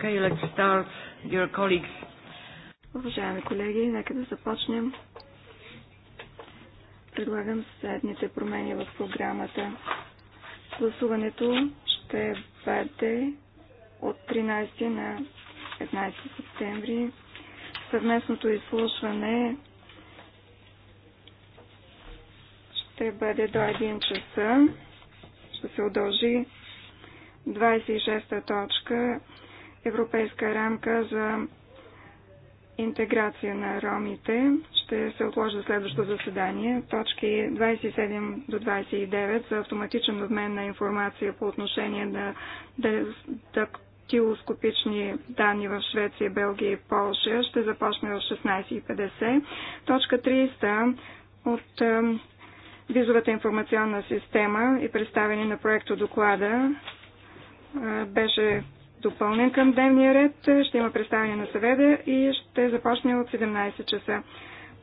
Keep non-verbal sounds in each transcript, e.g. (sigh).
Okay, let's start, dear colleagues. Уважаеми колеги, нека да започнем. Предлагам следните промени в програмата. Гласуването ще бъде от 13 на 15 септември. Съвместното изслушване ще бъде до 1 часа. Ще се удължи 26 точка европейска рамка за интеграция на ромите. Ще се отложи за следващо заседание. Точки 27 до 29 за автоматичен обмен на информация по отношение на дактилоскопични данни в Швеция, Белгия и Полша ще започне в 16.50. Точка 30 от визовата информационна система и представяне на проекто доклада е, беше допълнен към дневния ред. Ще има представяне на съведа и ще започне от 17 часа.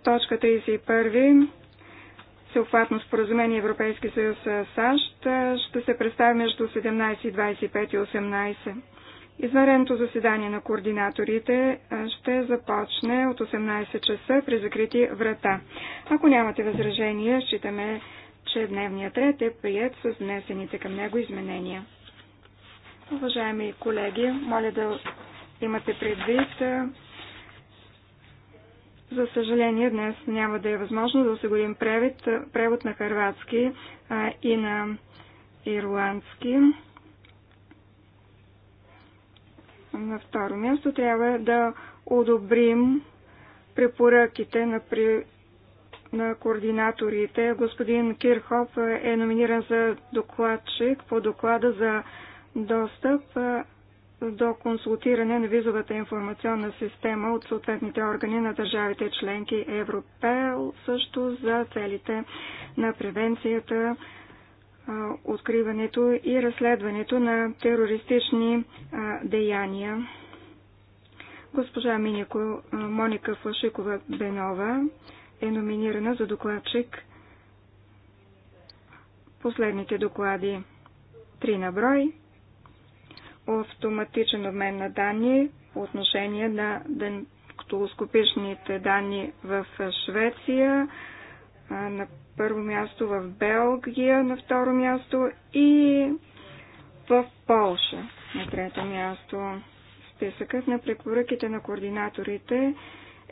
Точка 31. Всеобхватно споразумение Европейски съюз САЩ ще се представи между 17.25 и 18. Извареното заседание на координаторите ще започне от 18 часа при закрити врата. Ако нямате възражения, считаме, че дневният ред е прият с внесените към него изменения. Уважаеми колеги, моля да имате предвид. За съжаление, днес няма да е възможно да осигурим превод, превод на харватски и на ирландски. На второ място трябва да одобрим препоръките на, при... на координаторите. Господин Кирхоп е номиниран за докладчик по доклада за достъп до консултиране на визовата информационна система от съответните органи на държавите членки Европел, също за целите на превенцията, откриването и разследването на терористични деяния. Госпожа Минико Моника Флашикова-Бенова е номинирана за докладчик последните доклади. Три на брой автоматичен обмен на данни по отношение на дентоскопичните данни в Швеция, на първо място в Белгия, на второ място и в Полша, на трето място. Списъкът на препоръките на координаторите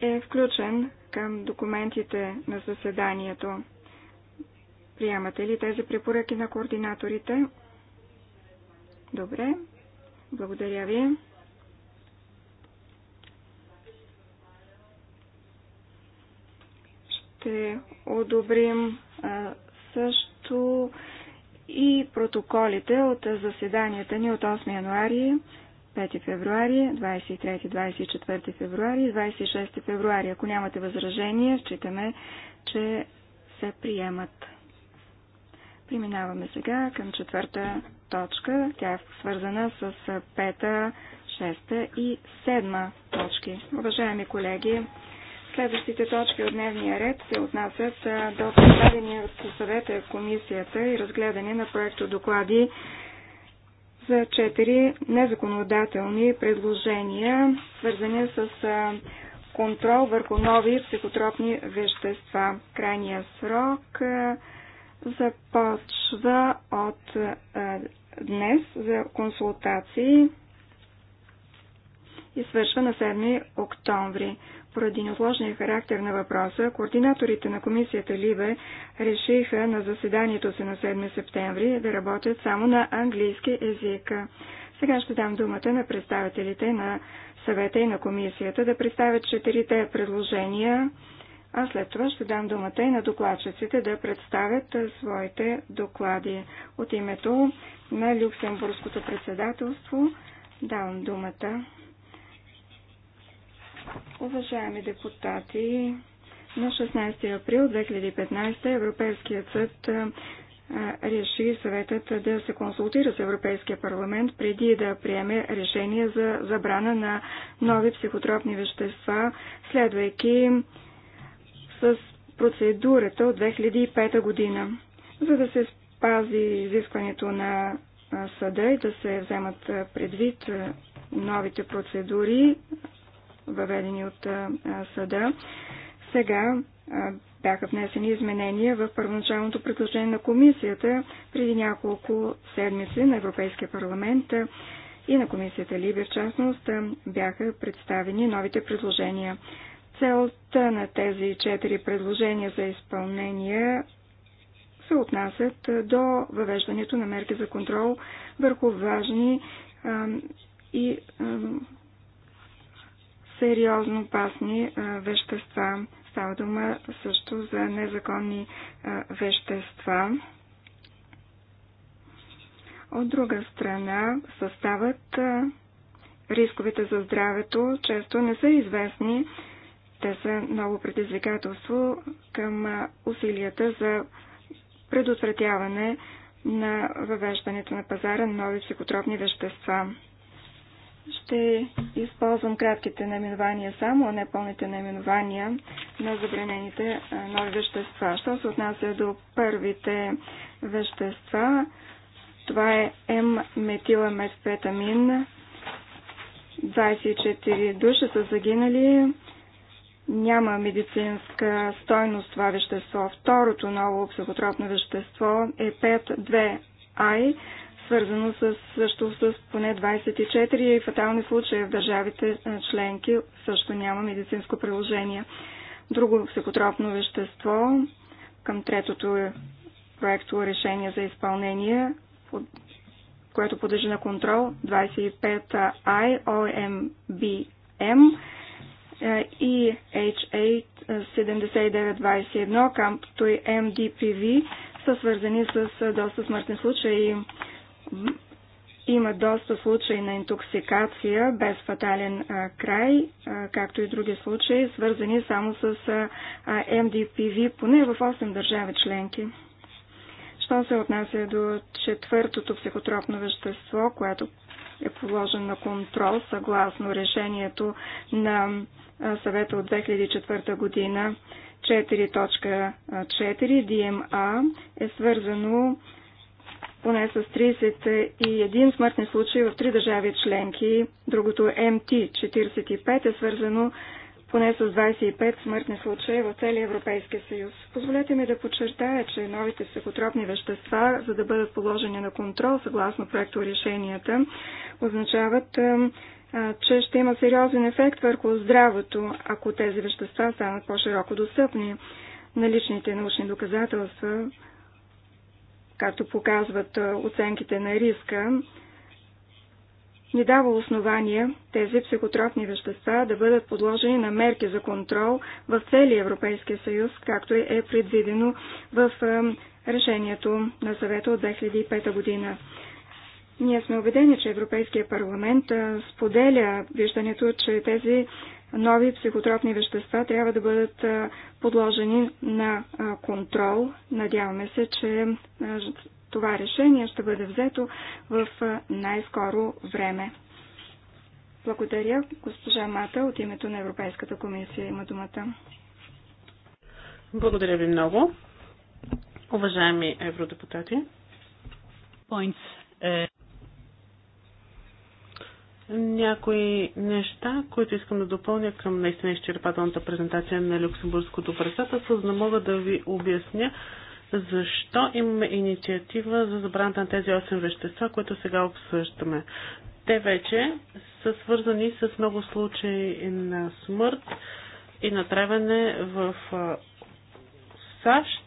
е включен към документите на заседанието. Приемате ли тези препоръки на координаторите? Добре. Благодаря ви. Ще одобрим също и протоколите от заседанията ни от 8 януари, 5 февруари, 23-24 февруари и 26 февруари. Ако нямате възражение, считаме, че се приемат. Преминаваме сега към четвърта точка. Тя е свързана с пета, шеста и седма точки. Уважаеми колеги, следващите точки от дневния ред се отнасят до представения от съвета и комисията и разгледане на проекто доклади за четири незаконодателни предложения, свързани с контрол върху нови психотропни вещества. Крайния срок започва от е, днес за консултации и свършва на 7 октомври. Поради неотложния характер на въпроса, координаторите на комисията Либе решиха на заседанието си на 7 септември да работят само на английски език. Сега ще дам думата на представителите на съвета и на комисията да представят четирите предложения а след това ще дам думата и на докладчиците да представят своите доклади. От името на Люксембургското председателство давам думата. Уважаеми депутати, на 16 април 2015 Европейският съд реши съветът да се консултира с Европейския парламент преди да приеме решение за забрана на нови психотропни вещества, следвайки с процедурата от 2005 година, за да се спази изискването на съда и да се вземат предвид новите процедури, въведени от съда. Сега бяха внесени изменения в първоначалното предложение на комисията преди няколко седмици на Европейския парламент и на комисията Либе в частност бяха представени новите предложения. Целта на тези четири предложения за изпълнение се отнасят до въвеждането на мерки за контрол върху важни и сериозно опасни вещества. Става дума също за незаконни вещества. От друга страна, съставът, рисковете за здравето често не са известни те са ново предизвикателство към усилията за предотвратяване на въвеждането на пазара на нови психотропни вещества. Ще използвам кратките наименования само, а не пълните наименования на забранените нови вещества. Що се отнася до първите вещества, това е М-метиламетфетамин. 24 души са загинали няма медицинска стойност това вещество. Второто ново психотропно вещество е 5 2 I, свързано с, също с поне 24 и фатални случаи в държавите членки, също няма медицинско приложение. Друго психотропно вещество към третото е проекто решение за изпълнение, което подлежи на контрол 25 IOMBM и H8 7921, както и MDPV са свързани с доста смъртни случаи. Има доста случаи на интоксикация без фатален край, както и други случаи, свързани само с MDPV, поне в 8 държави членки. Що се отнася до четвъртото психотропно вещество, което е положено на контрол съгласно решението на съвета от 2004 година 4.4 DMA е свързано поне с 31 смъртни случаи в три държави членки. Другото МТ-45 е свързано поне с 25 смъртни случаи в целия Европейския съюз. Позволете ми да подчертая, че новите психотропни вещества, за да бъдат положени на контрол съгласно проекто решенията, означават че ще има сериозен ефект върху здравето, ако тези вещества станат по-широко достъпни. Наличните научни доказателства, както показват оценките на риска, ни дава основания тези психотропни вещества да бъдат подложени на мерки за контрол в целия Европейския съюз, както е предвидено в решението на съвета от 2005 година. Ние сме убедени, че Европейския парламент споделя виждането, че тези нови психотропни вещества трябва да бъдат подложени на контрол. Надяваме се, че това решение ще бъде взето в най-скоро време. Благодаря. Госпожа Мата от името на Европейската комисия има думата. Благодаря ви много. Уважаеми евродепутати. Points. Е, някои неща, които искам да допълня към наистина изчерпателната презентация на Люксембургското председателство, за да мога да ви обясня защо имаме инициатива за забраната на тези 8 вещества, които сега обсъждаме. Те вече са свързани с много случаи на смърт и натравяне в САЩ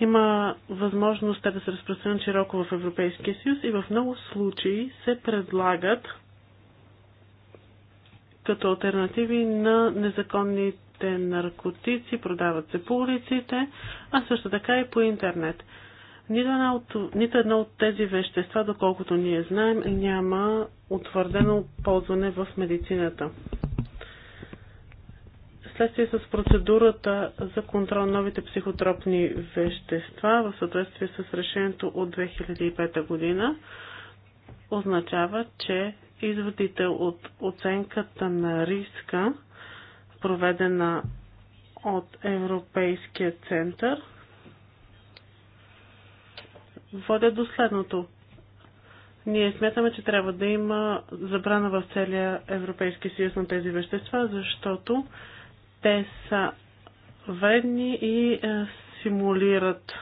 има възможност те да се разпространят широко в Европейския съюз и в много случаи се предлагат като альтернативи на незаконните наркотици, продават се по улиците, а също така и по интернет. Нито едно от, нито едно от тези вещества, доколкото ние знаем, няма утвърдено ползване в медицината съответствие с процедурата за контрол на новите психотропни вещества в съответствие с решението от 2005 година означава, че изводите от оценката на риска, проведена от Европейския център, водят до следното. Ние смятаме, че трябва да има забрана в целия Европейски съюз на тези вещества, защото те са вредни и е, симулират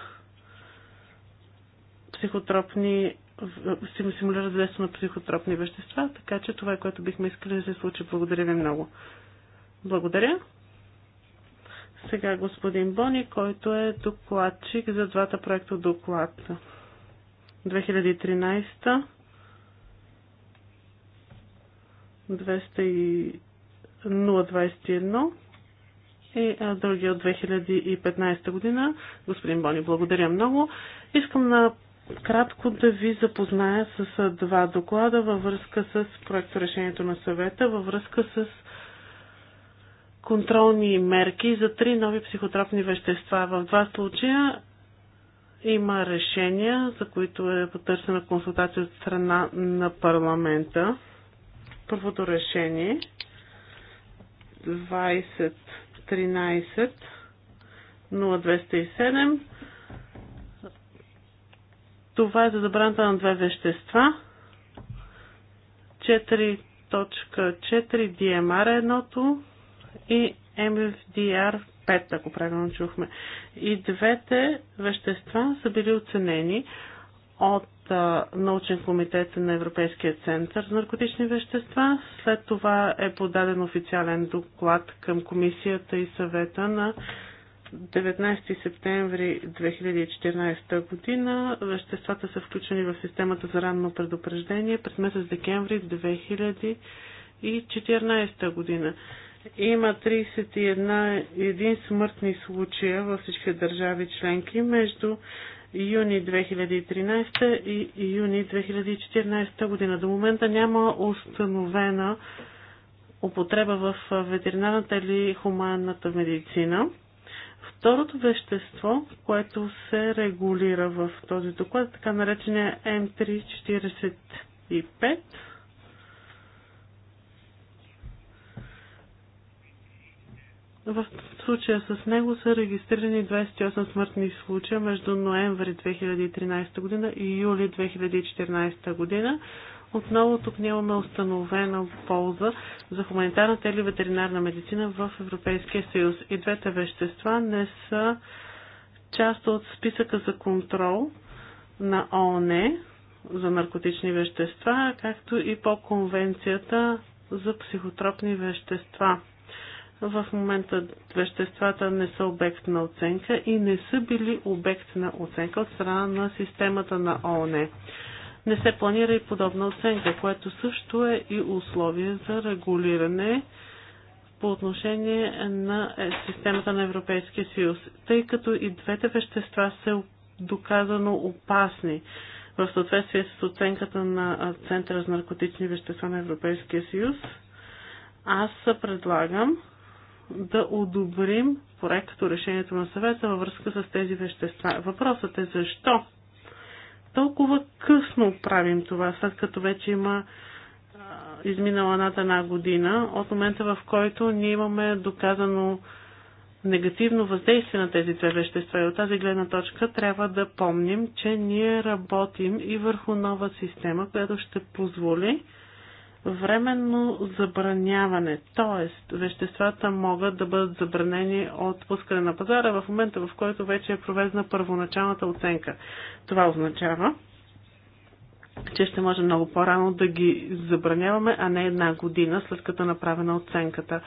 психотропни симулират задейство на психотропни вещества, така че това е което бихме искали да се случи. Благодаря ви много. Благодаря. Сега господин Бони, който е докладчик за двата проекта доклад. 2013 200 021 и другия от 2015 година. Господин Бони, благодаря много. Искам на кратко да ви запозная с два доклада във връзка с проекто решението на съвета, във връзка с контролни мерки за три нови психотропни вещества. В два случая има решения, за които е потърсена консултация от страна на парламента. Първото решение 20 13 0207. Това е за забраната на две вещества. 4.4 DMR е едното и MFDR 5, ако правилно чухме. И двете вещества са били оценени от научен комитет на Европейския център за наркотични вещества. След това е подаден официален доклад към комисията и съвета на 19 септември 2014 година. Веществата са включени в системата за ранно предупреждение през месец декември 2014 година. Има 31 един смъртни случая във всички държави членки между юни 2013 и юни 2014 година. До момента няма установена употреба в ветеринарната или хуманната медицина. Второто вещество, което се регулира в този доклад, така наречения М345, В случая с него са регистрирани 28 смъртни случая между ноември 2013 година и юли 2014 година. Отново тук нямаме установена полза за хуманитарната или ветеринарна медицина в Европейския съюз. И двете вещества не са част от списъка за контрол на ООН за наркотични вещества, както и по конвенцията за психотропни вещества. В момента веществата не са обект на оценка и не са били обект на оценка от страна на системата на ООН. Не се планира и подобна оценка, което също е и условие за регулиране по отношение на е, системата на Европейския съюз, тъй като и двете вещества са доказано опасни в съответствие с оценката на Центъра за наркотични вещества на Европейския съюз. Аз предлагам да одобрим проекто решението на съвета във връзка с тези вещества. Въпросът е защо толкова късно правим това, след като вече има изминала над една година, от момента в който ние имаме доказано негативно въздействие на тези две вещества. И от тази гледна точка трябва да помним, че ние работим и върху нова система, която ще позволи временно забраняване, т.е. веществата могат да бъдат забранени от пускане на пазара в момента, в който вече е проведена първоначалната оценка. Това означава, че ще може много по-рано да ги забраняваме, а не една година след като е направена оценката.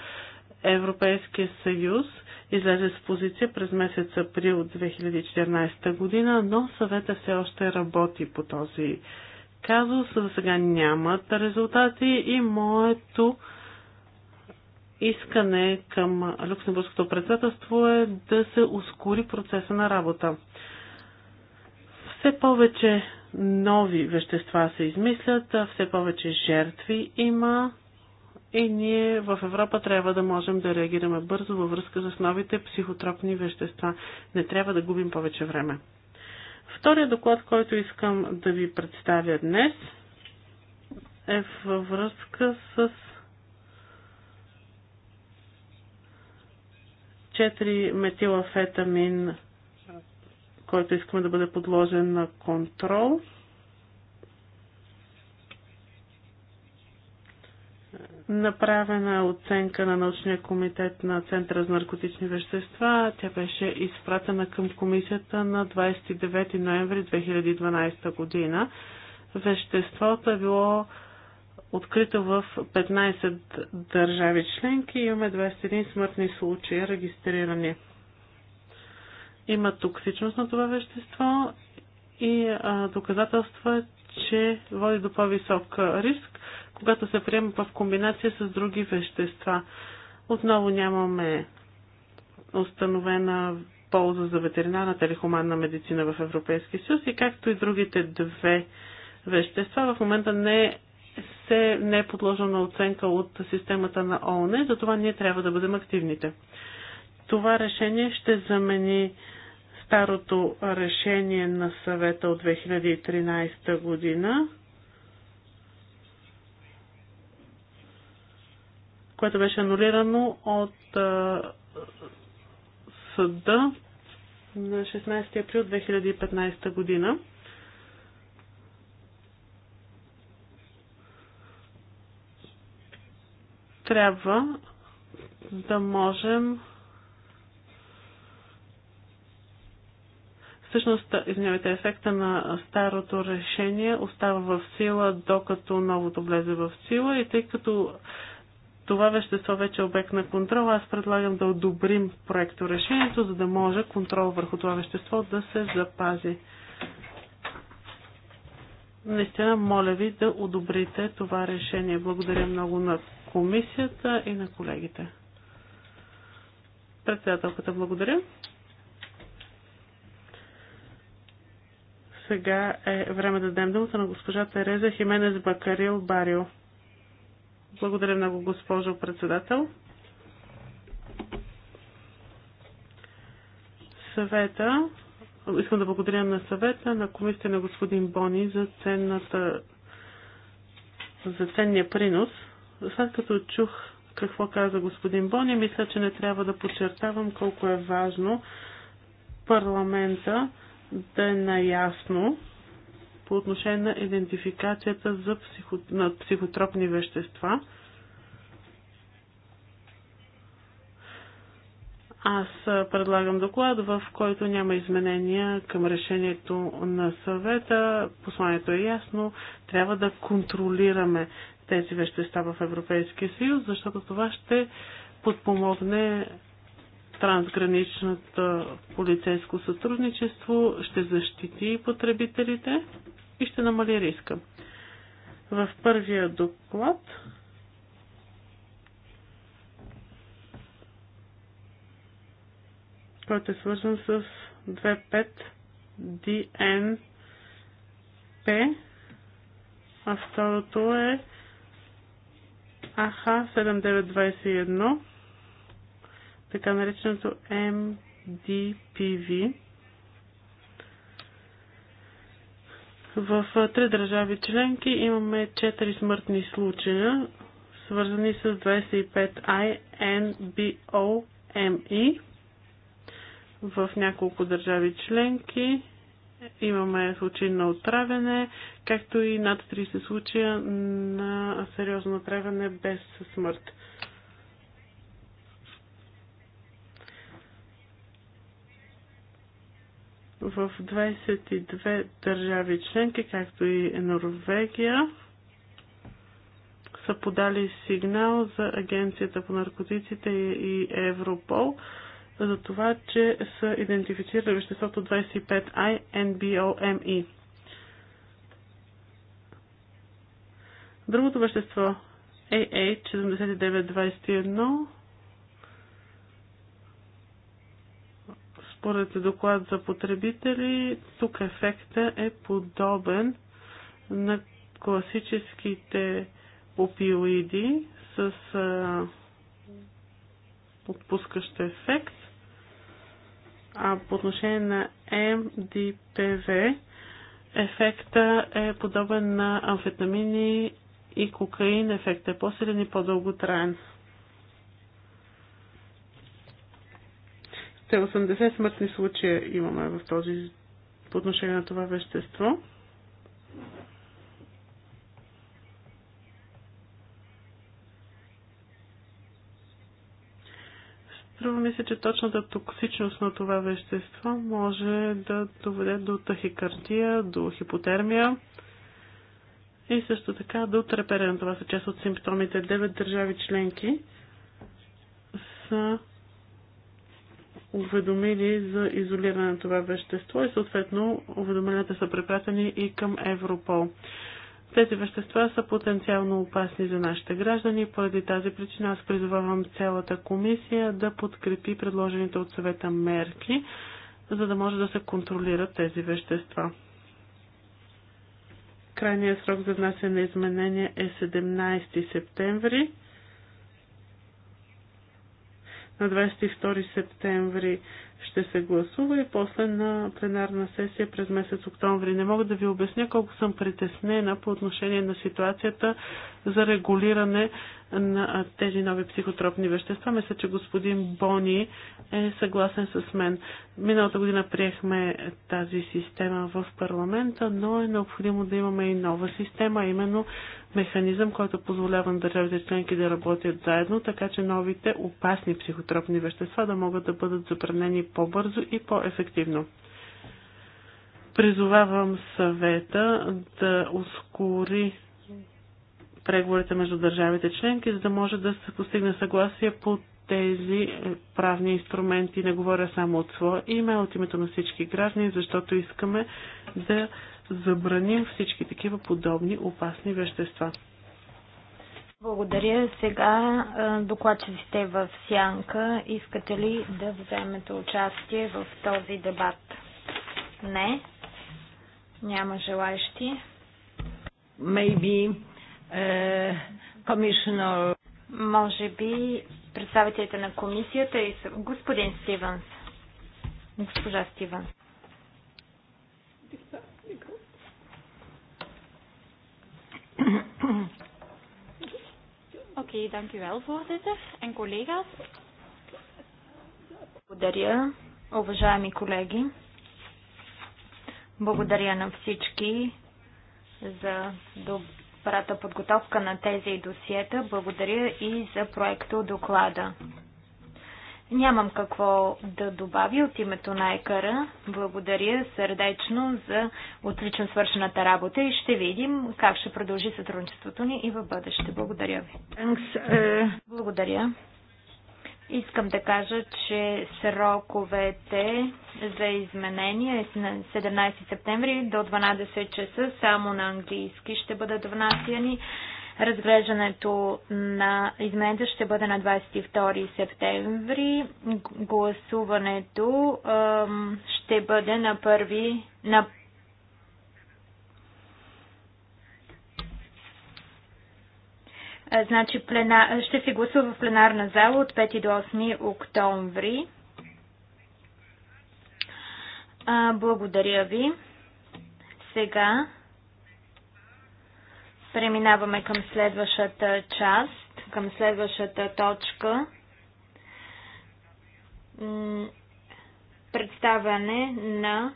Европейския съюз излезе с позиция през месец април 2014 година, но съвета все още работи по този казус. За сега нямат резултати и моето искане към Люксембургското председателство е да се ускори процеса на работа. Все повече нови вещества се измислят, все повече жертви има и ние в Европа трябва да можем да реагираме бързо във връзка с новите психотропни вещества. Не трябва да губим повече време. Втория доклад, който искам да ви представя днес, е във връзка с 4 метилафетамин, който искаме да бъде подложен на контрол – направена оценка на научния комитет на Центъра за наркотични вещества. Тя беше изпратена към комисията на 29 ноември 2012 година. Веществото е било открито в 15 държави членки и имаме 21 смъртни случаи, регистрирани. Има токсичност на това вещество и а, доказателства, че води до по-висок риск когато се приема в комбинация с други вещества. Отново нямаме установена полза за ветеринарната или хуманна медицина в Европейския съюз и както и другите две вещества в момента не се не е подложено на оценка от системата на ООН, затова ние трябва да бъдем активните. Това решение ще замени старото решение на съвета от 2013 година което беше анулирано от а, съда на 16 април 2015 година. Трябва да можем Всъщност, извинявайте, ефекта на старото решение остава в сила, докато новото влезе в сила и тъй като това вещество вече е обект на контрол. Аз предлагам да одобрим проекто решението, за да може контрол върху това вещество да се запази. Наистина, моля ви да одобрите това решение. Благодаря много на комисията и на колегите. Председателката, благодаря. Сега е време да дадем думата на госпожа Тереза Хименес Бакарил Барио. Благодаря много, госпожо председател. Съвета, искам да благодаря на съвета, на комисията на господин Бони за ценната за ценния принос. След като чух какво каза господин Бони, мисля, че не трябва да подчертавам колко е важно парламента да е наясно по отношение на идентификацията за психо... на психотропни вещества. Аз предлагам доклад, в който няма изменения към решението на съвета. Посланието е ясно. Трябва да контролираме тези вещества в Европейския съюз, защото това ще подпомогне трансграничното полицейско сътрудничество ще защити потребителите и ще намали риска. В първия доклад който е свързан с 25DNP, а второто е АХ7921 така нареченото MDPV в три държави членки имаме 4 смъртни случая, свързани с 25 inbome В няколко държави членки имаме случаи на отравяне, както и над 30 случая на сериозно отравяне без смърт. в 22 държави членки, както и Норвегия, са подали сигнал за Агенцията по наркотиците и Европол за това, че са идентифицирали веществото 25 INBOME. Другото вещество AH7921 Според доклад за потребители, тук ефекта е подобен на класическите опиоиди с а, отпускащ ефект. А по отношение на МДПВ, ефекта е подобен на амфетамини и кокаин. Ефектът е по-силен и по-дълготраен. 80 смъртни случая имаме в този, по отношение на това вещество. Струва ми се, че точната токсичност на това вещество може да доведе до тахикардия, до хипотермия и също така до треперен. Това са част от симптомите. Девет държави членки са уведомили за изолиране на това вещество и съответно уведомленията са препратени и към Европол. Тези вещества са потенциално опасни за нашите граждани поради тази причина аз призовавам цялата комисия да подкрепи предложените от съвета мерки, за да може да се контролират тези вещества. Крайният срок за внасяне на изменения е 17 септември на 22 септември ще се гласува и после на пленарна сесия през месец октомври. Не мога да ви обясня колко съм притеснена по отношение на ситуацията за регулиране на тези нови психотропни вещества. Мисля, че господин Бони е съгласен с мен. Миналата година приехме тази система в парламента, но е необходимо да имаме и нова система, именно механизъм, който позволява на държавите членки да работят заедно, така че новите опасни психотропни вещества да могат да бъдат забранени по-бързо и по-ефективно. Призовавам съвета да ускори преговорите между държавите членки, за да може да се постигне съгласие по тези правни инструменти. Не говоря само от своя име, от името на всички граждани, защото искаме да забраним всички такива подобни опасни вещества. Благодаря. Сега докладчиците в Сянка. Искате ли да вземете участие в този дебат? Не. Няма желаещи. Maybe, uh, Може би представителите на комисията и господин Стивенс. Госпожа Стивенс. Oké, okay, dank u wel, voorzitter en collega's. Благодаря, уважаеми колеги. Благодаря на всички за добрата подготовка на тези досиета. Благодаря и за проекто доклада. Нямам какво да добавя от името на Екара. Благодаря сърдечно за отлично свършената работа и ще видим как ще продължи сътрудничеството ни и в бъдеще. Благодаря ви. Е. Благодаря. Искам да кажа, че сроковете за изменения е на 17 септември до 12 часа само на английски ще бъдат внасяни. Разглеждането на изменението ще бъде на 22 септември. Гласуването ще бъде на първи на Значи плена... ще се гласува в пленарна зала от 5 до 8 октомври. Благодаря ви. Сега Преминаваме към следващата част, към следващата точка. Представяне на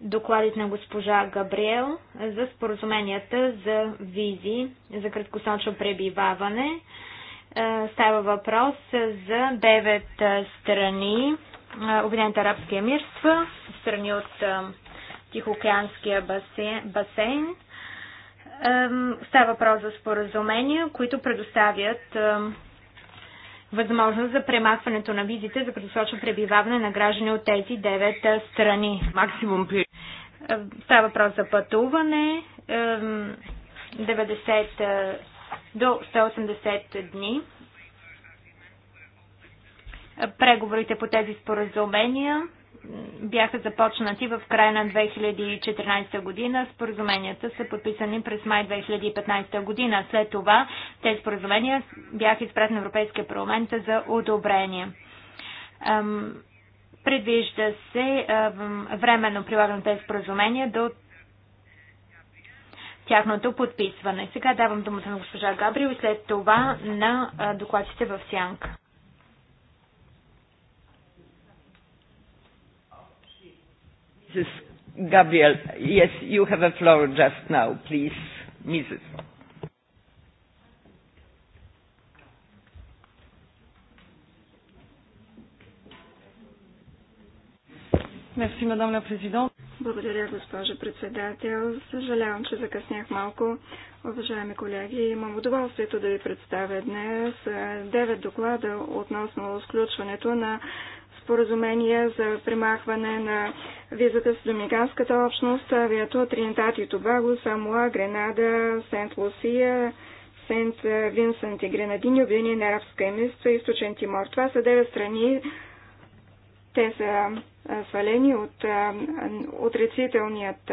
докладите на госпожа Габриел за споразуменията за визи за краткосрочно пребиваване. Е, става въпрос за 9 е, страни е, Обединените арабски емирства, страни от Тихоокеанския басейн, басейн Става въпрос за споразумения, които предоставят възможност за премахването на визите за предсрочно пребиваване на граждани от тези девет страни. Максимум Става въпрос за пътуване 90 до 180 дни. Преговорите по тези споразумения бяха започнати в края на 2014 година. Споразуменията са подписани през май 2015 година. След това тези споразумения бяха изпратени на Европейския парламент за одобрение. Предвижда се временно прилагане на тези споразумения до тяхното подписване. Сега давам думата на госпожа Габрио и след това на докладите в Сянка. Mrs. Gabriel. Yes, you have a floor just now, please, Mrs. Merci, Madame la Présidente. Благодаря, госпожа председател. Съжалявам, че закъснях малко. Уважаеми колеги, имам удоволствието да ви представя днес девет доклада относно сключването на споразумения за примахване на визата с Доминиканската общност, авиато Тринитат и Тобаго, Самуа, Гренада, Сент Лусия, Сент Винсент и Гренадини, на арабска емирства Източен Тимор. Това са девет страни. Те са свалени от отрицителният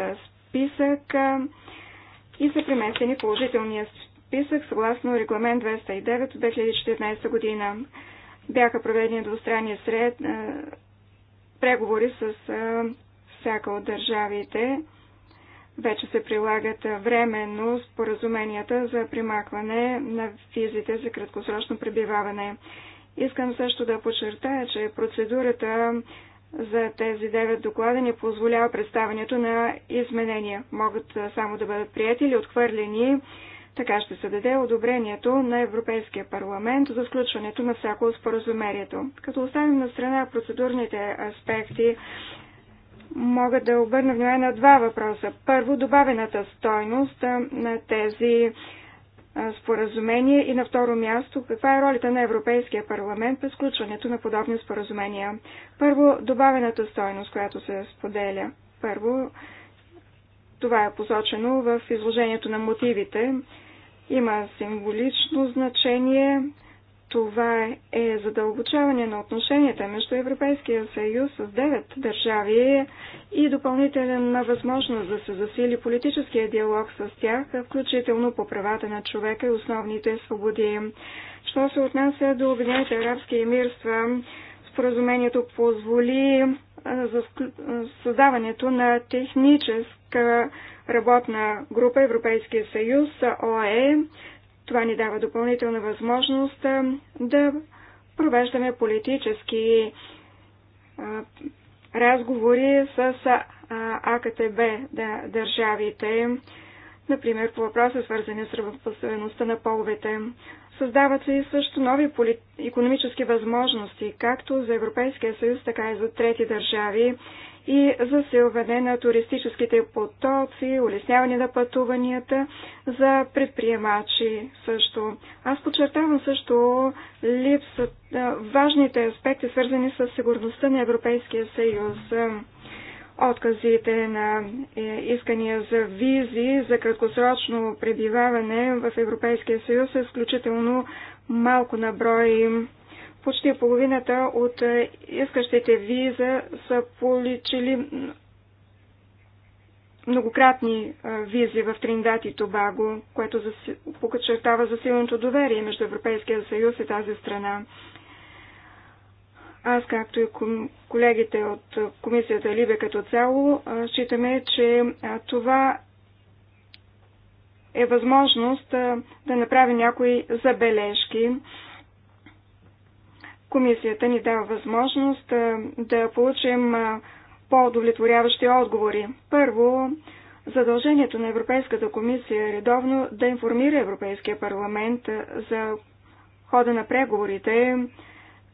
списък и са преместени в положителният списък съгласно регламент 209 от 2014 година. Бяха проведени двустранни сред, е, преговори с е, всяка от държавите. Вече се прилагат временно споразуменията за примахване на визите за краткосрочно пребиваване. Искам също да подчертая, че процедурата за тези девет доклада не позволява представянето на изменения. Могат само да бъдат приятели, отхвърлени така ще се даде одобрението на Европейския парламент за включването на всяко от споразумението. Като оставим на страна процедурните аспекти, мога да обърна внимание на два въпроса. Първо, добавената стойност на тези споразумения, и на второ място каква е ролята на Европейския парламент при сключването на подобни споразумения. Първо, добавената стойност, която се споделя. Първо, това е посочено в изложението на мотивите има символично значение. Това е задълбочаване на отношенията между Европейския съюз с 9 държави и допълнителна възможност да се засили политическия диалог с тях, включително по правата на човека и основните свободи. Що се отнася до Обединените арабски емирства, споразумението позволи за създаването на техническа работна група Европейския съюз, ОАЕ. Това ни дава допълнителна възможност да провеждаме политически разговори с АКТБ да, държавите, например по въпроса свързани с равнопоставеността на половете. Създават се и също нови полит... економически възможности, както за Европейския съюз, така и за трети държави и засилване на туристическите потоци, улесняване на пътуванията за предприемачи също. Аз подчертавам също липсата, важните аспекти, свързани с сигурността на Европейския съюз. Отказите на е, искания за визи за краткосрочно пребиваване в Европейския съюз е изключително малко на брой почти половината от е, искащите виза са получили многократни е, визи в Триндат и Тобаго, което покачертава засиленото доверие между Европейския съюз и тази страна. Аз, както и колегите от комисията Либе като цяло, е, считаме, че това е възможност да направи някои забележки Комисията ни дава възможност да получим по-удовлетворяващи отговори. Първо, задължението на Европейската комисия е редовно да информира Европейския парламент за хода на преговорите,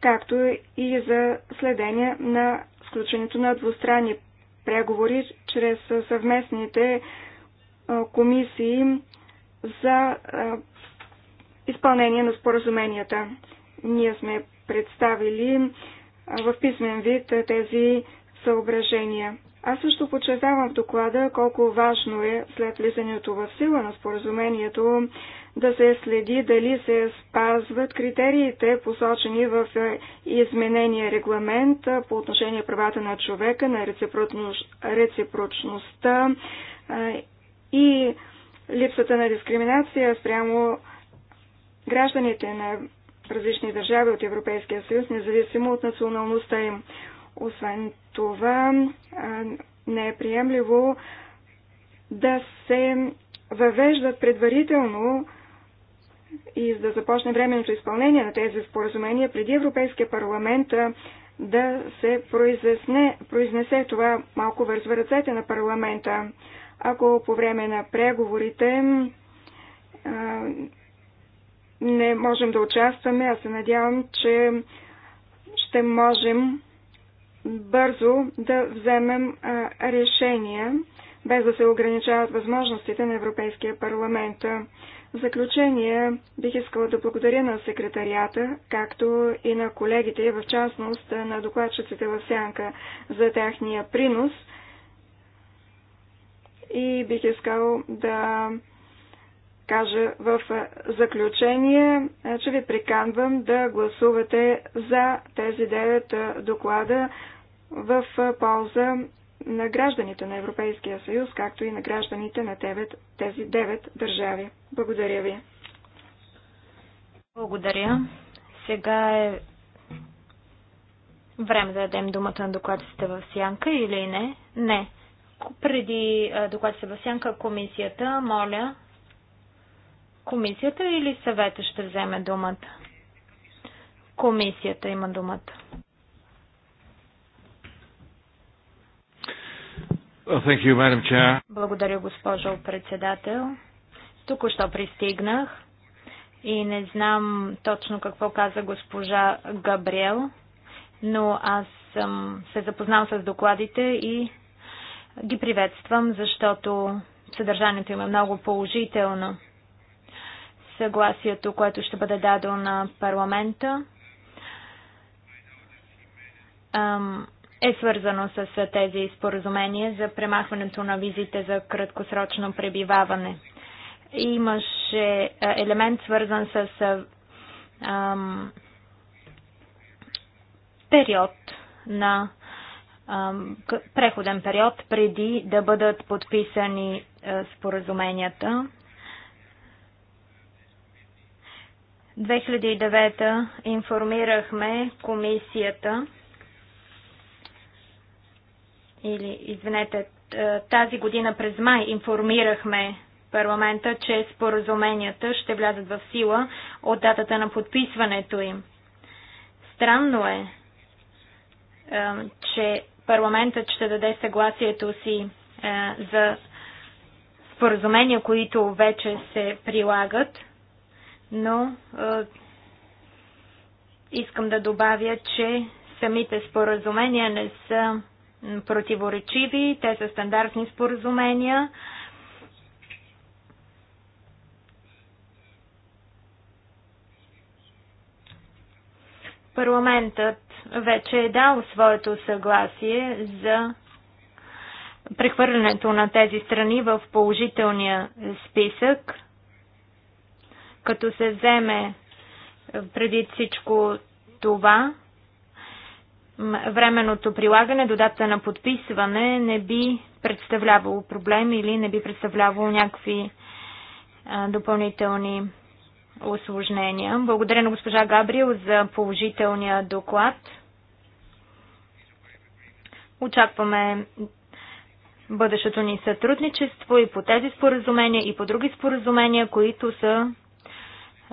както и за следение на сключването на двустранни преговори чрез съвместните комисии за изпълнение на споразуменията. Ние сме представили в писмен вид тези съображения. Аз също подчертавам в доклада колко важно е след влизането в сила на споразумението да се следи дали се спазват критериите, посочени в изменения регламент по отношение правата на човека, на реципрочността и липсата на дискриминация спрямо гражданите на различни държави от Европейския съюз, независимо от националността им. Освен това, не е приемливо да се въвеждат предварително и да започне временното изпълнение на тези споразумения преди Европейския парламент да се произнесе, произнесе това малко вързва ръцете на парламента. Ако по време на преговорите не можем да участваме. Аз се надявам, че ще можем бързо да вземем решения, решение, без да се ограничават възможностите на Европейския парламент. В заключение бих искала да благодаря на секретарията, както и на колегите, в частност на докладчиците в Сянка, за тяхния принос. И бих искал да кажа в заключение, че ви приканвам да гласувате за тези девет доклада в полза на гражданите на Европейския съюз, както и на гражданите на тези 9 държави. Благодаря ви. Благодаря. Сега е време да дадем думата на докладците в сянка или не? Не. Преди докладците в сянка комисията, моля Комисията или съвета ще вземе думата? Комисията има думата. You, Благодаря, госпожо председател. Току-що пристигнах и не знам точно какво каза госпожа Габриел, но аз съм се запознал с докладите и ги приветствам, защото съдържанието им е много положително съгласието, което ще бъде дадо на парламента, е свързано с тези споразумения за премахването на визите за краткосрочно пребиваване. Имаше елемент свързан с период на преходен период преди да бъдат подписани споразуменията. 2009 информирахме комисията или извинете, тази година през май информирахме парламента, че споразуменията ще влязат в сила от датата на подписването им. Странно е, че парламентът ще даде съгласието си за споразумения, които вече се прилагат – но а, искам да добавя, че самите споразумения не са противоречиви, те са стандартни споразумения. Парламентът вече е дал своето съгласие за прехвърлянето на тези страни в положителния списък като се вземе е, преди всичко това, временното прилагане до дата на подписване не би представлявало проблем или не би представлявало някакви е, допълнителни осложнения. Благодаря на госпожа Габриел за положителния доклад. Очакваме бъдещето ни сътрудничество и по тези споразумения, и по други споразумения, които са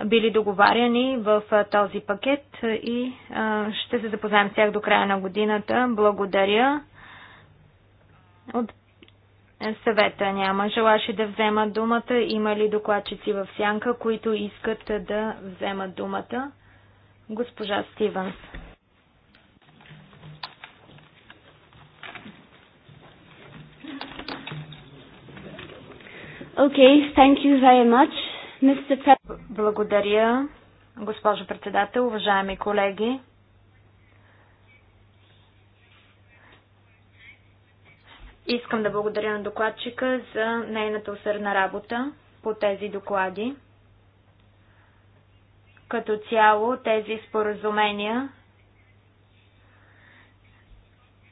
били договаряни в този пакет и ще се запознаем с тях до края на годината. Благодаря. От съвета няма желаши да вземат думата. Има ли докладчици в сянка, които искат да вземат думата? Госпожа Стивенс. Okay, thank you very much. Благодаря, госпожо председател, уважаеми колеги. Искам да благодаря на докладчика за нейната усърдна работа по тези доклади. Като цяло тези споразумения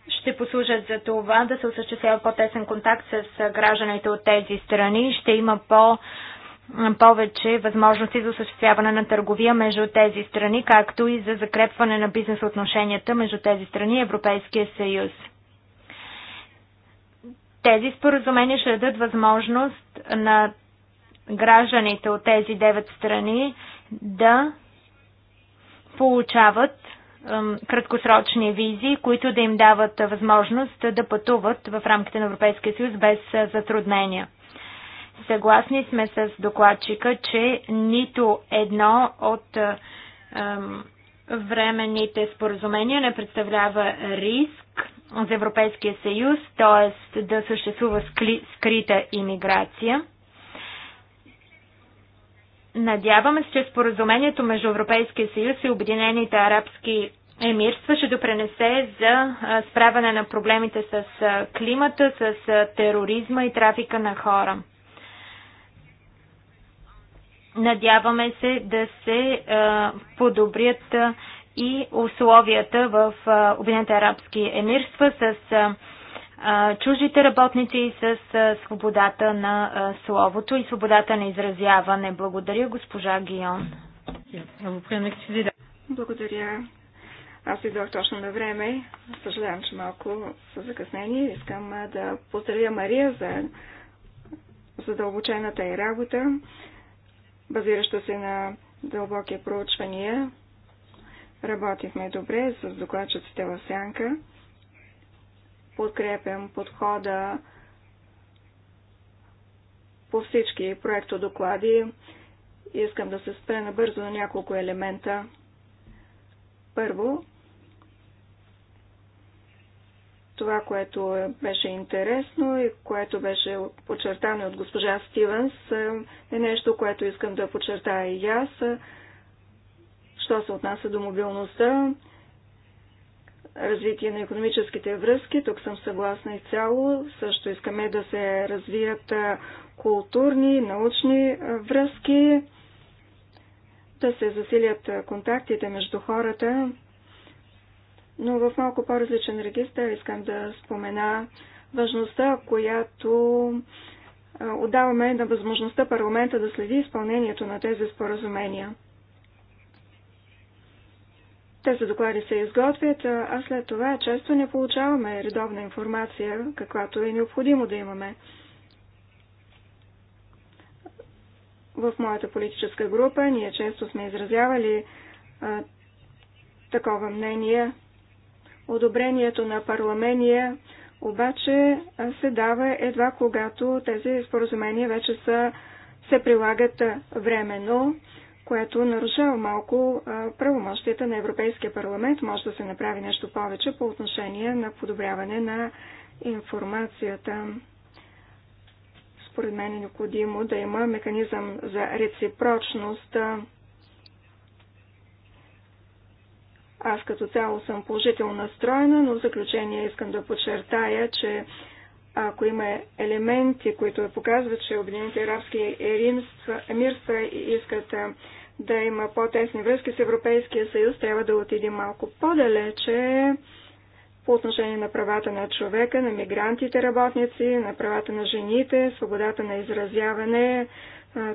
ще послужат за това да се осъществява по-тесен контакт с гражданите от тези страни, ще има по- повече възможности за осъществяване на търговия между тези страни, както и за закрепване на бизнес отношенията между тези страни и Европейския съюз. Тези споразумения ще дадат възможност на гражданите от тези девет страни да получават краткосрочни визи, които да им дават възможност да пътуват в рамките на Европейския съюз без затруднения. Съгласни сме с докладчика, че нито едно от временните споразумения не представлява риск за Европейския съюз, т.е. да съществува скрита иммиграция. Надяваме се, че споразумението между Европейския съюз и Обединените арабски емирства ще допренесе за справяне на проблемите с климата, с тероризма и трафика на хора. Надяваме се да се подобрят и условията в Обединените арабски емирства с чуждите работници и с свободата на словото и свободата на изразяване. Благодаря, госпожа Гион. Благодаря. Аз идвах точно на време. Съжалявам, че малко са закъснение. Искам да поздравя Мария за задълбочената и работа базираща се на дълбоки проучвания. Работихме добре с докладчиците в Сянка. Подкрепям подхода по всички проектодоклади. Искам да се спре набързо на няколко елемента. Първо, това, което е, беше интересно и което беше подчертано от госпожа Стивенс, е, е нещо, което искам да подчертая и аз. Е, що се отнася до мобилността, развитие на економическите връзки, тук съм съгласна изцяло. Също искаме да се развият културни, научни връзки, да се засилят контактите между хората, но в малко по-различен регистр искам да спомена важността, която отдаваме на възможността парламента да следи изпълнението на тези споразумения. Тези доклади се изготвят, а след това често не получаваме редовна информация, каквато е необходимо да имаме. В моята политическа група ние често сме изразявали а, такова мнение Одобрението на парламения обаче се дава едва когато тези споразумения вече са, се прилагат временно, което нарушава малко правомощията на Европейския парламент. Може да се направи нещо повече по отношение на подобряване на информацията. Според мен е необходимо да има механизъм за реципрочност Аз като цяло съм положително настроена, но в заключение искам да подчертая, че ако има елементи, които показват, че Обединените арабски емирства искат да има по-тесни връзки с Европейския съюз, трябва да отиде малко по-далече по отношение на правата на човека, на мигрантите работници, на правата на жените, свободата на изразяване.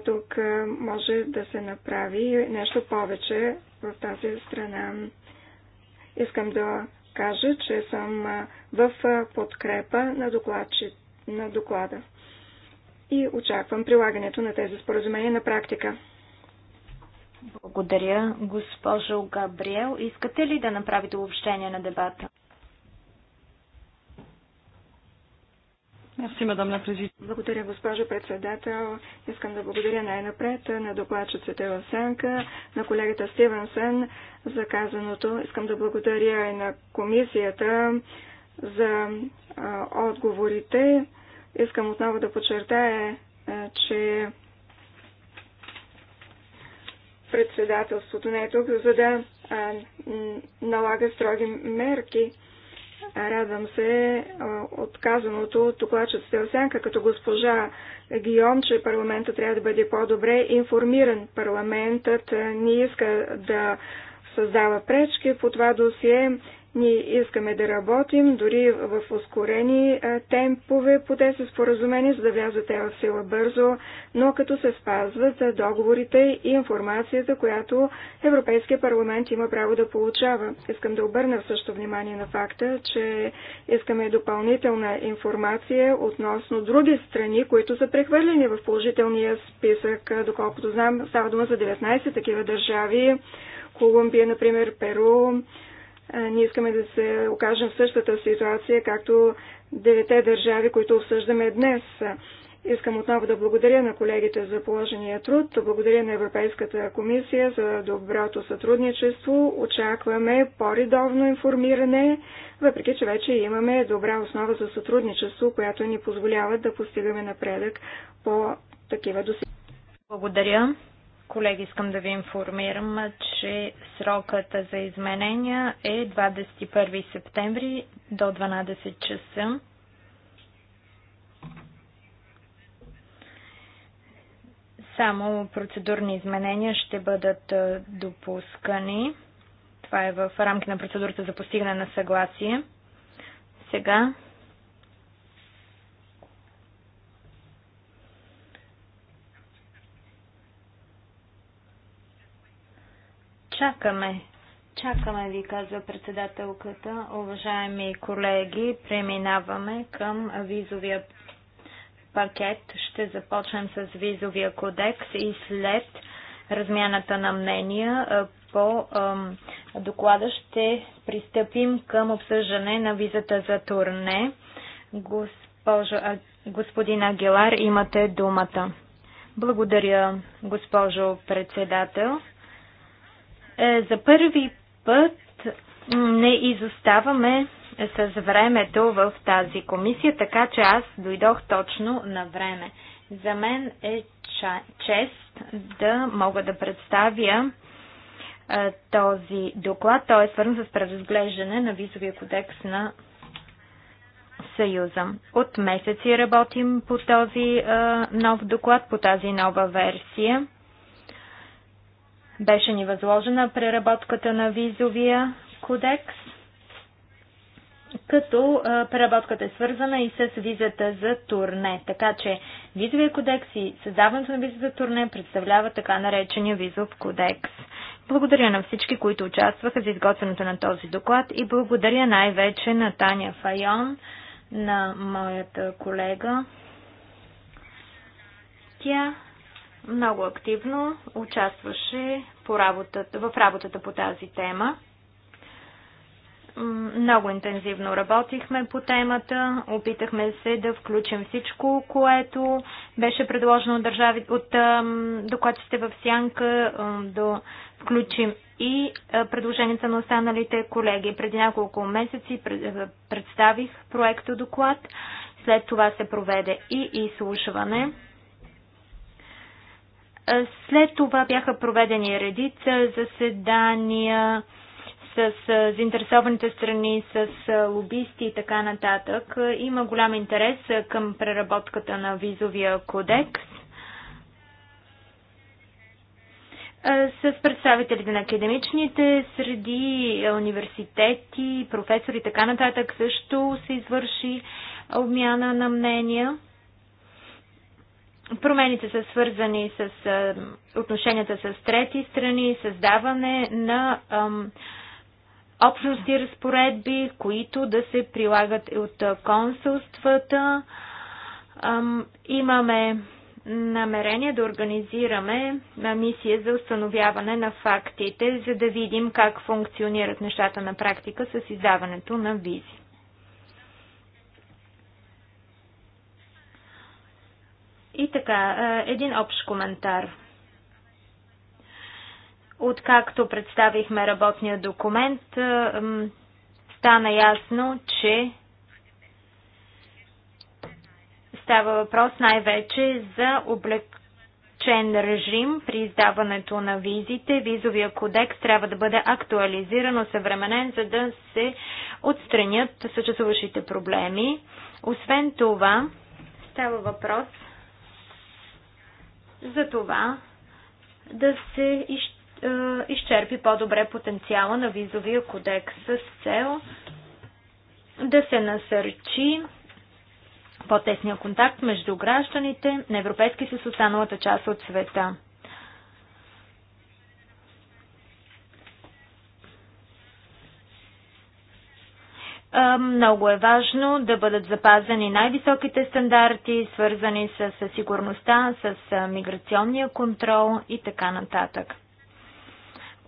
Тук може да се направи нещо повече в тази страна. Искам да кажа, че съм в подкрепа на, докладчи, на доклада и очаквам прилагането на тези споразумения на практика. Благодаря, госпожо Габриел. Искате ли да направите обобщение на дебата? Благодаря, госпожо председател. Искам да благодаря най-напред на докладчиците в Сенка, на колегата Стивенсен за казаното. Искам да благодаря и на комисията за а, отговорите. Искам отново да подчертая, а, че председателството не е тук, за да а, налага строги мерки. Радвам се отказаното от докладчицата Осянка като госпожа Гиом, че парламента трябва да бъде по-добре информиран. Парламентът не иска да създава пречки по това досие ние искаме да работим дори в ускорени темпове по тези споразумения, за да влязат те в сила бързо, но като се спазват договорите и информацията, която Европейския парламент има право да получава. Искам да обърна също внимание на факта, че искаме допълнителна информация относно други страни, които са прехвърлени в положителния списък. Доколкото знам, става дума за 19 такива държави. Колумбия, например, Перу, ние искаме да се окажем в същата ситуация, както девете държави, които обсъждаме днес. Искам отново да благодаря на колегите за положения труд, благодаря на Европейската комисия за доброто сътрудничество. Очакваме по-редовно информиране, въпреки че вече имаме добра основа за сътрудничество, която ни позволява да постигаме напредък по такива досега. Благодаря. Колеги, искам да ви информирам, че срокът за изменения е 21 септември до 12 часа. Само процедурни изменения ще бъдат допускани. Това е в рамки на процедурата за постигане на съгласие. Сега Чакаме. Чакаме ви, казва председателката. Уважаеми колеги, преминаваме към визовия пакет. Ще започнем с визовия кодекс и след размяната на мнения по доклада ще пристъпим към обсъждане на визата за турне. Госпожа, господин Агелар, имате думата. Благодаря, госпожо председател. Е, за първи път не изоставаме с времето в тази комисия, така че аз дойдох точно на време. За мен е чест да мога да представя е, този доклад. Той е свързан с преразглеждане на визовия кодекс на Съюза. От месеци работим по този е, нов доклад, по тази нова версия. Беше ни възложена преработката на визовия кодекс, като преработката е свързана и с визата за турне. Така че визовия кодекс и създаването на виза за турне представлява така наречения визов кодекс. Благодаря на всички, които участваха за изготвянето на този доклад и благодаря най-вече на Таня Файон, на моята колега. Тя много активно участваше по работата, в работата по тази тема. Много интензивно работихме по темата, опитахме се да включим всичко, което беше предложено от, държави, от докладчите в Сянка, да включим и предложенията на останалите колеги. Преди няколко месеци представих проекта доклад, след това се проведе и изслушване след това бяха проведени редица заседания с заинтересованите страни, с лобисти и така нататък. Има голям интерес към преработката на визовия кодекс. С представителите на академичните среди, университети, професори и така нататък също се извърши обмяна на мнения. Промените са свързани с отношенията с трети страни, създаване на общности разпоредби, които да се прилагат от консулствата. Имаме намерение да организираме мисия за установяване на фактите, за да видим как функционират нещата на практика с издаването на визи. И така, е, един общ коментар. Откакто представихме работния документ, е, стана ясно, че става въпрос най-вече за облегчен режим при издаването на визите. Визовия кодекс трябва да бъде актуализиран, осъвременен, за да се отстранят съществуващите проблеми. Освен това, става въпрос за това да се изчерпи по-добре потенциала на визовия кодекс с цел да се насърчи по-тесния контакт между гражданите на Европейския съюз останалата част от света. Много е важно да бъдат запазени най-високите стандарти, свързани с сигурността, с миграционния контрол и така нататък.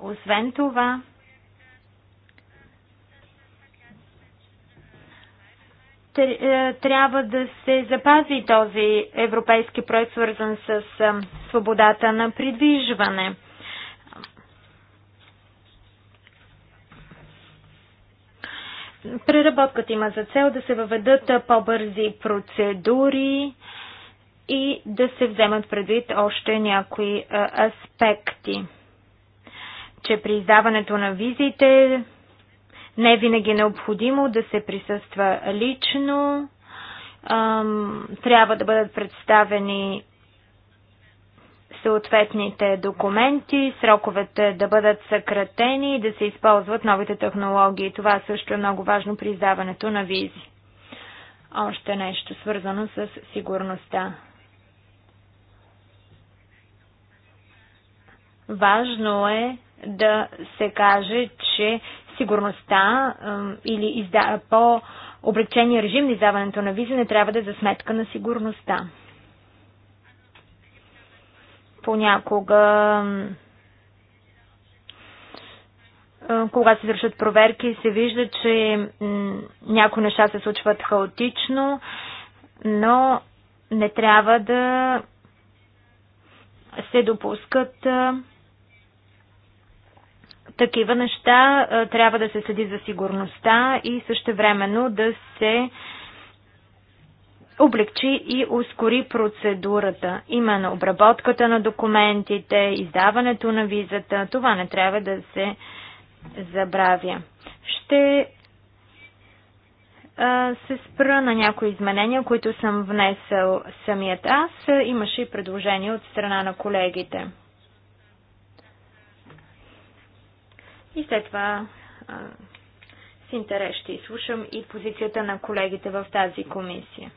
Освен това, трябва да се запази този европейски проект, свързан с свободата на придвижване – Преработката има за цел да се въведат по-бързи процедури и да се вземат предвид още някои аспекти. Че при издаването на визите не е винаги необходимо да се присъства лично, трябва да бъдат представени съответните документи, сроковете да бъдат съкратени и да се използват новите технологии. Това също е много важно при издаването на визи. Още нещо свързано с сигурността. Важно е да се каже, че сигурността или по облегчения режим на издаването на визи не трябва да е за сметка на сигурността. Понякога когато се извършват проверки, се вижда, че някои неща се случват хаотично, но не трябва да се допускат такива неща. Трябва да се следи за сигурността и също времено да се облегчи и ускори процедурата. Именно обработката на документите, издаването на визата, това не трябва да се забравя. Ще се спра на някои изменения, които съм внесъл самият аз. Имаше и предложение от страна на колегите. И след това с интерес ще изслушам и позицията на колегите в тази комисия.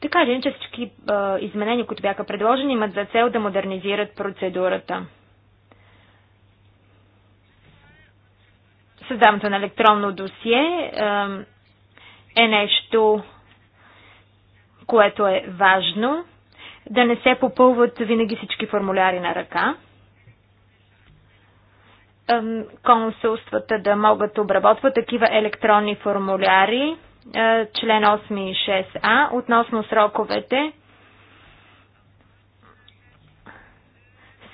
Така или иначе всички а, изменения, които бяха предложени, имат за цел да модернизират процедурата. Създаването на електронно досие а, е нещо, което е важно. Да не се попълват винаги всички формуляри на ръка консулствата да могат обработват такива електронни формуляри е, член 8 и 6а относно сроковете.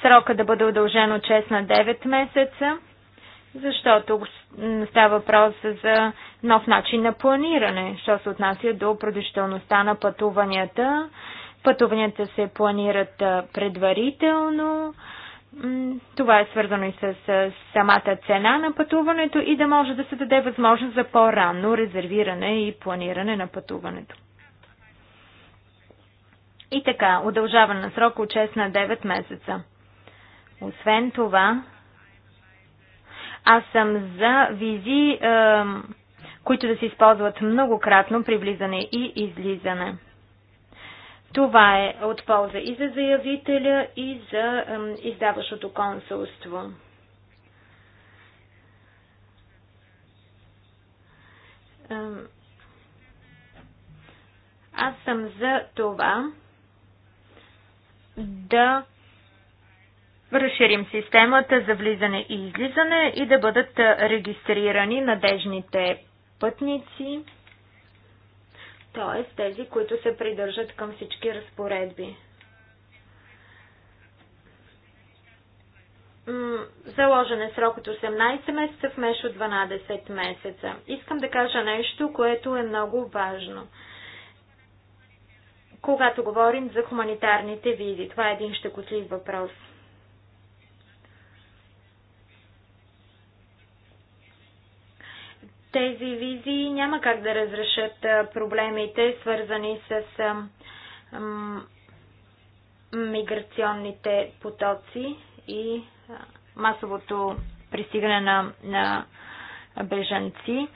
Срока да бъде удължен от 6 на 9 месеца, защото става въпрос за нов начин на планиране, що се отнася до продължителността на пътуванията. Пътуванията се планират предварително това е свързано и с самата цена на пътуването и да може да се даде възможност за по-ранно резервиране и планиране на пътуването. И така, удължаване на срок от 6 на 9 месеца. Освен това, аз съм за визи, които да се използват многократно при влизане и излизане. Това е от полза и за заявителя, и за издаващото консулство. Аз съм за това да разширим системата за влизане и излизане и да бъдат регистрирани надежните пътници т.е. тези, които се придържат към всички разпоредби. Заложен е срок от 18 месеца от 12 месеца. Искам да кажа нещо, което е много важно. Когато говорим за хуманитарните визи, това е един щекотлив въпрос – Тези визии няма как да разрешат проблемите, свързани с миграционните потоци и масовото пристигане на, на бежанци.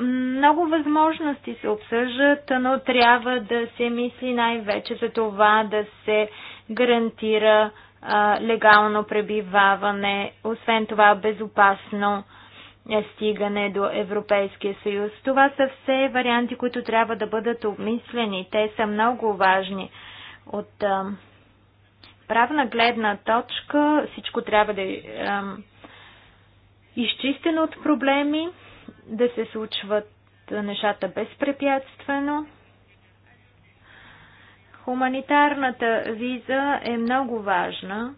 Много възможности се обсъждат, но трябва да се мисли най-вече за това да се гарантира а, легално пребиваване, освен това безопасно е стигане до Европейския съюз. Това са все варианти, които трябва да бъдат обмислени. Те са много важни. От а, правна гледна точка всичко трябва да е изчистено от проблеми, да се случват нещата безпрепятствено. Хуманитарната виза е много важна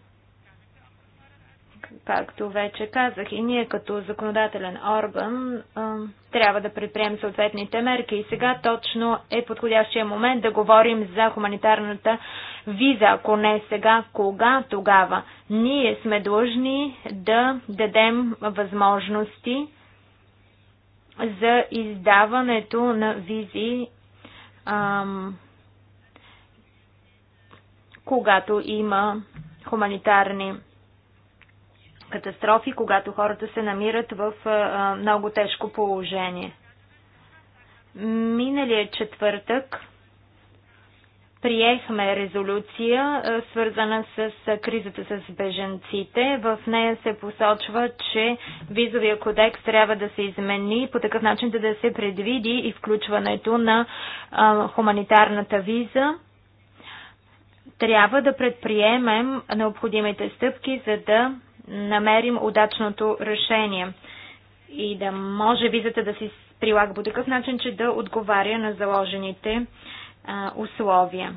Както вече казах, и ние като законодателен орган трябва да предприемем съответните мерки. И сега точно е подходящия момент да говорим за хуманитарната виза. Ако не сега, кога тогава? Ние сме длъжни да дадем възможности за издаването на визи, когато има хуманитарни катастрофи, когато хората се намират в много тежко положение. Миналия четвъртък приехме резолюция, свързана с кризата с беженците. В нея се посочва, че визовия кодекс трябва да се измени по такъв начин да, се предвиди и включването на хуманитарната виза. Трябва да предприемем необходимите стъпки, за да намерим удачното решение и да може визата да се прилага по такъв начин, че да отговаря на заложените а, условия.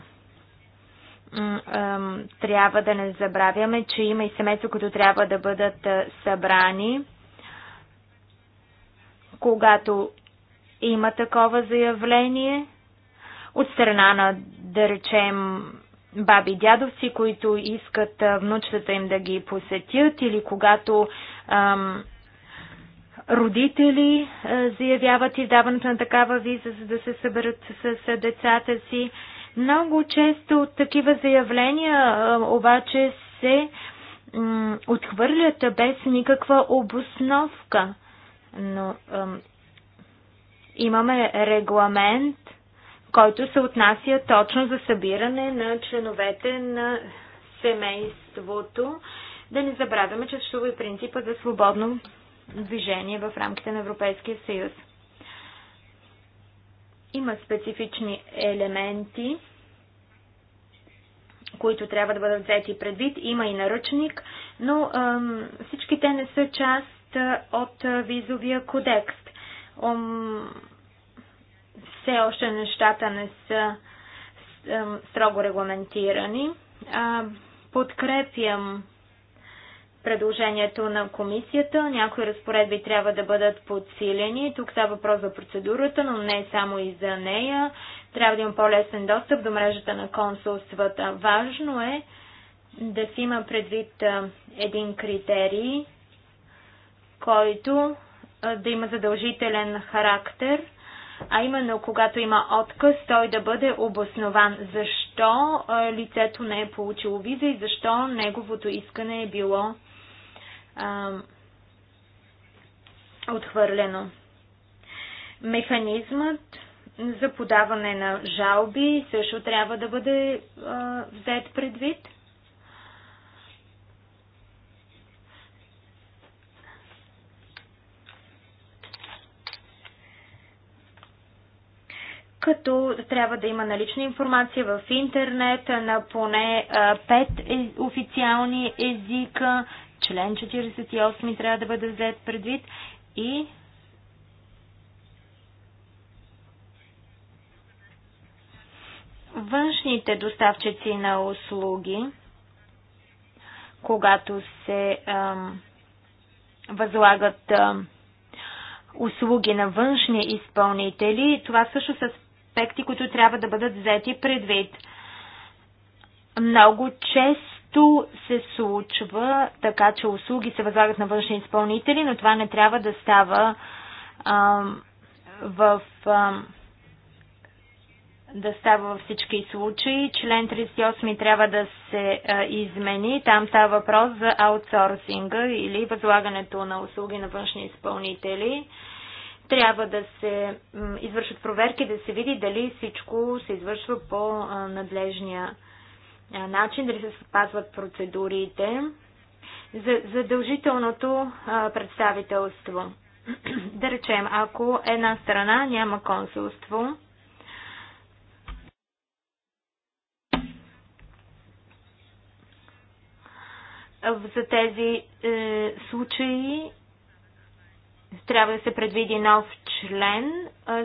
Трябва да не забравяме, че има и семейства, които трябва да бъдат събрани. Когато има такова заявление от страна на, да речем, баби дядовци, които искат внучетата им да ги посетят или когато ам, родители а, заявяват издаването на такава виза, за да се съберат с, с децата си. Много често от такива заявления а, обаче се м, отхвърлят без никаква обосновка. Но ам, имаме регламент – който се отнася точно за събиране на членовете на семейството. Да не забравяме, че съществува и принципа за свободно движение в рамките на Европейския съюз. Има специфични елементи, които трябва да бъдат взети предвид. Има и наръчник, но ам, всички те не са част от визовия кодекс все още нещата не са строго регламентирани. Подкрепям предложението на комисията. Някои разпоредби трябва да бъдат подсилени. Тук става въпрос за процедурата, но не само и за нея. Трябва да има по-лесен достъп до мрежата на консулствата. Важно е да си има предвид един критерий, който да има задължителен характер – а именно когато има отказ, той да бъде обоснован. Защо лицето не е получило виза и защо неговото искане е било а, отхвърлено. Механизмът за подаване на жалби също трябва да бъде а, взет предвид. като трябва да има налична информация в интернет на поне 5 е, официални езика. Член 48 трябва да бъде взет предвид и външните доставчици на услуги, когато се ам, възлагат ам, услуги на външни изпълнители, това също са аспекти, които трябва да бъдат взети предвид. Много често се случва така, че услуги се възлагат на външни изпълнители, но това не трябва да става а, в. А, да става във всички случаи. Член 38 трябва да се а, измени. Там става въпрос за аутсорсинга или възлагането на услуги на външни изпълнители. А, трябва да се извършат проверки, да се види дали всичко се извършва по надлежния начин, дали се спазват процедурите за задължителното представителство. (clears throat) да речем, ако една страна няма консулство, за тези е, случаи трябва да се предвиди нов член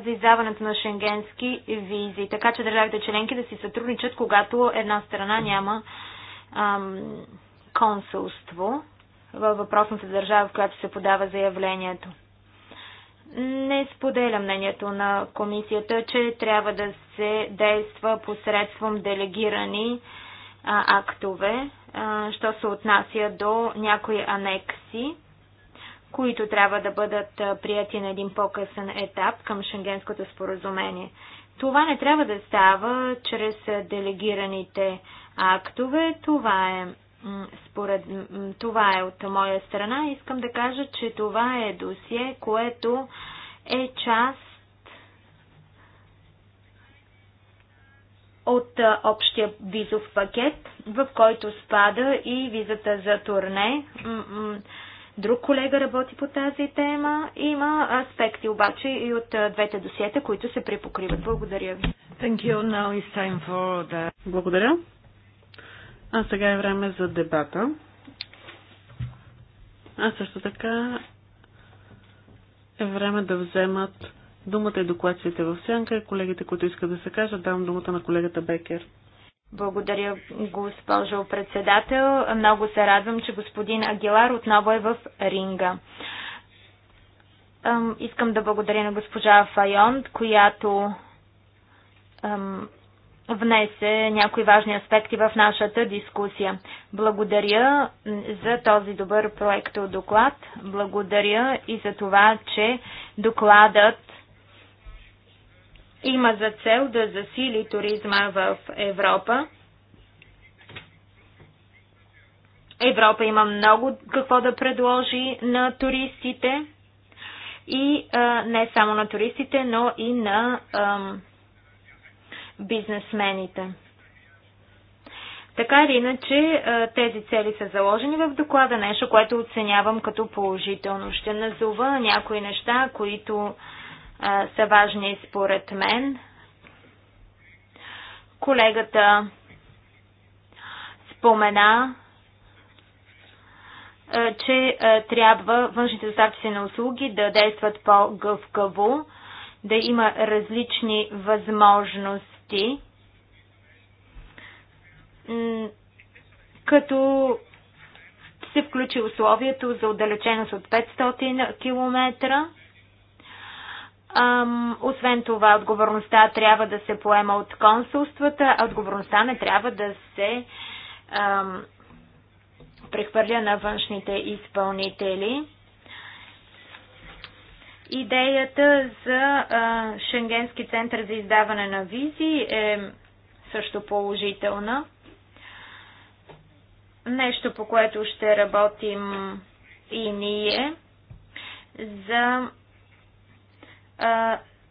за издаването на шенгенски визи, така че държавите членки да си сътрудничат, когато една страна няма ам, консулство във въпросната държава, в която се подава заявлението. Не споделя мнението на комисията, че трябва да се действа посредством делегирани а, актове, а, що се отнася до някои анекси които трябва да бъдат прияти на един по-късен етап към Шенгенското споразумение. Това не трябва да става чрез делегираните актове. Това е, според, това е от моя страна. Искам да кажа, че това е досие, което е част от общия визов пакет, в който спада и визата за турне. Друг колега работи по тази тема. Има аспекти обаче и от двете досиета, които се припокриват. Благодаря ви. Thank you. Now it's time for the... Благодаря. А сега е време за дебата. А също така е време да вземат думата и докладците в сянка. Колегите, които искат да се кажат, давам думата на колегата Бекер. Благодаря, госпожо председател. Много се радвам, че господин Агилар отново е в ринга. Искам да благодаря на госпожа Файон, която внесе някои важни аспекти в нашата дискусия. Благодаря за този добър проект доклад. Благодаря и за това, че докладът има за цел да засили туризма в Европа. Европа има много какво да предложи на туристите и а, не само на туристите, но и на ам, бизнесмените. Така или иначе, тези цели са заложени в доклада, нещо, което оценявам като положително. Ще назова някои неща, които са важни според мен. Колегата спомена, че трябва външните доставчици на услуги да действат по-гъвкаво, да има различни възможности, като се включи условието за отдалеченост от 500 км Ам, освен това, отговорността трябва да се поема от консулствата, а отговорността не трябва да се ам, прехвърля на външните изпълнители. Идеята за а, Шенгенски център за издаване на визи е също положителна. Нещо, по което ще работим и ние за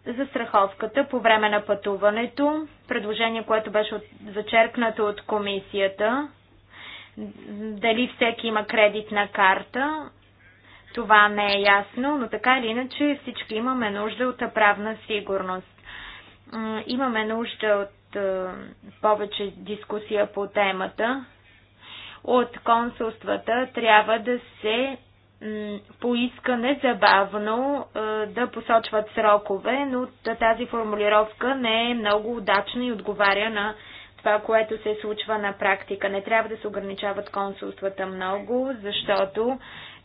за страховката по време на пътуването. Предложение, което беше от, зачеркнато от комисията. Дали всеки има кредитна карта, това не е ясно, но така или иначе всички имаме нужда от правна сигурност. Имаме нужда от повече дискусия по темата. От консулствата трябва да се поиска незабавно да посочват срокове, но тази формулировка не е много удачна и отговаря на това, което се случва на практика. Не трябва да се ограничават консулствата много, защото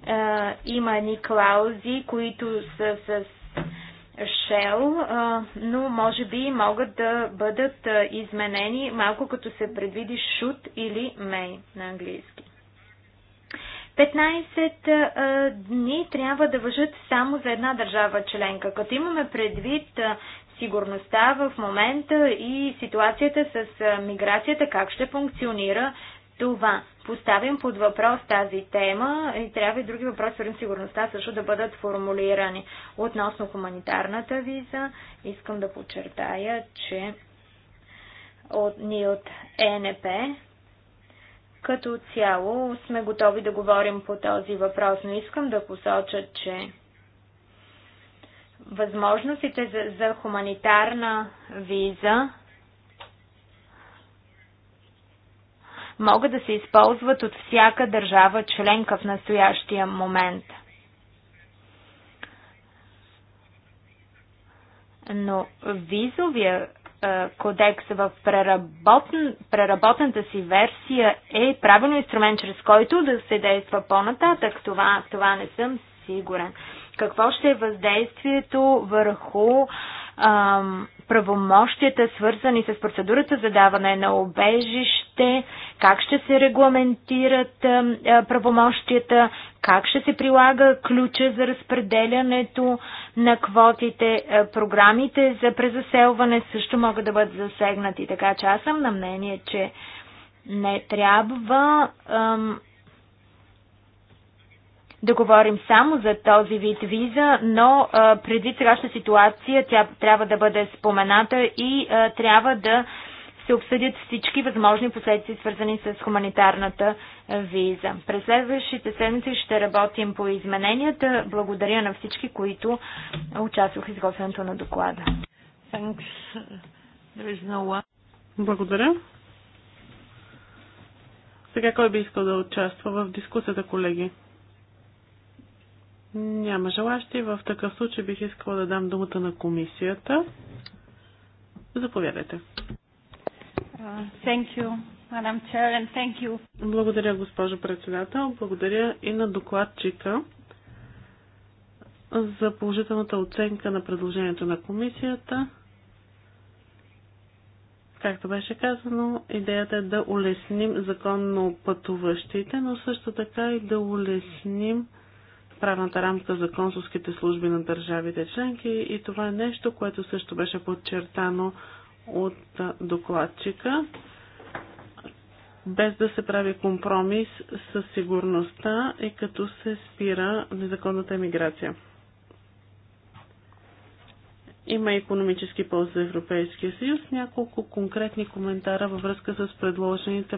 е, има едни клаузи, които са с Shell, е, но може би могат да бъдат изменени малко като се предвиди should или may на английски. 15 дни трябва да въжат само за една държава членка. Като имаме предвид сигурността в момента и ситуацията с миграцията, как ще функционира това. Поставим под въпрос тази тема и трябва и други въпроси, свързани сигурността, също да бъдат формулирани. Относно хуманитарната виза, искам да подчертая, че от, ние от ЕНП като цяло сме готови да говорим по този въпрос, но искам да посоча, че възможностите за, за хуманитарна виза могат да се използват от всяка държава членка в настоящия момент. Но визовия е, кодекс в преработен, преработената си версия е правилно инструмент, чрез който да се действа по-нататък. Това, това не съм сигурен. Какво ще е въздействието върху ам, правомощията, свързани с процедурата за даване на обежище, как ще се регламентират правомощията, как ще се прилага ключа за разпределянето на квотите, програмите за презаселване също могат да бъдат засегнати. Така че аз съм на мнение, че не трябва да говорим само за този вид виза, но преди сегашна ситуация тя трябва да бъде спомената и трябва да се обсъдят всички възможни последици, свързани с хуманитарната виза. През следващите седмици ще работим по измененията. Благодаря на всички, които участвах в изготвянето на доклада. Благодаря. Сега кой би искал да участва в дискусията, колеги? Няма желащи. В такъв случай бих искала да дам думата на комисията. Заповядайте. Uh, thank you, Madam Chair, and thank you. Благодаря, госпожо председател. Благодаря и на докладчика за положителната оценка на предложението на комисията. Както беше казано, идеята е да улесним законно пътуващите, но също така и да улесним правната рамка за консулските служби на държавите членки и това е нещо, което също беше подчертано от докладчика, без да се прави компромис с сигурността и като се спира незаконната емиграция. Има економически ползи за Европейския съюз. Няколко конкретни коментара във връзка с предложените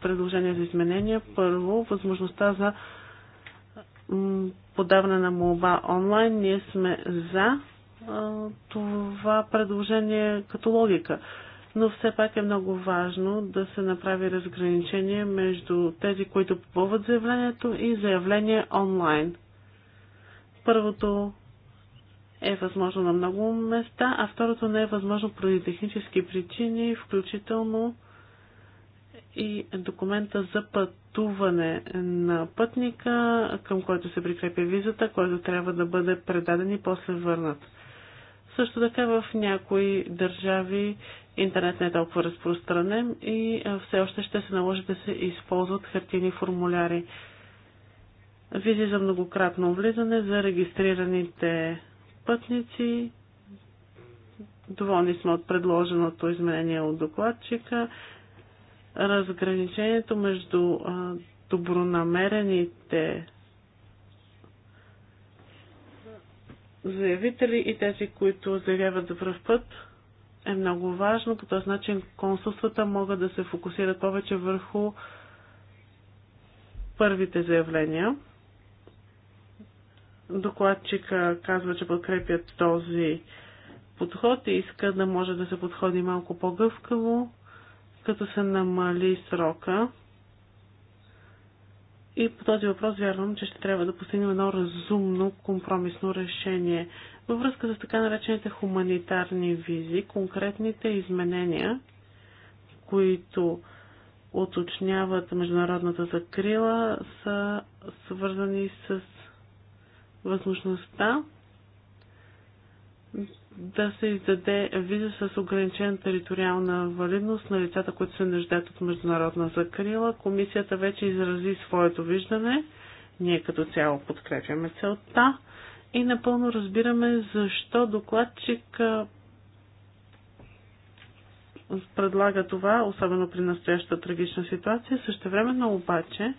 предложения за изменения. Първо, възможността за подаване на молба онлайн, ние сме за това предложение като логика. Но все пак е много важно да се направи разграничение между тези, които попълват заявлението и заявление онлайн. Първото е възможно на много места, а второто не е възможно поради технически причини, включително и документа за пътуване на пътника, към който се прикрепя визата, който трябва да бъде предаден и после върнат. Също така в някои държави интернет не е толкова разпространен и все още ще се наложи да се използват хартини формуляри. Визи за многократно влизане за регистрираните пътници. Доволни сме от предложеното изменение от докладчика разграничението между добронамерените заявители и тези, които заявяват за пръв път, е много важно. По този начин консулствата могат да се фокусират повече върху първите заявления. Докладчика казва, че подкрепят този подход и иска да може да се подходи малко по-гъвкаво като се намали срока. И по този въпрос вярвам, че ще трябва да постигнем едно разумно компромисно решение. Във връзка с така наречените хуманитарни визи, конкретните изменения, които уточняват международната закрила, са свързани с възможността да се издаде виза с ограничена териториална валидност на лицата, които се нуждаят от международна закрила. Комисията вече изрази своето виждане. Ние като цяло подкрепяме целта и напълно разбираме защо докладчик предлага това, особено при настоящата трагична ситуация. Същевременно обаче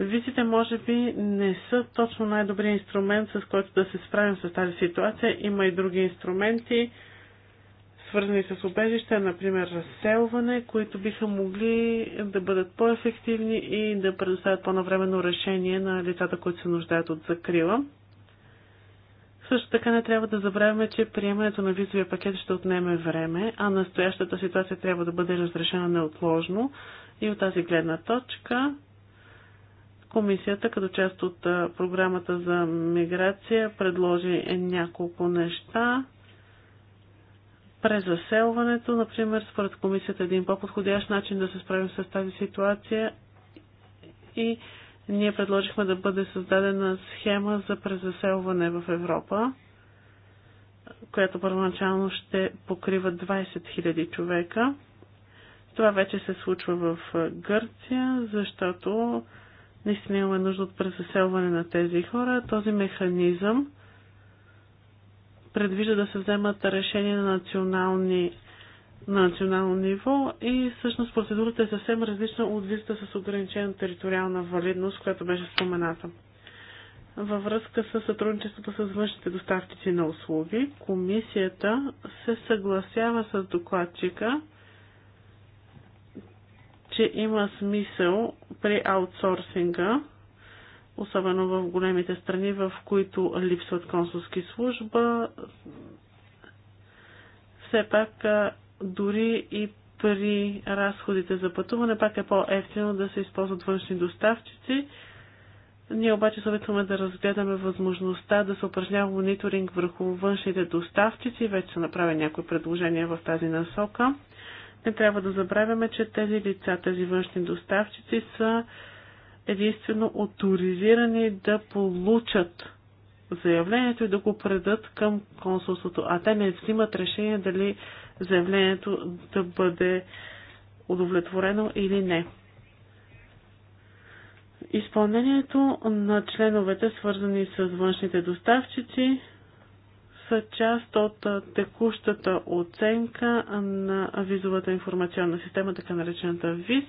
Визите може би не са точно най-добрият инструмент, с който да се справим с тази ситуация. Има и други инструменти, свързани с убежище, например разселване, които биха могли да бъдат по-ефективни и да предоставят по-навременно решение на лицата, които се нуждаят от закрила. Също така не трябва да забравяме, че приемането на визовия пакет ще отнеме време, а настоящата ситуация трябва да бъде разрешена неотложно. И от тази гледна точка Комисията, като част от програмата за миграция, предложи няколко неща. заселването, например, според комисията е един по-подходящ начин да се справим с тази ситуация и ние предложихме да бъде създадена схема за презаселване в Европа, която първоначално ще покрива 20 000 човека. Това вече се случва в Гърция, защото наистина имаме нужда от презаселване на тези хора. Този механизъм предвижда да се вземат решения на национални на национално ниво и всъщност процедурата е съвсем различна от визата с ограничена териториална валидност, която беше спомената. Във връзка с сътрудничеството с външните доставчици на услуги, комисията се съгласява с докладчика че има смисъл при аутсорсинга, особено в големите страни, в които липсват консулски служба. Все пак, дори и при разходите за пътуване, пак е по-ефтино да се използват външни доставчици. Ние обаче съветваме да разгледаме възможността да се упражнява мониторинг върху външните доставчици. Вече са направени някои предложения в тази насока. Не трябва да забравяме, че тези лица, тези външни доставчици са единствено авторизирани да получат заявлението и да го предат към консулството, а те не взимат решение дали заявлението да бъде удовлетворено или не. Изпълнението на членовете, свързани с външните доставчици, са част от текущата оценка на визовата информационна система, така наречената ВИЗ.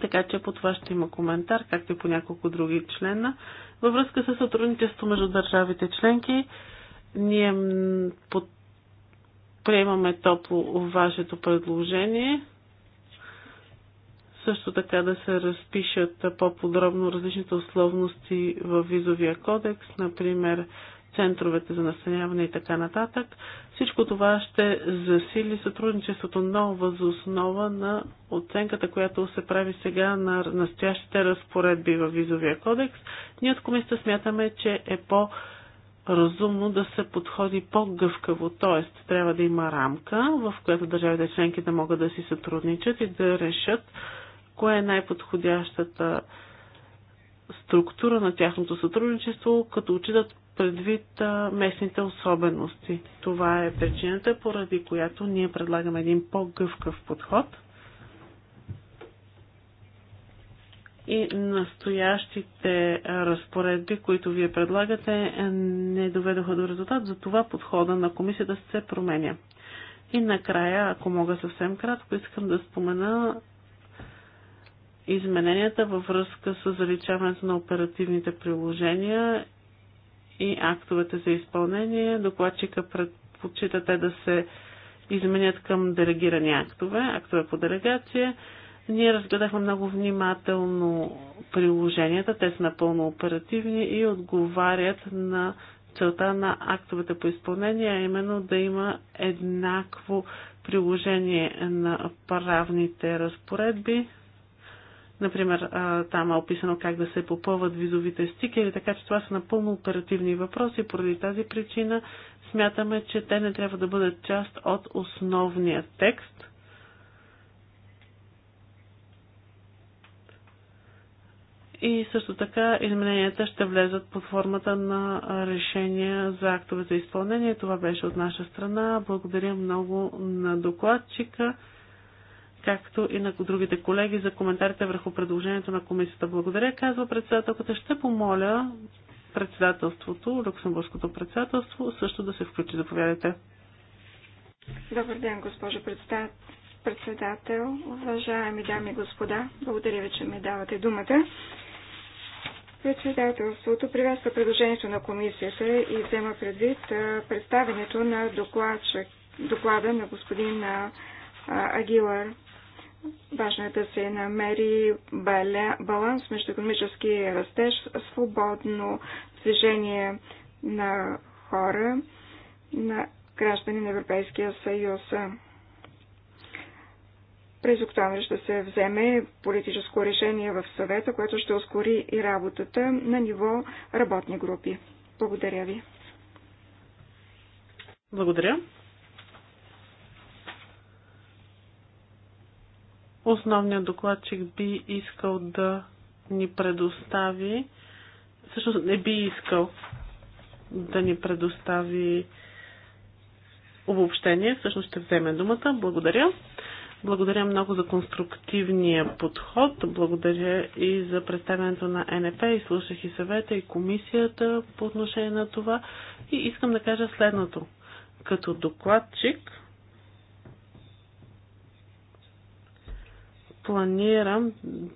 Така че по това ще има коментар, както и по няколко други члена. Във връзка с сътрудничество между държавите членки, ние под... приемаме топло вашето предложение. Също така да се разпишат по-подробно различните условности в визовия кодекс, например центровете за настаняване и така нататък. Всичко това ще засили сътрудничеството, но възоснова на оценката, която се прави сега на настоящите разпоредби в визовия кодекс. Ние от комисията смятаме, че е по- разумно да се подходи по-гъвкаво, т.е. трябва да има рамка, в която държавите членки да могат да си сътрудничат и да решат кое е най-подходящата структура на тяхното сътрудничество, като учитат предвид а, местните особености. Това е причината, поради която ние предлагаме един по-гъвкав подход и настоящите разпоредби, които вие предлагате, не доведоха до резултат, затова подхода на комисията се променя. И накрая, ако мога съвсем кратко, искам да спомена измененията във връзка с заличаването на оперативните приложения и актовете за изпълнение. Докладчика предпочита те да се изменят към делегирани актове, актове по делегация. Ние разгледахме много внимателно приложенията, те са напълно оперативни и отговарят на целта на актовете по изпълнение, а именно да има еднакво приложение на правните разпоредби Например, там е описано как да се попълват визовите стикери, така че това са напълно оперативни въпроси. Поради тази причина смятаме, че те не трябва да бъдат част от основния текст. И също така измененията ще влезат под формата на решения за актове за изпълнение. Това беше от наша страна. Благодаря много на докладчика както и на другите колеги за коментарите върху предложението на комисията. Благодаря, казва председателката. Ще помоля председателството, Люксембургското председателство, също да се включи. Заповядайте. Добър ден, госпожо председател, уважаеми дами и господа. Благодаря ви, че ми давате думата. Председателството приветства предложението на комисията и взема предвид представенето на доклада на господин Агилар. Важно е да се намери баланс между економически растеж, свободно движение на хора, на граждани на Европейския съюз. През октомври ще се вземе политическо решение в съвета, което ще ускори и работата на ниво работни групи. Благодаря ви. Благодаря. Основният докладчик би искал да ни предостави, всъщност не би искал да ни предостави обобщение, всъщност ще вземе думата. Благодаря. Благодаря много за конструктивния подход. Благодаря и за представянето на НП. И слушах и съвета, и комисията по отношение на това. И искам да кажа следното. Като докладчик планирам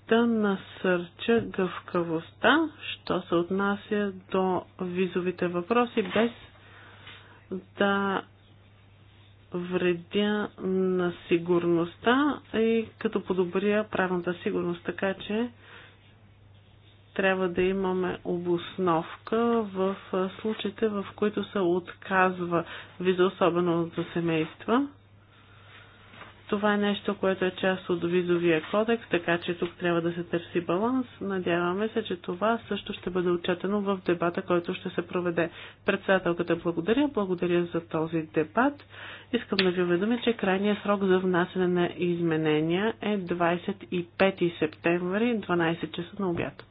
да насърча гъвкавостта, що се отнася до визовите въпроси, без да вредя на сигурността и като подобря правната сигурност, така че трябва да имаме обосновка в случаите, в които се отказва виза, особено за семейства. Това е нещо, което е част от визовия кодекс, така че тук трябва да се търси баланс. Надяваме се, че това също ще бъде отчетено в дебата, който ще се проведе. Председателката благодаря, благодаря за този дебат. Искам да ви уведомя, че крайният срок за внасене на изменения е 25 септември, 12 часа на обяд.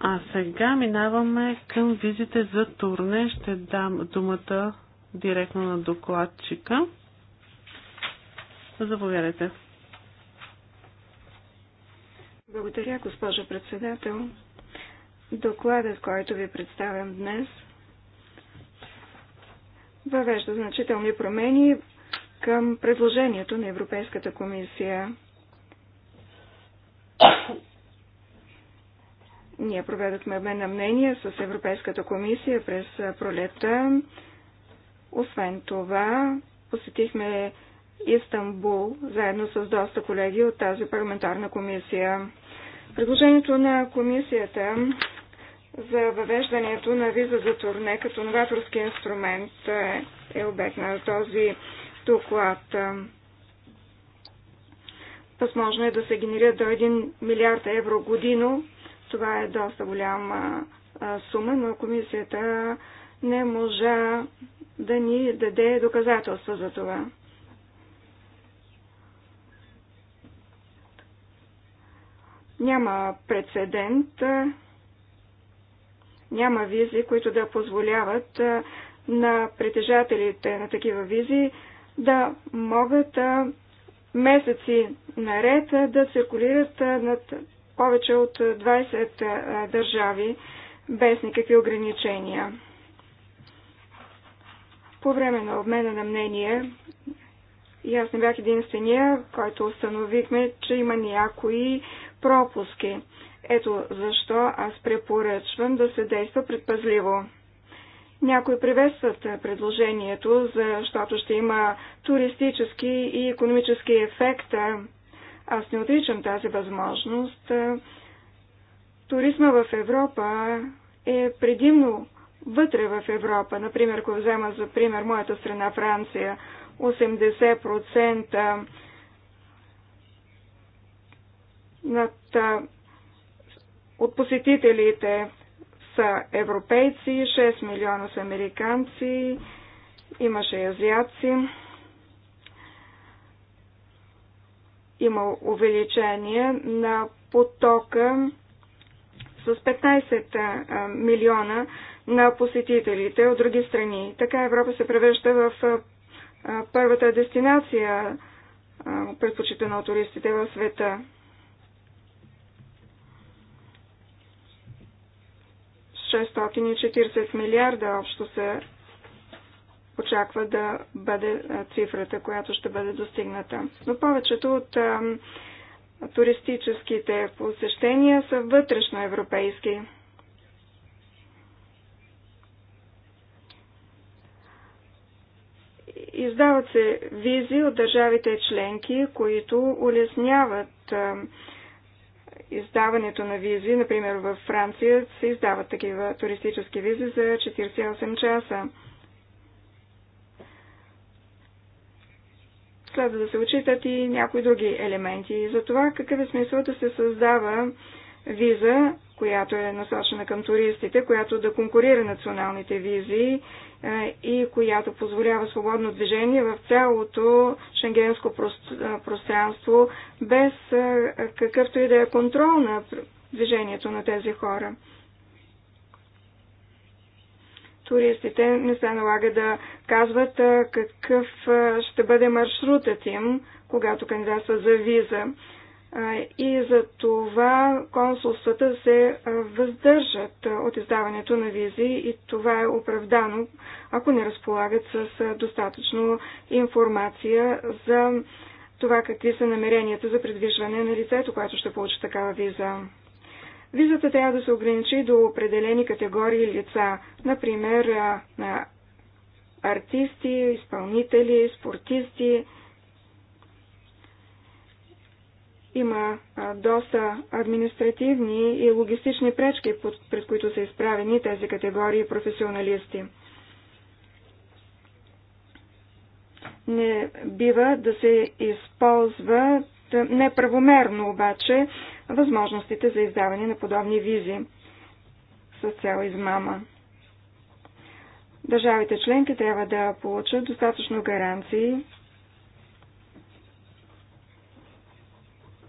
А сега минаваме към визите за турне. Ще дам думата директно на докладчика. Заповядайте. Благодаря, госпожо председател. Докладът, който ви представям днес, въвежда значителни промени към предложението на Европейската комисия Ние проведохме обмен на мнение с Европейската комисия през пролета. Освен това, посетихме Истанбул, заедно с доста колеги от тази парламентарна комисия. Предложението на комисията за въвеждането на виза за турне като новаторски инструмент е, е обект на този доклад. Възможно е да се генерира до 1 милиард евро годино това е доста голяма сума, но комисията не можа да ни даде доказателства за това. Няма прецедент, няма визи, които да позволяват на притежателите на такива визи да могат месеци наред да циркулират над повече от 20 държави без никакви ограничения. По време на обмена на мнение, и аз не бях единствения, който установихме, че има някои пропуски. Ето защо аз препоръчвам да се действа предпазливо. Някои приветстват предложението, защото ще има туристически и економически ефект аз не отричам тази възможност. Е, туризма в Европа е предимно вътре в Европа. Например, ако взема за пример моята страна Франция, 80% над, е, от посетителите са европейци, 6 милиона са американци, имаше азиаци. има увеличение на потока с 15 милиона на посетителите от други страни. Така Европа се превръща в първата дестинация, предпочитана от туристите в света. С 640 милиарда общо са очаква да бъде цифрата, която ще бъде достигната. Но повечето от туристическите посещения са вътрешно европейски. Издават се визи от държавите членки, които улесняват издаването на визи. Например, във Франция се издават такива туристически визи за 48 часа. Следва да се отчитат и някои други елементи. за това какъв е смисъл да се създава виза, която е насочена към туристите, която да конкурира националните визи е, и която позволява свободно движение в цялото шенгенско е, пространство без е, какъвто и да е контрол на движението на тези хора туристите не се налага да казват какъв ще бъде маршрутът им, когато кандидатства за виза. И за това консулствата се въздържат от издаването на визи и това е оправдано, ако не разполагат с достатъчно информация за това какви са намеренията за предвижване на лицето, което ще получи такава виза. Визата трябва да се ограничи до определени категории лица, например на артисти, изпълнители, спортисти. Има доста административни и логистични пречки, пред които са изправени тези категории професионалисти. Не бива да се използват неправомерно обаче възможностите за издаване на подобни визи с цел измама. Държавите членки трябва да получат достатъчно гаранции.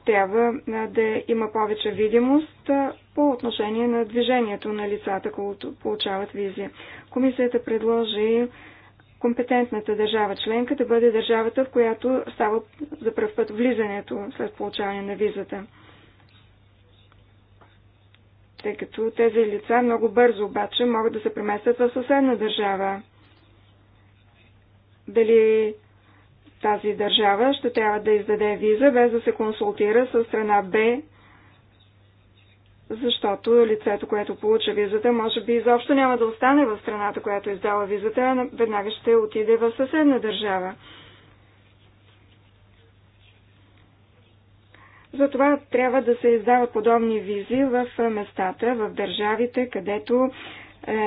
Трябва да има повече видимост по отношение на движението на лицата, които получават визи. Комисията предложи компетентната държава членка да бъде държавата, в която става за пръв път влизането след получаване на визата тъй като тези лица много бързо обаче могат да се преместят в съседна държава. Дали тази държава ще трябва да издаде виза, без да се консултира с страна Б, защото лицето, което получа визата, може би изобщо няма да остане в страната, която е издала визата, а веднага ще отиде в съседна държава. Затова трябва да се издават подобни визи в местата, в държавите, където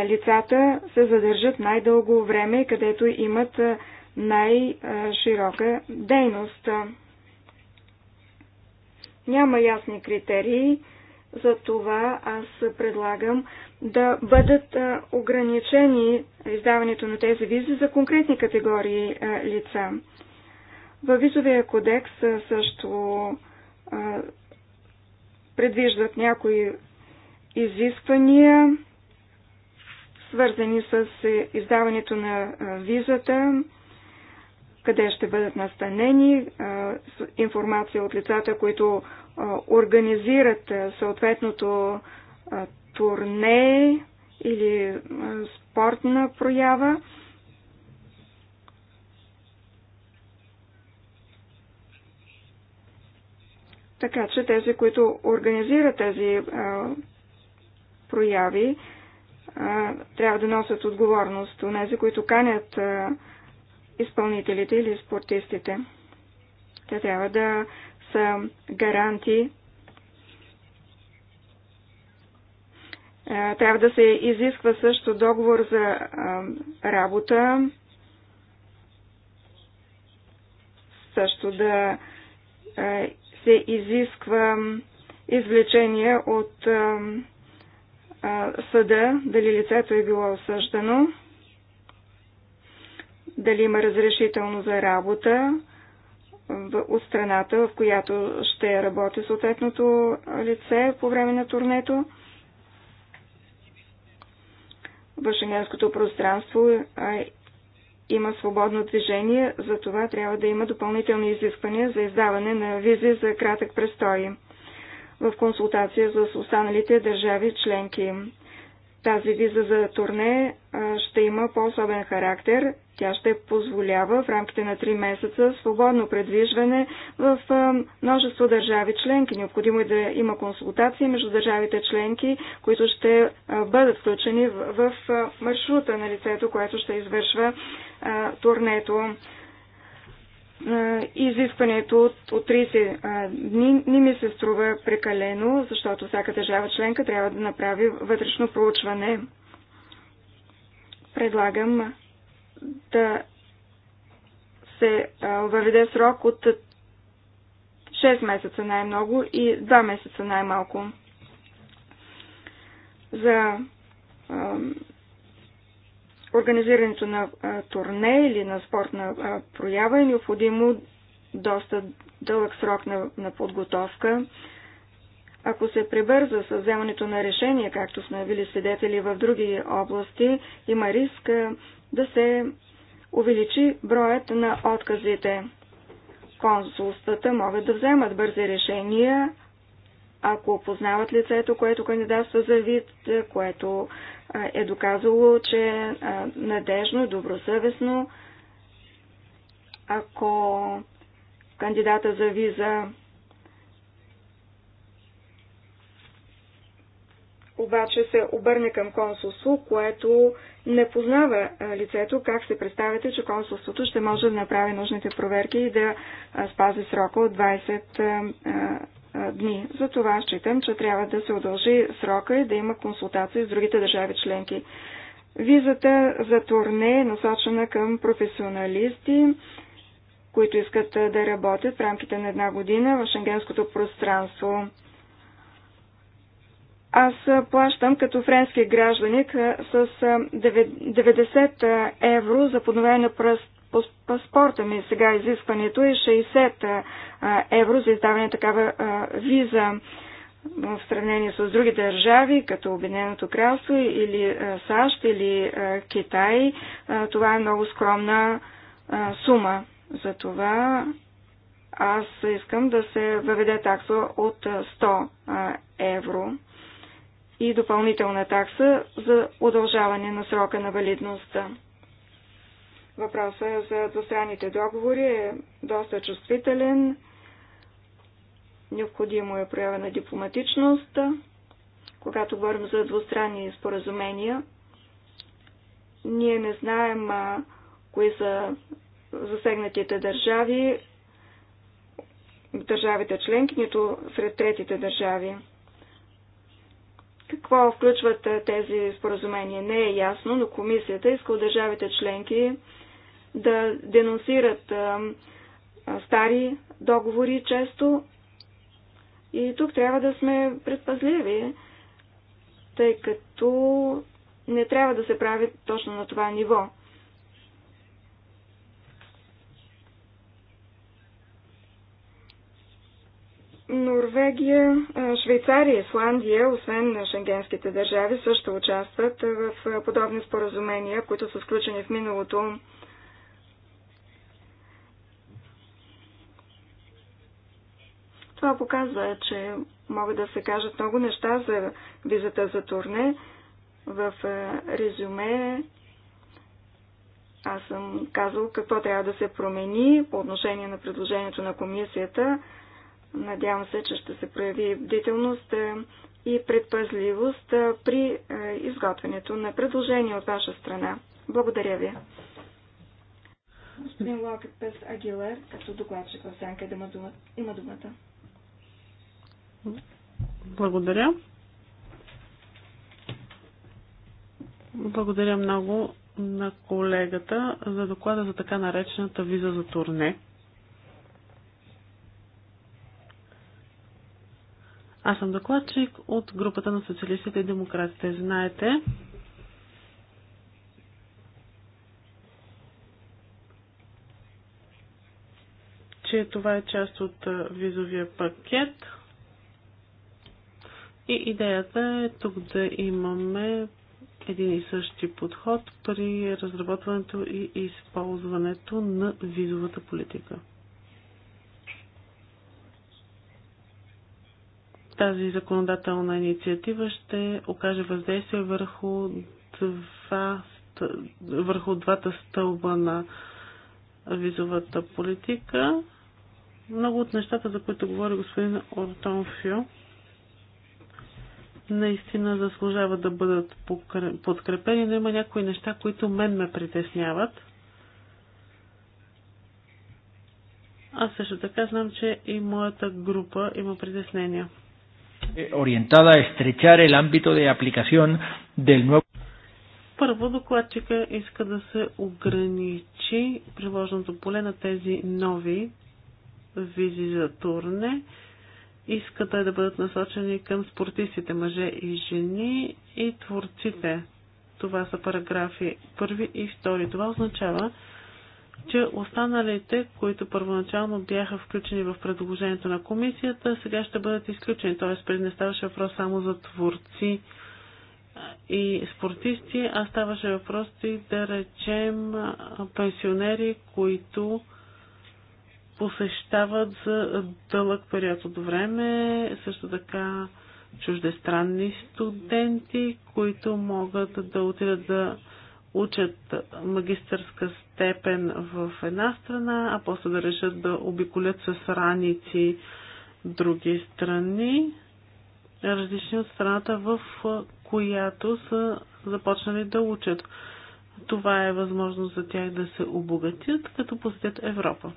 лицата се задържат най-дълго време и където имат най-широка дейност. Няма ясни критерии, за това аз предлагам да бъдат ограничени издаването на тези визи за конкретни категории лица. Във визовия кодекс също предвиждат някои изисквания, свързани с е, издаването на визата, къде ще бъдат настанени, информация от лицата, които организират съответното турне или спортна проява. Така че тези, които организират тези а, прояви, а, трябва да носят отговорност. Тези, които канят а, изпълнителите или спортистите, те трябва да са гаранти. А, трябва да се изисква също договор за а, работа, също да се изисква извлечение от а, а, съда, дали лицето е било осъждано, дали има разрешително за работа в, от страната, в която ще работи съответното лице по време на турнето. В шенгенското пространство а, има свободно движение, за това трябва да има допълнителни изисквания за издаване на визи за кратък престой в консултация с останалите държави членки. Тази виза за турне ще има по-особен характер. Тя ще позволява в рамките на 3 месеца свободно предвижване в множество държави членки. Необходимо е да има консултации между държавите членки, които ще бъдат включени в маршрута на лицето, което ще извършва турнето. Изискването от 30 дни не ми се струва прекалено, защото всяка държава членка трябва да направи вътрешно проучване. Предлагам да се въведе срок от 6 месеца най-много и 2 месеца най-малко. За организирането на турне или на спортна проява е необходимо доста дълъг срок на, на подготовка. Ако се прибърза с вземането на решение, както сме били свидетели в други области, има риск да се увеличи броят на отказите. Консулствата могат да вземат бързи решения, ако познават лицето, което кандидатства за вид, което е доказало, че е надежно, добросъвестно. Ако кандидата за виза обаче се обърне към консулство, което не познава лицето, как се представяте, че консулството ще може да направи нужните проверки и да спази срока от 20 дни. Затова считам, че трябва да се удължи срока и да има консултации с другите държави членки. Визата за турне е насочена към професионалисти, които искат да работят в рамките на една година в шенгенското пространство. Аз плащам като френски гражданик с 90 евро за подновена пръст паспорта ми. Сега изискването е 60 евро за издаване такава виза в сравнение с други държави, като Обединеното кралство или САЩ или Китай. Това е много скромна сума. Затова аз искам да се въведе такса от 100 евро и допълнителна такса за удължаване на срока на валидността. Въпросът е за двустранните договори е доста чувствителен. Необходимо е проява на дипломатичност, когато говорим за двустранни споразумения. Ние не знаем а, кои са засегнатите държави, държавите членки, нито сред третите държави. Какво включват тези споразумения не е ясно, но комисията иска от държавите членки да денонсират стари договори често. И тук трябва да сме предпазливи, тъй като не трябва да се прави точно на това ниво. Норвегия, Швейцария, Исландия, освен на шенгенските държави, също участват в подобни споразумения, които са сключени в миналото Това показва, че могат да се кажат много неща за визата за турне. В е, резюме аз съм казал какво трябва да се промени по отношение на предложението на комисията. Надявам се, че ще се прояви бдителност е, и предпазливост е, при изготвянето на предложение от ваша страна. Благодаря ви. Господин Локет Пес Агилер, като докладчик в Сянка, има думата. Благодаря. Благодаря много на колегата за доклада за така наречената виза за турне. Аз съм докладчик от групата на социалистите и демократите. Знаете, че това е част от визовия пакет – и идеята е тук да имаме един и същи подход при разработването и използването на визовата политика. Тази законодателна инициатива ще окаже въздействие върху, два, върху двата стълба на визовата политика. Много от нещата, за които говори господин Ортон Фю, наистина заслужават да бъдат подкрепени, но има някои неща, които мен ме притесняват. Аз също така знам, че и моята група има притеснения. Ориентада a estrechar el ámbito de aplicación del първо докладчика иска да се ограничи приложното поле на тези нови визи за турне иска да бъдат насочени към спортистите, мъже и жени и творците. Това са параграфи първи и втори. Това означава, че останалите, които първоначално бяха включени в предложението на комисията, сега ще бъдат изключени. Т.е. преди не ставаше въпрос само за творци и спортисти, а ставаше въпрос и да речем пенсионери, които посещават за дълъг период от време, също така чуждестранни студенти, които могат да отидат да учат магистърска степен в една страна, а после да решат да обиколят с раници други страни, различни от страната, в която са започнали да учат. Това е възможност за тях да се обогатят, като посетят Европа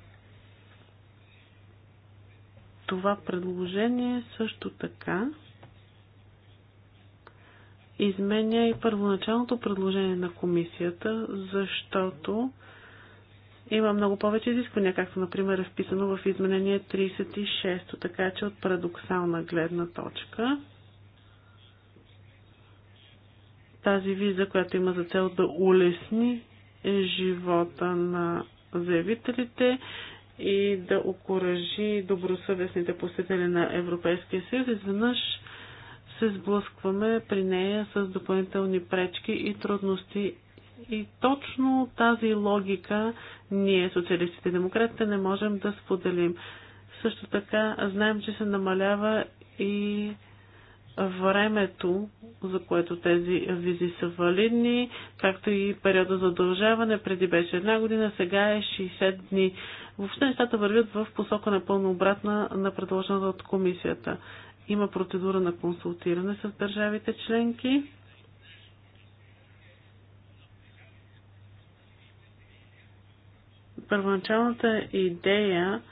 това предложение също така изменя и първоначалното предложение на комисията, защото има много повече изисквания, както например е вписано в изменение 36, така че от парадоксална гледна точка тази виза, която има за цел да улесни живота на заявителите, и да окоръжи добросъвестните посетители на Европейския съюз. Изведнъж се сблъскваме при нея с допълнителни пречки и трудности. И точно тази логика ние, социалистите и демократите, не можем да споделим. Също така знаем, че се намалява и времето, за което тези визи са валидни, както и периода за удължаване. Преди беше една година, сега е 60 дни. Въобще нещата вървят в посока напълно обратна на предложената от комисията. Има процедура на консултиране с държавите членки. Първоначалната идея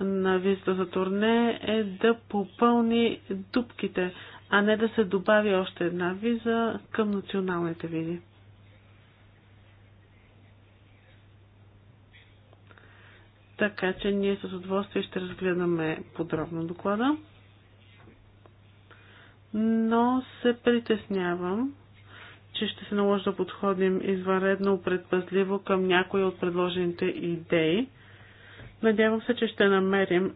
на визата за турне е да попълни дупките а не да се добави още една виза към националните визи. Така че ние с удоволствие ще разгледаме подробно доклада. Но се притеснявам, че ще се наложи да подходим извънредно предпазливо към някои от предложените идеи. Надявам се, че ще намерим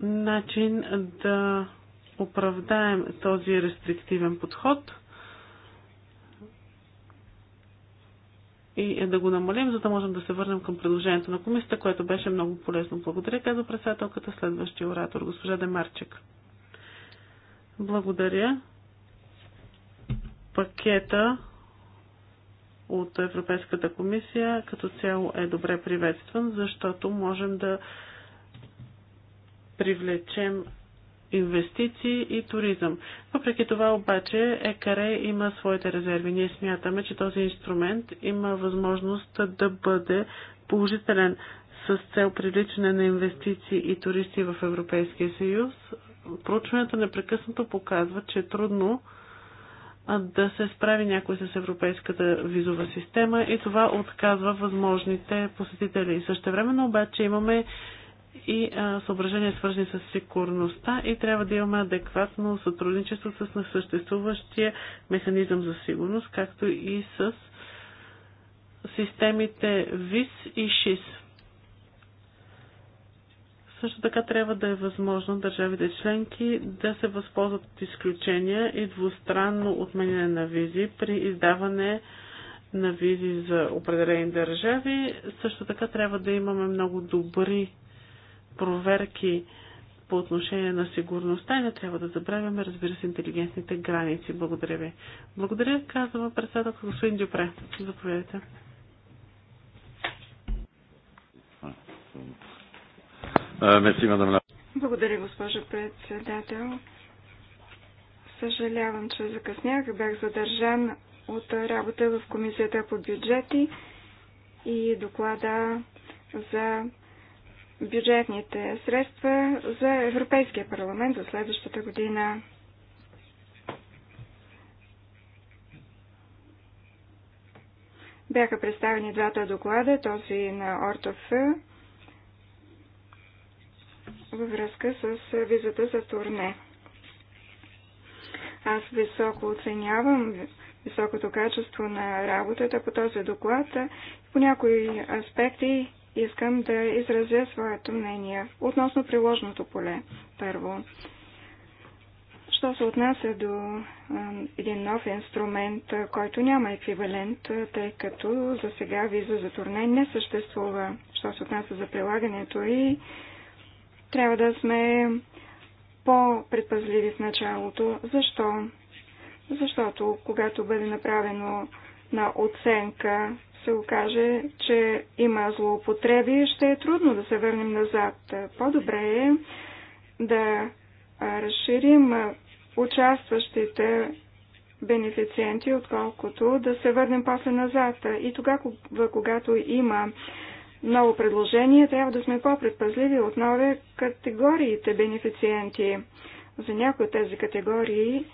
начин да оправдаем този рестриктивен подход и е да го намалим, за да можем да се върнем към предложението на комисията, което беше много полезно. Благодаря, каза председателката, следващия оратор, госпожа Демарчик. Благодаря. Пакета от Европейската комисия като цяло е добре приветстван, защото можем да привлечем инвестиции и туризъм. Въпреки това обаче ЕКАРЕ има своите резерви. Ние смятаме, че този инструмент има възможност да бъде положителен с цел привличане на инвестиции и туристи в Европейския съюз. Проучването непрекъснато показва, че е трудно да се справи някой с европейската визова система и това отказва възможните посетители. Също времено обаче имаме и а, съображения свързани с сигурността и трябва да имаме адекватно сътрудничество с несъществуващия механизъм за сигурност, както и с системите ВИС и ШИС. Също така трябва да е възможно държавите членки да се възползват от изключения и двустранно отменяне на визи при издаване на визи за определени държави. Също така трябва да имаме много добри проверки по отношение на сигурността и не трябва да забравяме, разбира се, интелигентните граници. Благодаря ви. Благодаря, казваме председател господин Дюпре. Заповядайте. Благодаря, госпожо председател. Съжалявам, че закъснях. Бях задържан от работа в Комисията по бюджети и доклада за бюджетните средства за Европейския парламент за следващата година. Бяха представени двата доклада, този на Ортоф във връзка с визата за турне. Аз високо оценявам високото качество на работата по този доклад. По някои аспекти искам да изразя своето мнение относно приложното поле. Първо, що се отнася до един нов инструмент, който няма еквивалент, тъй като за сега виза за турне не съществува, що се отнася за прилагането и трябва да сме по-предпазливи в началото. Защо? Защото когато бъде направено на оценка се окаже, че има злоупотреби, ще е трудно да се върнем назад. По-добре е да разширим участващите бенефициенти, отколкото да се върнем после назад. И тогава, когато има ново предложение, трябва да сме по-предпазливи от нови е категориите бенефициенти. За някои от тези категории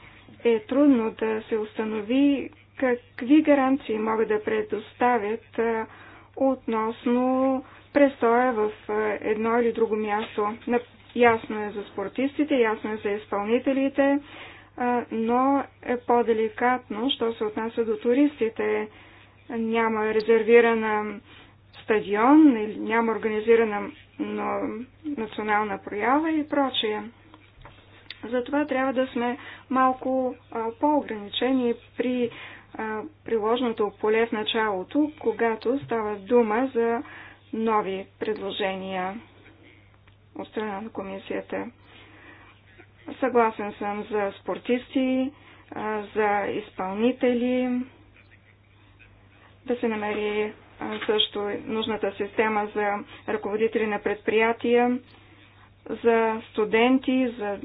е трудно да се установи какви гаранции могат да предоставят относно престоя в едно или друго място. Ясно е за спортистите, ясно е за изпълнителите, но е по-деликатно, що се отнася до туристите. Няма резервиран стадион, няма организирана национална проява и прочее. Затова трябва да сме малко по-ограничени при приложното поле в началото, когато става дума за нови предложения от страна на комисията. Съгласен съм за спортисти, за изпълнители, да се намери също нужната система за ръководители на предприятия, за студенти, за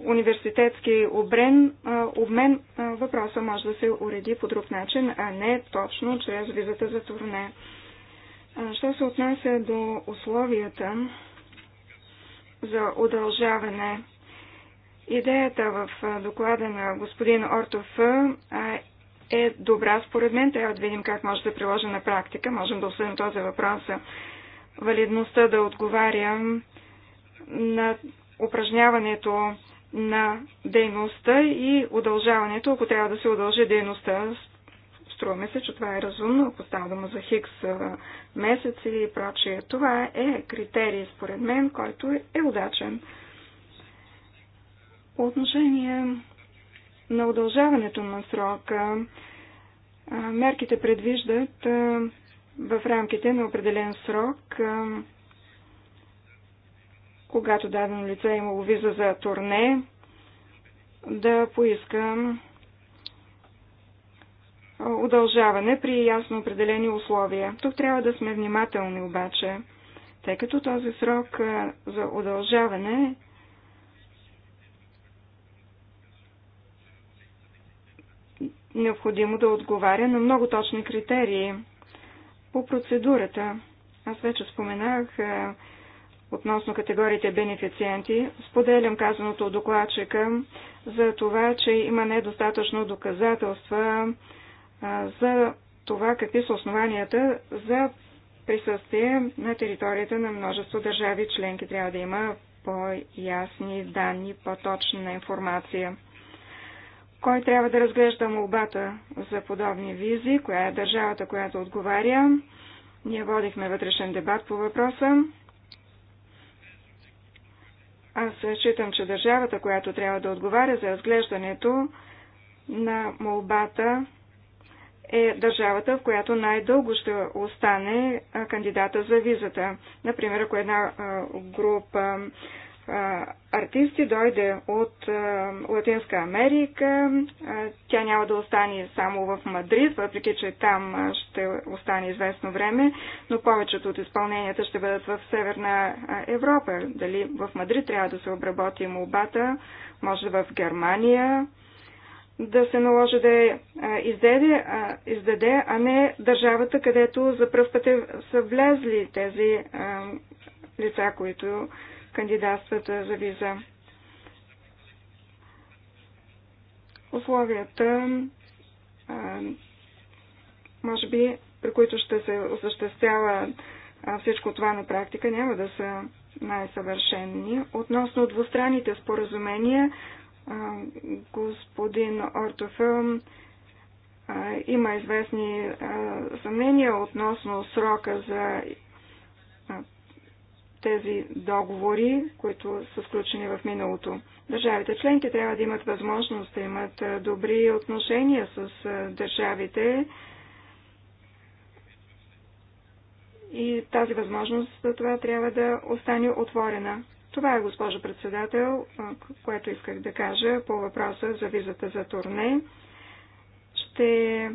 университетски обрен, обмен, въпроса може да се уреди по друг начин, а не точно чрез визата за турне. Що се отнася до условията за удължаване, идеята в доклада на господин Ортов е добра според мен. Трябва да видим как може да приложи на практика. Можем да обсъдим този въпрос. Валидността да отговарям на упражняването на дейността и удължаването, ако трябва да се удължи дейността. Струваме се, че това е разумно, ако става дума за хикс месец или прочие. Това е критерий, според мен, който е удачен. По отношение на удължаването на срока, мерките предвиждат в рамките на определен срок когато дадено лице е имало виза за турне, да поискам удължаване при ясно определени условия. Тук трябва да сме внимателни обаче, тъй като този срок за удължаване необходимо да отговаря на много точни критерии по процедурата. Аз вече споменах относно категориите бенефициенти. Споделям казаното от докладчика за това, че има недостатъчно доказателства за това какви са основанията за присъствие на територията на множество държави членки. Трябва да има по-ясни данни, по-точна информация. Кой трябва да разглежда молбата за подобни визи? Коя е държавата, която отговаря? Ние водихме вътрешен дебат по въпроса. Аз считам, че държавата, която трябва да отговаря за разглеждането на молбата, е държавата, в която най-дълго ще остане кандидата за визата. Например, ако една група артисти дойде от Латинска Америка. Тя няма да остане само в Мадрид, въпреки че там ще остане известно време, но повечето от изпълненията ще бъдат в Северна Европа. Дали в Мадрид трябва да се обработи молбата, може в Германия да се наложи да издаде, издаде, а не държавата, където за пръв път е, са влезли тези лица, които кандидатствата за виза. Условията, може би, при които ще се осъществява всичко това на практика, няма да са най-съвършенни. Относно двустранните споразумения, господин Ортофелм има известни съмнения относно срока за тези договори, които са сключени в миналото. Държавите членки трябва да имат възможност да имат добри отношения с държавите и тази възможност за това трябва да остане отворена. Това е, госпожо председател, което исках да кажа по въпроса за визата за турне. Ще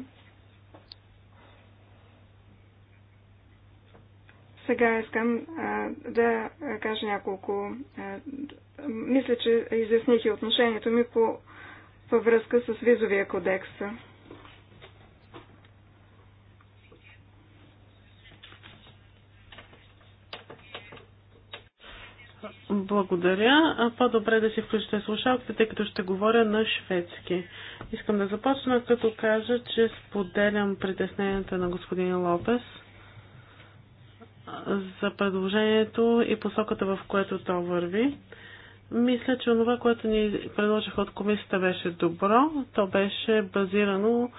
Сега искам а, да кажа няколко. А, мисля, че изясних и отношението ми по, във връзка с визовия кодекс. Благодаря. По-добре да си включите слушалките, тъй като ще говоря на шведски. Искам да започна като кажа, че споделям притесненията на господин Лопес – за предложението и посоката, в което то върви. Мисля, че това, което ни предложиха от комисията беше добро. То беше базирано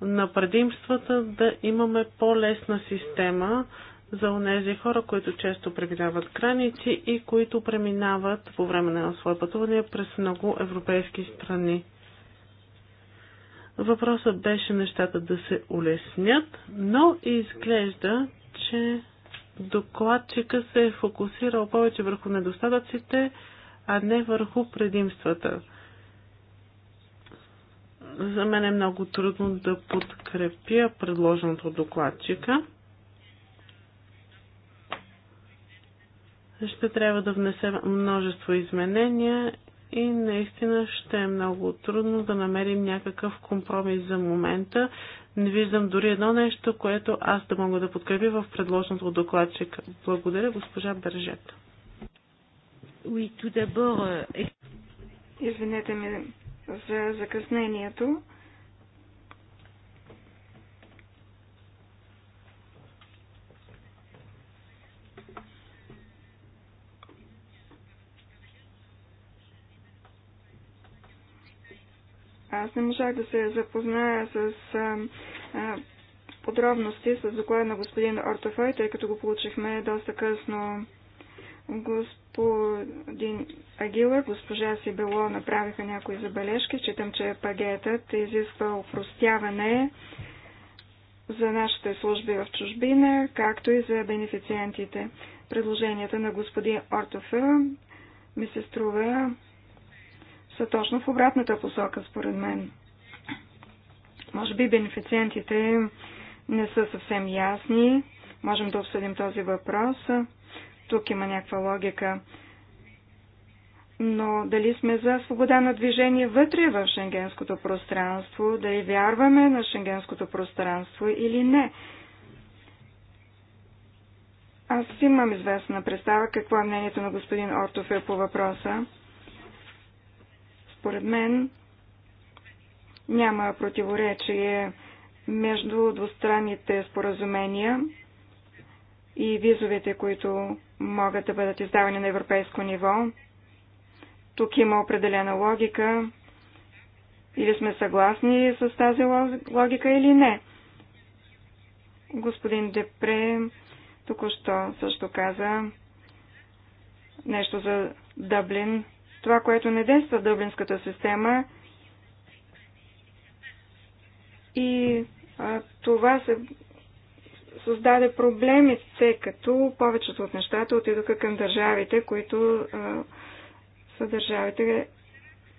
на предимствата да имаме по-лесна система за онези хора, които често преминават граници и които преминават по време на своя пътуване през много европейски страни. Въпросът беше нещата да се улеснят, но изглежда, че докладчика се е фокусирал повече върху недостатъците, а не върху предимствата. За мен е много трудно да подкрепя предложеното докладчика. Ще трябва да внесе множество изменения и наистина ще е много трудно да намерим някакъв компромис за момента. Не виждам дори едно нещо, което аз да мога да подкрепя в предложеното от докладчика. Благодаря, госпожа Бържет. Euh, Извинете ми за закъснението. Аз не можах да се запозная с а, а, подробности с доклада на господин Ортофой, тъй като го получихме доста късно. Господин Агила, госпожа Сибело направиха някои забележки. Считам, че пагетът е изисква упростяване за нашите служби в чужбина, както и за бенефициентите. Предложенията на господин Ортофе ми се струва са точно в обратната посока, според мен. Може би бенефициентите не са съвсем ясни. Можем да обсъдим този въпрос. Тук има някаква логика. Но дали сме за свобода на движение вътре в шенгенското пространство, дали вярваме на шенгенското пространство или не? Аз имам известна представа какво е мнението на господин Ортофе по въпроса. Според мен няма противоречие между двустранните споразумения и визовете, които могат да бъдат издавани на европейско ниво. Тук има определена логика. Или сме съгласни с тази логика или не. Господин Депре току-що също каза нещо за Дъблин. Това, което не действа в дъблинската система и а, това се създаде проблеми, тъй като повечето от нещата отидоха към държавите, които а, са държавите,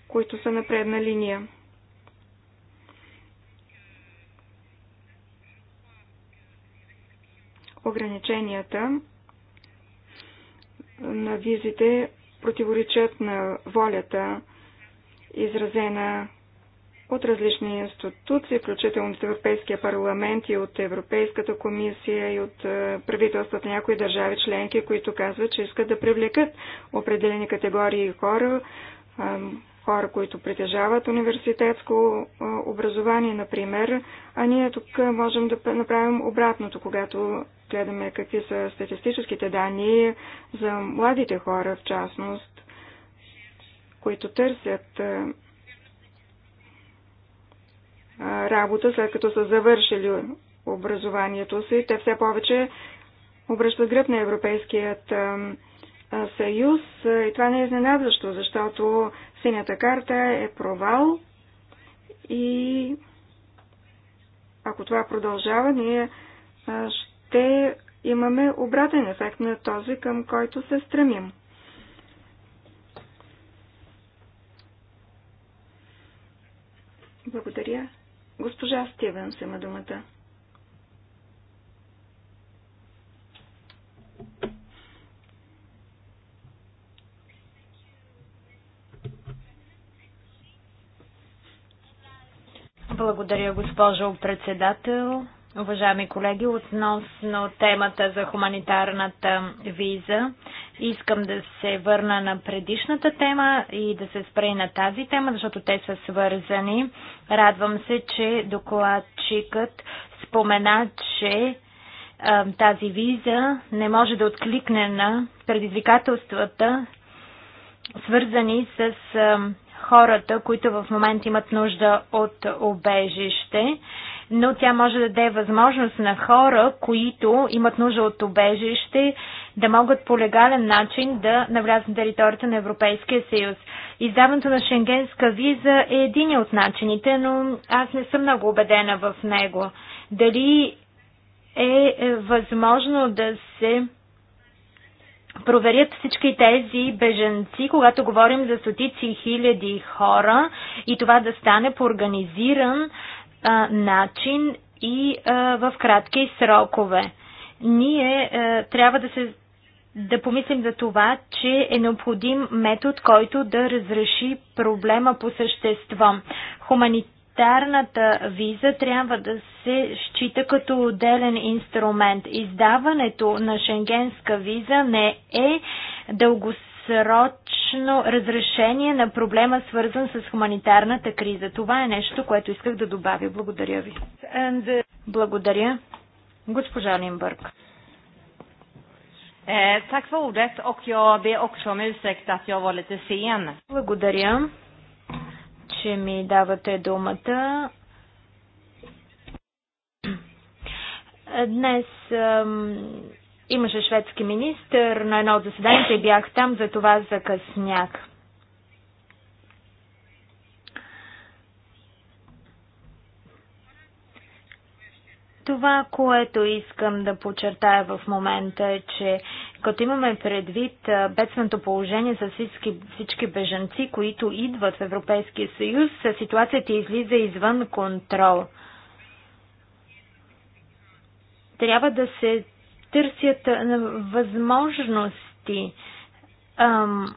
които са на предна линия. Ограниченията на визите противоречат на волята, изразена от различни институции, включително от Европейския парламент и от Европейската комисия и от е, правителствата на някои държави членки, които казват, че искат да привлекат определени категории хора, хора, които притежават университетско образование, например, а ние тук можем да направим обратното, когато гледаме какви са статистическите данни за младите хора, в частност, които търсят работа, след като са завършили образованието си, те все повече обръщат гръб на Европейският съюз и това не е изненадващо, защото Синята карта е провал и ако това продължава, ние ще имаме обратен ефект на този, към който се стремим. Благодаря. Госпожа Стивенс има думата. Благодаря, госпожо председател. Уважаеми колеги, относно темата за хуманитарната виза, искам да се върна на предишната тема и да се спре на тази тема, защото те са свързани. Радвам се, че докладчикът спомена, че а, тази виза не може да откликне на предизвикателствата, свързани с а, хората, които в момента имат нужда от обежище, но тя може да даде възможност на хора, които имат нужда от обежище, да могат по легален начин да навлязат на територията на Европейския съюз. Издаването на шенгенска виза е един от начините, но аз не съм много убедена в него. Дали е възможно да се проверят всички тези беженци, когато говорим за стотици хиляди хора и това да стане по организиран а, начин и а, в кратки срокове. Ние а, трябва да се да помислим за това, че е необходим метод, който да разреши проблема по същество. Хуманит хуманитарната виза трябва да се счита като отделен инструмент. Издаването на шенгенска виза не е дългосрочно разрешение на проблема, свързан с хуманитарната криза. Това е нещо, което исках да добавя. Благодаря ви. And... Uh, Благодаря. Госпожа Лимбърг. Благодаря. Е, tack för ordet och Благодаря че ми давате думата. Днес имаше шведски министр на едно от заседанията и бях там, за това закъснях. Това, което искам да подчертая в момента е, че като имаме предвид бедственото положение за всички, всички бежанци, които идват в Европейския съюз, ситуацията излиза извън контрол. Трябва да се търсят възможности, ам,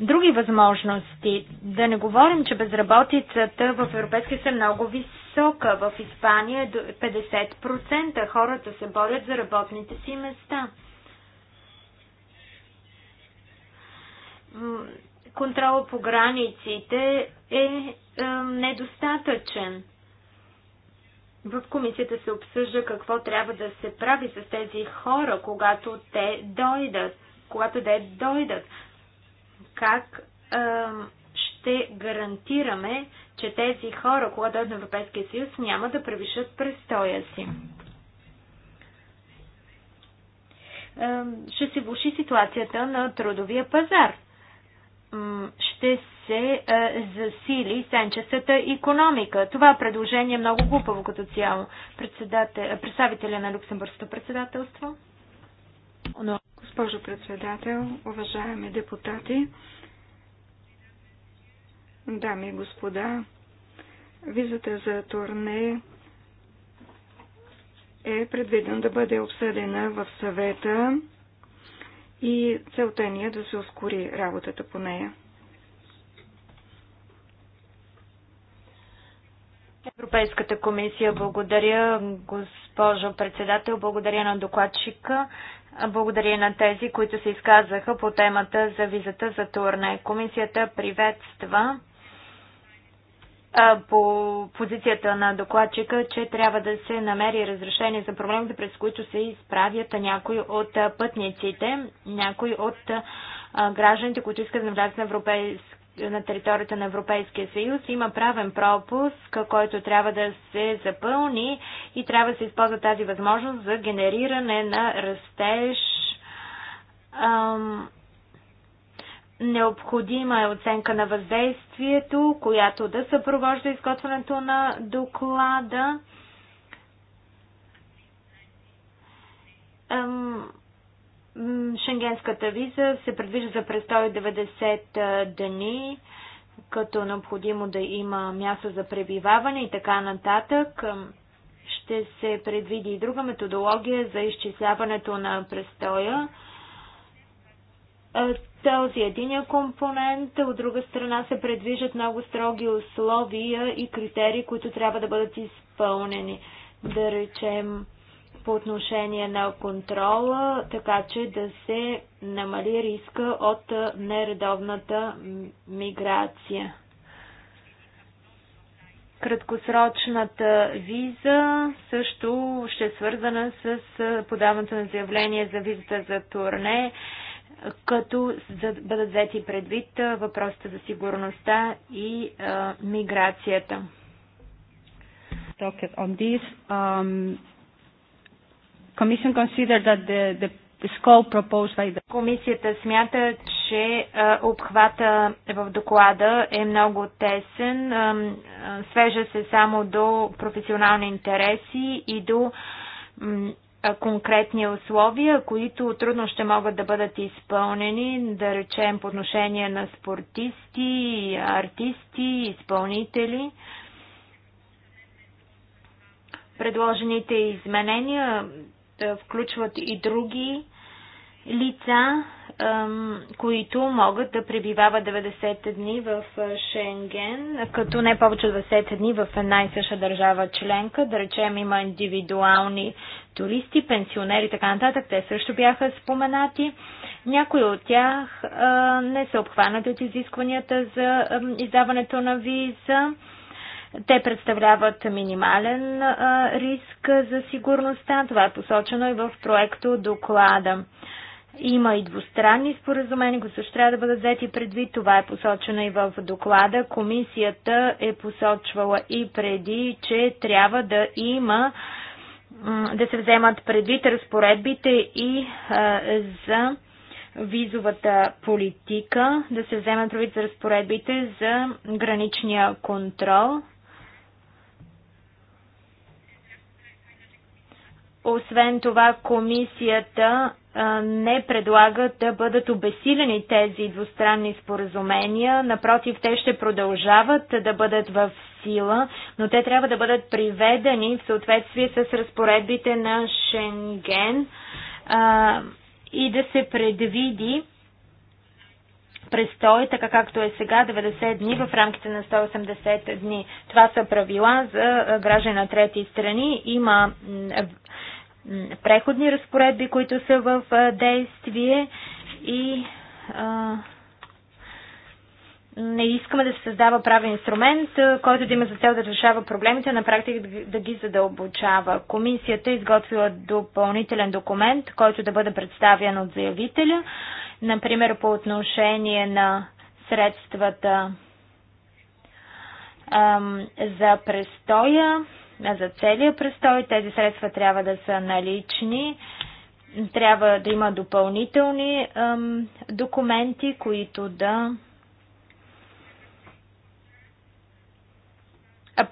други възможности. Да не говорим, че безработицата в Европейския съюз е много висока. В Испания е 50%. Хората се борят за работните си места. контрола по границите е, е недостатъчен. В комисията се обсъжда какво трябва да се прави с тези хора, когато те дойдат. Когато те дойдат. Как ще гарантираме, че тези хора, когато дойдат на Европейския съюз, няма да превишат престоя си. Ще се влуши ситуацията на трудовия пазар ще се е, засили сенчестата економика. Това предложение е много глупаво като цяло. Е, представителя на Люксембургското председателство. Госпожо председател, уважаеми депутати, дами и господа, визата за турне е предвиден да бъде обсъдена в съвета и целта ни е да се ускори работата по нея. Европейската комисия, благодаря госпожо председател, благодаря на докладчика, благодаря на тези, които се изказаха по темата за визата за турне. Комисията приветства по позицията на докладчика, че трябва да се намери разрешение за проблемите, през които се изправят някои от пътниците, някои от гражданите, които искат да влязат на, на територията на Европейския съюз. Има правен пропуск, който трябва да се запълни и трябва да се използва тази възможност за генериране на растеж ам, Необходима е оценка на въздействието, която да съпровожда изготвянето на доклада. Шенгенската виза се предвижда за престой 90 е, дни, като необходимо да има място за пребиваване и така нататък. Ще се предвиди и друга методология за изчисляването на престоя е, този един компонент, от друга страна се предвижат много строги условия и критерии, които трябва да бъдат изпълнени. Да речем по отношение на контрола, така че да се намали риска от нередовната миграция. Краткосрочната виза също ще е свързана с подаването на заявление за визата за турне като за, бъдат взети предвид въпросите за сигурността и а, миграцията. On this, um, Commission that the, the scope proposed by the... Комисията смята, че а, обхвата в доклада е много тесен, а, свежа се само до професионални интереси и до конкретни условия, които трудно ще могат да бъдат изпълнени, да речем по отношение на спортисти, артисти, изпълнители. Предложените изменения включват и други лица, които могат да пребивават 90 дни в Шенген, като не повече от 20 дни в една и съща държава членка. Да речем има индивидуални туристи, пенсионери и така нататък. Те също бяха споменати. Някои от тях а, не са обхванати от изискванията за а, издаването на виза. Те представляват минимален а, риск за сигурността. Това е посочено и в проекто доклада. Има и двустранни споразумения, които също трябва да бъдат взети предвид. Това е посочено и в доклада. Комисията е посочвала и преди, че трябва да има а, да се вземат предвид разпоредбите и за визовата политика, да се вземат предвид за разпоредбите за граничния контрол. Освен това, комисията не предлагат да бъдат обесилени тези двустранни споразумения. Напротив, те ще продължават да бъдат в сила, но те трябва да бъдат приведени в съответствие с разпоредбите на Шенген а, и да се предвиди престой, така както е сега, 90 дни в рамките на 180 дни. Това са правила за граждани на трети страни. Има преходни разпоредби, които са в действие и а, не искаме да се създава правен инструмент, който да има за цел да решава проблемите, на практика да ги задълбочава. Комисията е изготвила допълнителен документ, който да бъде представен от заявителя, например по отношение на средствата за престоя, за целия престой. Тези средства трябва да са налични. Трябва да има допълнителни ем, документи, които да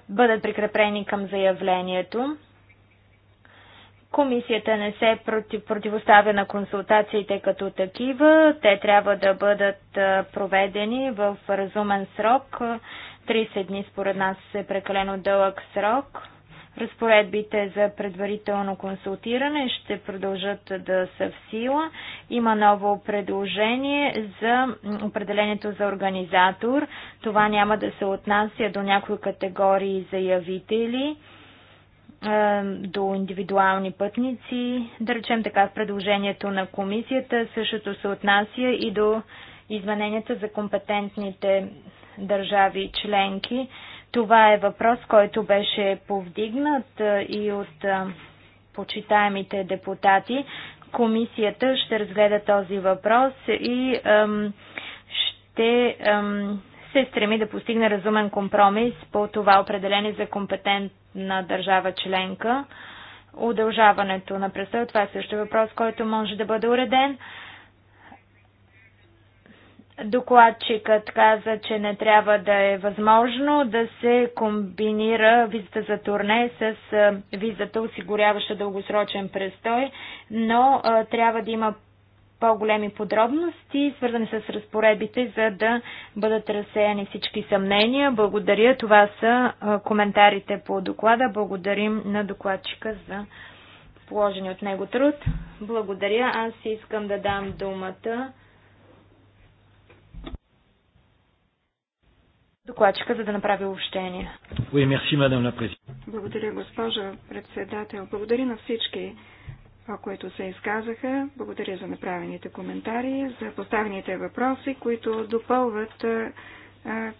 бъдат прикрепени към заявлението. Комисията не се против, противоставя на консултациите като такива. Те трябва да бъдат проведени в разумен срок. 30 дни според нас е прекалено дълъг срок. Разпоредбите за предварително консултиране ще продължат да са в сила. Има ново предложение за определението за организатор. Това няма да се отнася до някои категории заявители до индивидуални пътници. Да речем така, в предложението на комисията същото се отнася и до измененията за компетентните държави членки. Това е въпрос, който беше повдигнат и от почитаемите депутати. Комисията ще разгледа този въпрос и ем, ще ем, се стреми да постигне разумен компромис по това определение за компетентна държава членка. Удължаването на пресъд, това е също въпрос, който може да бъде уреден. Докладчикът каза, че не трябва да е възможно да се комбинира визата за турне с визата, осигуряваща дългосрочен престой, но трябва да има по-големи подробности, свързани с разпоредбите, за да бъдат разсеяни всички съмнения. Благодаря. Това са коментарите по доклада. Благодарим на докладчика за положени от него труд. Благодаря. Аз искам да дам думата докладчика, за да направи общение. Благодаря, госпожа председател. Благодаря на всички, които се изказаха. Благодаря за направените коментари, за поставените въпроси, които допълват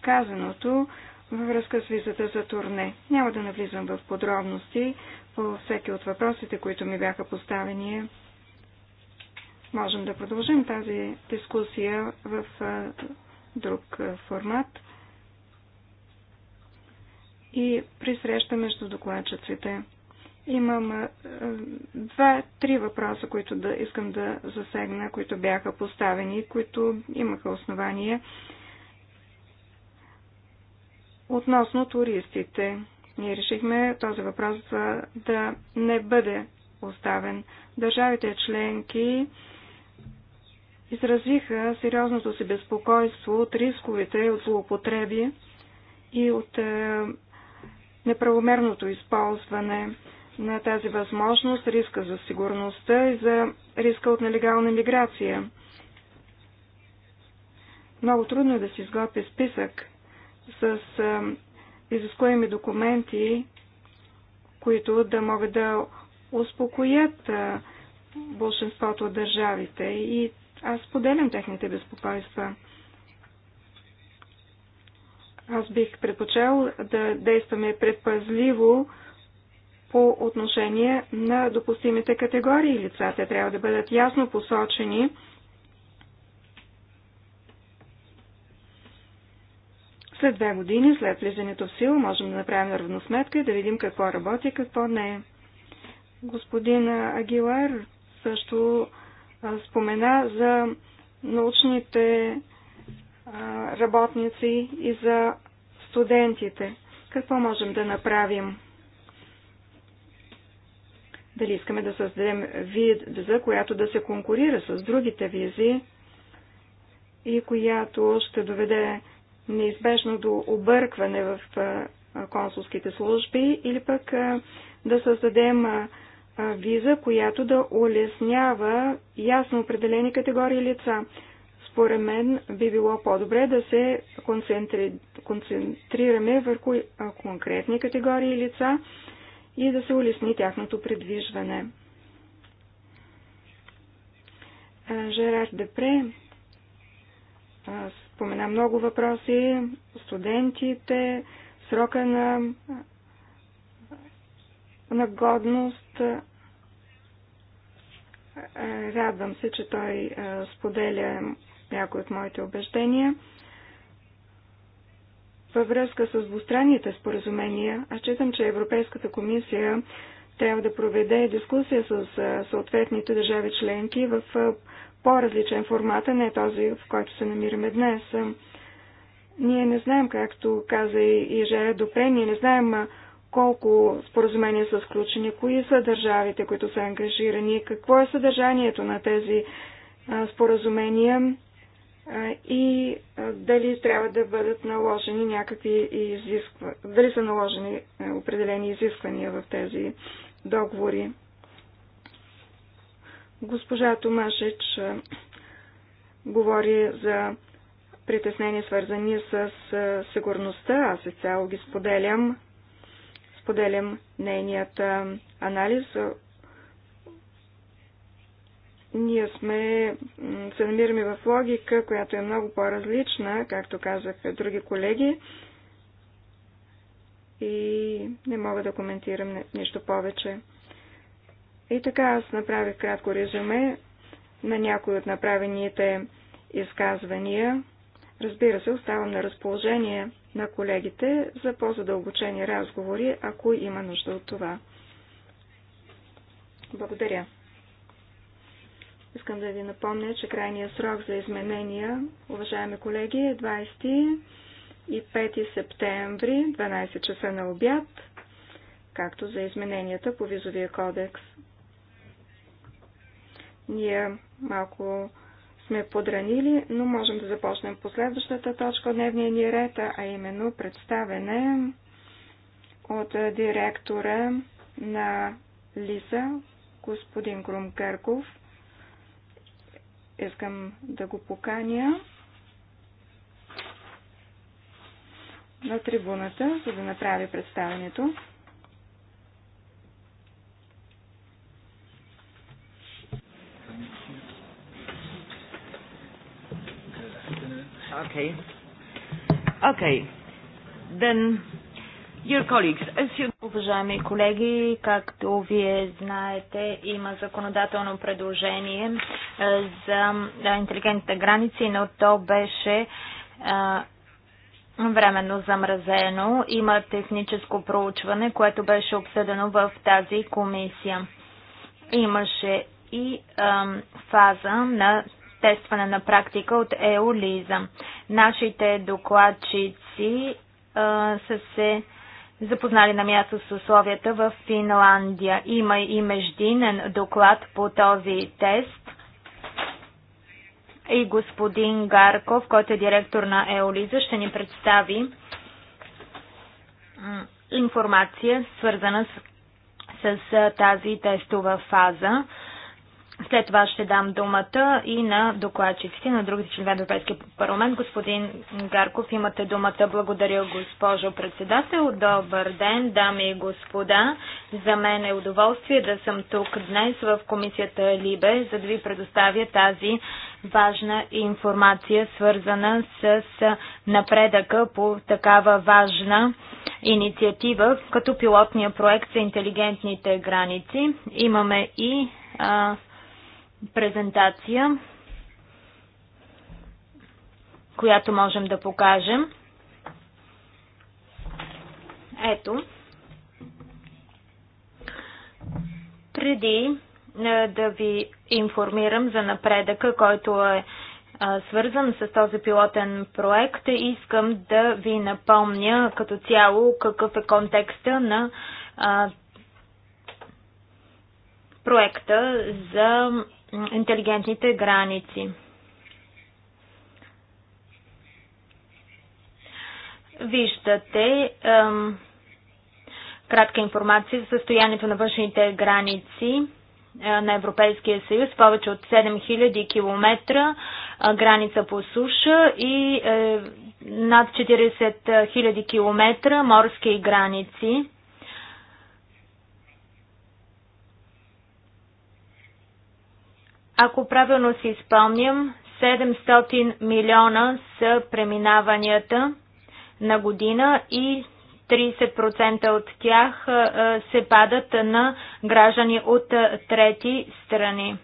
казаното във връзка с визата за турне. Няма да навлизам в подробности по всеки от въпросите, които ми бяха поставени. Можем да продължим тази дискусия в друг формат и при среща между докладчиците. Имам е, два-три въпроса, които да искам да засегна, които бяха поставени, които имаха основание относно туристите. Ние решихме този въпрос да не бъде оставен. Държавите членки изразиха сериозното си безпокойство от рисковете, от злоупотреби и от е, неправомерното използване на тази възможност, риска за сигурността и за риска от нелегална миграция. Много трудно е да се изготви списък с изискуеми документи, които да могат да успокоят большинството от държавите и аз поделям техните безпокойства. Аз бих предпочел да действаме предпазливо по отношение на допустимите категории лица. Те трябва да бъдат ясно посочени. След две години, след влизането в сила, можем да направим равносметка и да видим какво работи, какво не е. Господин Агилар също спомена за научните работници и за студентите. Какво можем да направим? Дали искаме да създадем виза, която да се конкурира с другите визи и която ще доведе неизбежно до объркване в консулските служби или пък да създадем виза, която да улеснява ясно определени категории лица. Според мен би било по-добре да се концентри... концентрираме върху конкретни категории лица и да се улесни тяхното предвижване. Жерар Депре спомена много въпроси, студентите, срока на, на годност. Радвам се, че той споделя някои от моите убеждения. Във връзка с двустранните споразумения, аз считам, че Европейската комисия трябва да проведе дискусия с съответните държави членки в по-различен формат, не този, в който се намираме днес. Ние не знаем, както каза и Жера Допре, ние не знаем колко споразумения са сключени, кои са държавите, които са ангажирани, какво е съдържанието на тези споразумения, и дали трябва да бъдат наложени някакви изисквания, дали са наложени е, определени изисквания в тези договори. Госпожа Томашич говори за притеснения, свързани с сигурността. Аз изцяло ги споделям. Споделям нейният анализ ние сме, се намираме в логика, която е много по-различна, както казах други колеги. И не мога да коментирам нищо повече. И така аз направих кратко резюме на някои от направените изказвания. Разбира се, оставам на разположение на колегите за по-задълбочени разговори, ако има нужда от това. Благодаря. Искам да ви напомня, че крайният срок за изменения, уважаеми колеги, е 20 и 5 септември, 12 часа на обяд, както за измененията по визовия кодекс. Ние малко сме подранили, но можем да започнем последващата точка от дневния ни ред, а именно представене от директора на Лиза, господин Крум Кърков искам да го поканя на трибуната, за да направи представенето. Okay. Okay. Then Уважаеми колеги, както вие знаете, има законодателно предложение е, за е, интелигентните граници, но то беше е, временно замразено. Има техническо проучване, което беше обсъдено в тази комисия. Имаше и фаза на тестване на практика от Еолиза. Нашите докладчици са се запознали на място с условията в Финландия. Има и междинен доклад по този тест и господин Гарков, който е директор на Еолиза, ще ни представи информация, свързана с, с тази тестова фаза. След това ще дам думата и на докладчиците на другите членове на Европейския парламент. Господин Гарков, имате думата. Благодаря, госпожо председател. Добър ден, дами и господа. За мен е удоволствие да съм тук днес в комисията Либе, за да ви предоставя тази важна информация, свързана с напредъка по такава важна инициатива, като пилотния проект за интелигентните граници. Имаме и а, презентация, която можем да покажем. Ето. Преди е, да ви информирам за напредъка, който е, е свързан с този пилотен проект, искам да ви напомня като цяло какъв е контекста на е, проекта за интелигентните граници. Виждате ем, кратка информация за състоянието на външните граници е, на Европейския съюз. Повече от 7000 км е, граница по суша и е, над 40 000 км морски граници. Ако правилно си изпълням, 700 милиона са преминаванията на година и 30% от тях се падат на граждани от трети страни.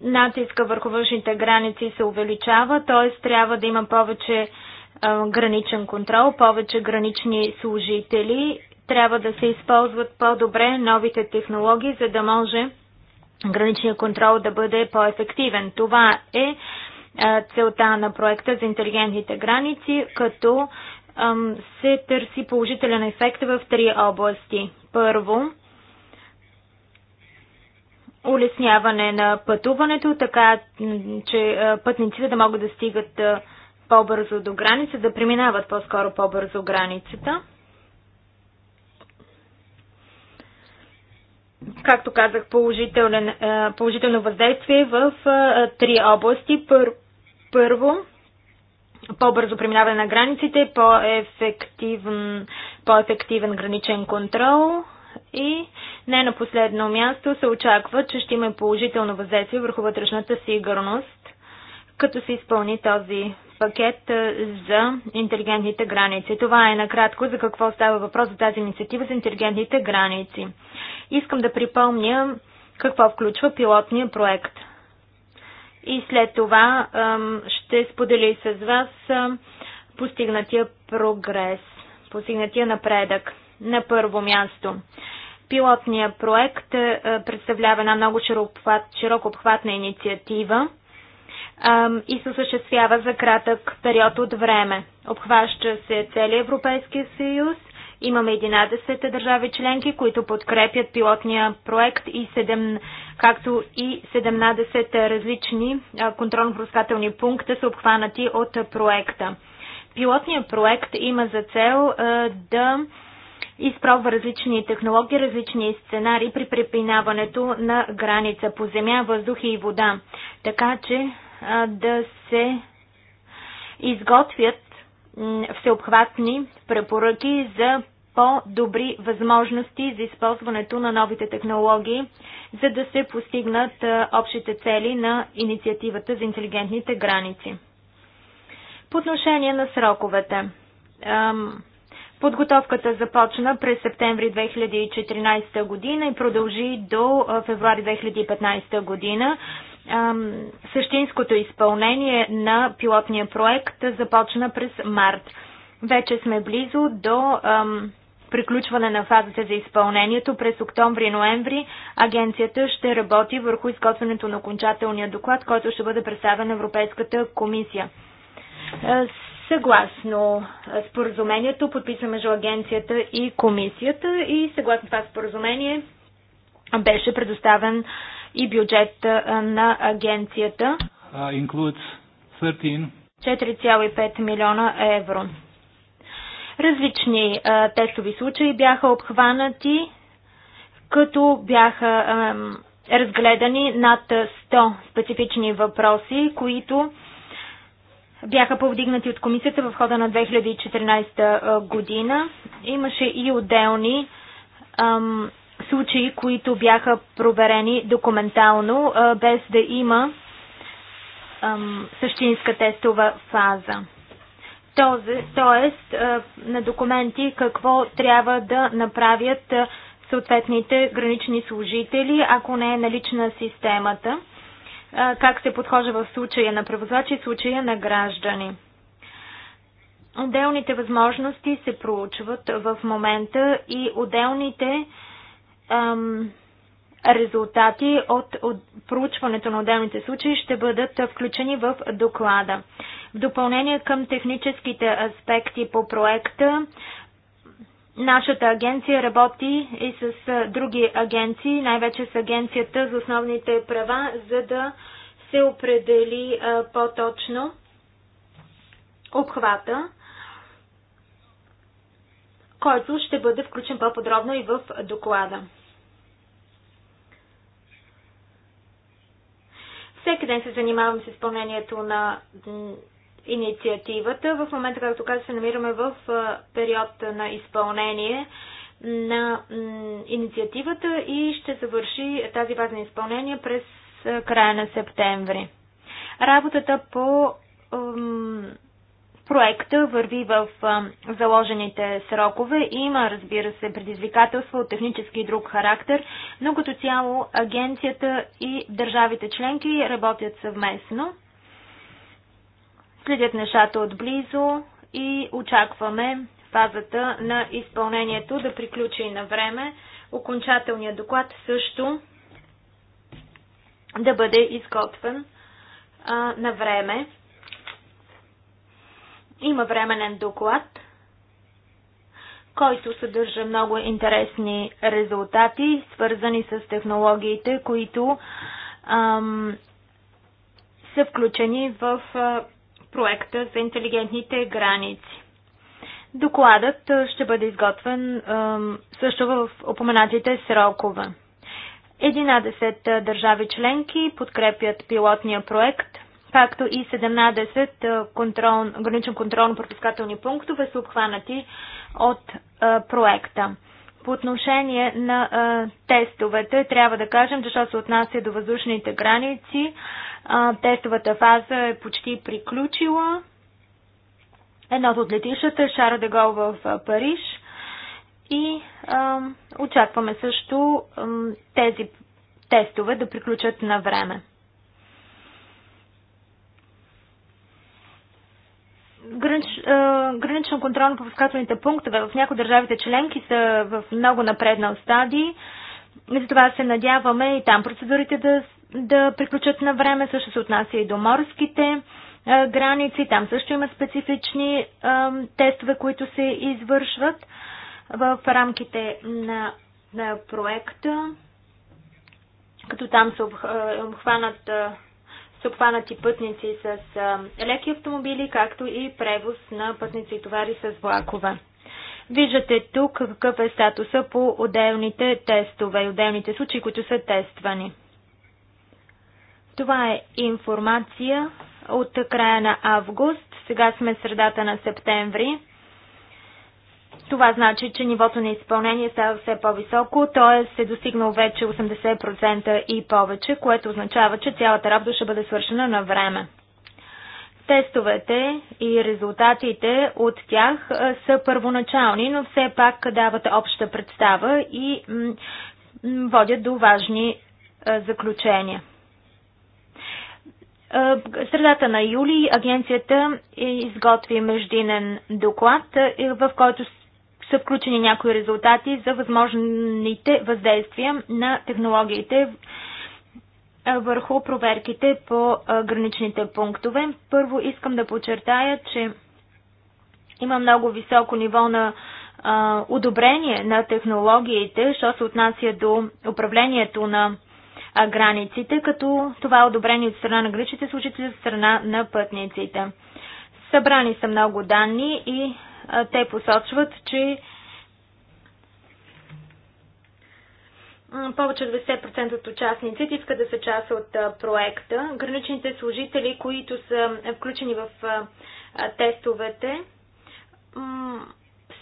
Натиска върху външните граници се увеличава, т.е. трябва да има повече граничен контрол, повече гранични служители трябва да се използват по-добре новите технологии, за да може граничния контрол да бъде по-ефективен. Това е целта на проекта за интелигентните граници, като се търси положителен ефект в три области. Първо, улесняване на пътуването, така че пътниците да могат да стигат по-бързо до граница, да преминават по-скоро по-бързо границата. както казах, е, положително въздействие в е, три области. Първо, по-бързо преминаване на границите, по-ефективен, по-ефективен граничен контрол и не на последно място се очаква, че ще има положително въздействие върху вътрешната сигурност, като се изпълни този пакет е, за интелигентните граници. Това е накратко за какво става въпрос за тази инициатива за интелигентните граници. Искам да припомня какво включва пилотния проект. И след това ще споделя и с вас постигнатия прогрес, постигнатия напредък. На първо място. Пилотният проект е, е, представлява една много широко обхватна инициатива и се осъществява за кратък период от време. Обхваща се целият Европейския съюз Имаме 11 държави членки, които подкрепят пилотния проект и 7, както и 17 различни контролно-пропускателни пункта са обхванати от проекта. Пилотният проект има за цел да изпробва различни технологии, различни сценари при препинаването на граница по земя, въздух и вода, така че да се изготвят всеобхватни препоръки за по-добри възможности за използването на новите технологии, за да се постигнат общите цели на инициативата за интелигентните граници. По отношение на сроковете. Подготовката започна през септември 2014 година и продължи до февруари 2015 година същинското изпълнение на пилотния проект започна през март. Вече сме близо до ам, приключване на фазата за изпълнението. През октомври и ноември агенцията ще работи върху изготвянето на окончателния доклад, който ще бъде представен на Европейската комисия. Съгласно споразумението, подписа между агенцията и комисията и съгласно това споразумение беше предоставен и бюджет на агенцията. 4,5 милиона евро. Различни а, тестови случаи бяха обхванати, като бяха а, разгледани над 100 специфични въпроси, които бяха повдигнати от комисията в хода на 2014 година. Имаше и отделни случаи, които бяха проверени документално, без да има същинска тестова фаза. Тоест, на документи какво трябва да направят съответните гранични служители, ако не е налична системата, как се подхожа в случая на превозвачи и случая на граждани. Отделните възможности се проучват в момента и отделните ам, резултати от, от проучването на отделните случаи ще бъдат включени в доклада. В допълнение към техническите аспекти по проекта, Нашата агенция работи и с други агенции, най-вече с Агенцията за основните права, за да се определи по-точно обхвата, който ще бъде включен по-подробно и в доклада. Всеки ден се занимавам с изпълнението на инициативата. В момента, както каза, се намираме в период на изпълнение на инициативата и ще завърши тази база на изпълнение през края на септември. Работата по Проекта върви в заложените срокове. и Има, разбира се, предизвикателство от технически и друг характер, но като цяло агенцията и държавите членки работят съвместно, следят нещата отблизо и очакваме фазата на изпълнението да приключи на време. Окончателният доклад също да бъде изготвен а, на време. Има временен доклад, който съдържа много интересни резултати, свързани с технологиите, които ам, са включени в а, проекта за интелигентните граници. Докладът ще бъде изготвен ам, също в опоменатите срокове. 11 държави членки подкрепят пилотния проект – както и 17 контрол, граничен контролно-пропускателни пунктове са обхванати от а, проекта. По отношение на а, тестовете, трябва да кажем, защото се отнася до въздушните граници, а, тестовата фаза е почти приключила. Едното от летищата е Шара де Гол в а, Париж и а, очакваме също а, тези тестове да приключат на време. Гранич, контролно контрол пропускателните пунктове в някои държавите членки са в много напреднал стадий. Затова се надяваме и там процедурите да, да приключат на време. Също се отнася и до морските а, граници. Там също има специфични а, тестове, които се извършват в рамките на, на проекта, като там се обхванат а, са обхванати пътници с леки автомобили, както и превоз на пътници и товари с влакове. Виждате тук какъв е статуса по отделните тестове и отделните случаи, които са тествани. Това е информация от края на август. Сега сме средата на септември. Това значи, че нивото на изпълнение става все по-високо, т.е. се достигнал вече 80% и повече, което означава, че цялата работа ще бъде свършена на време. Тестовете и резултатите от тях са първоначални, но все пак дават обща представа и водят до важни заключения. В средата на юли агенцията изготви междинен доклад, в който са включени някои резултати за възможните въздействия на технологиите върху проверките по граничните пунктове. Първо искам да подчертая, че има много високо ниво на одобрение на технологиите, що се отнася до управлението на границите, като това е одобрение от страна на граничните служители, от страна на пътниците. Събрани са много данни и те посочват, че повече от 90% от участниците искат да са част от проекта. Граничните служители, които са включени в тестовете,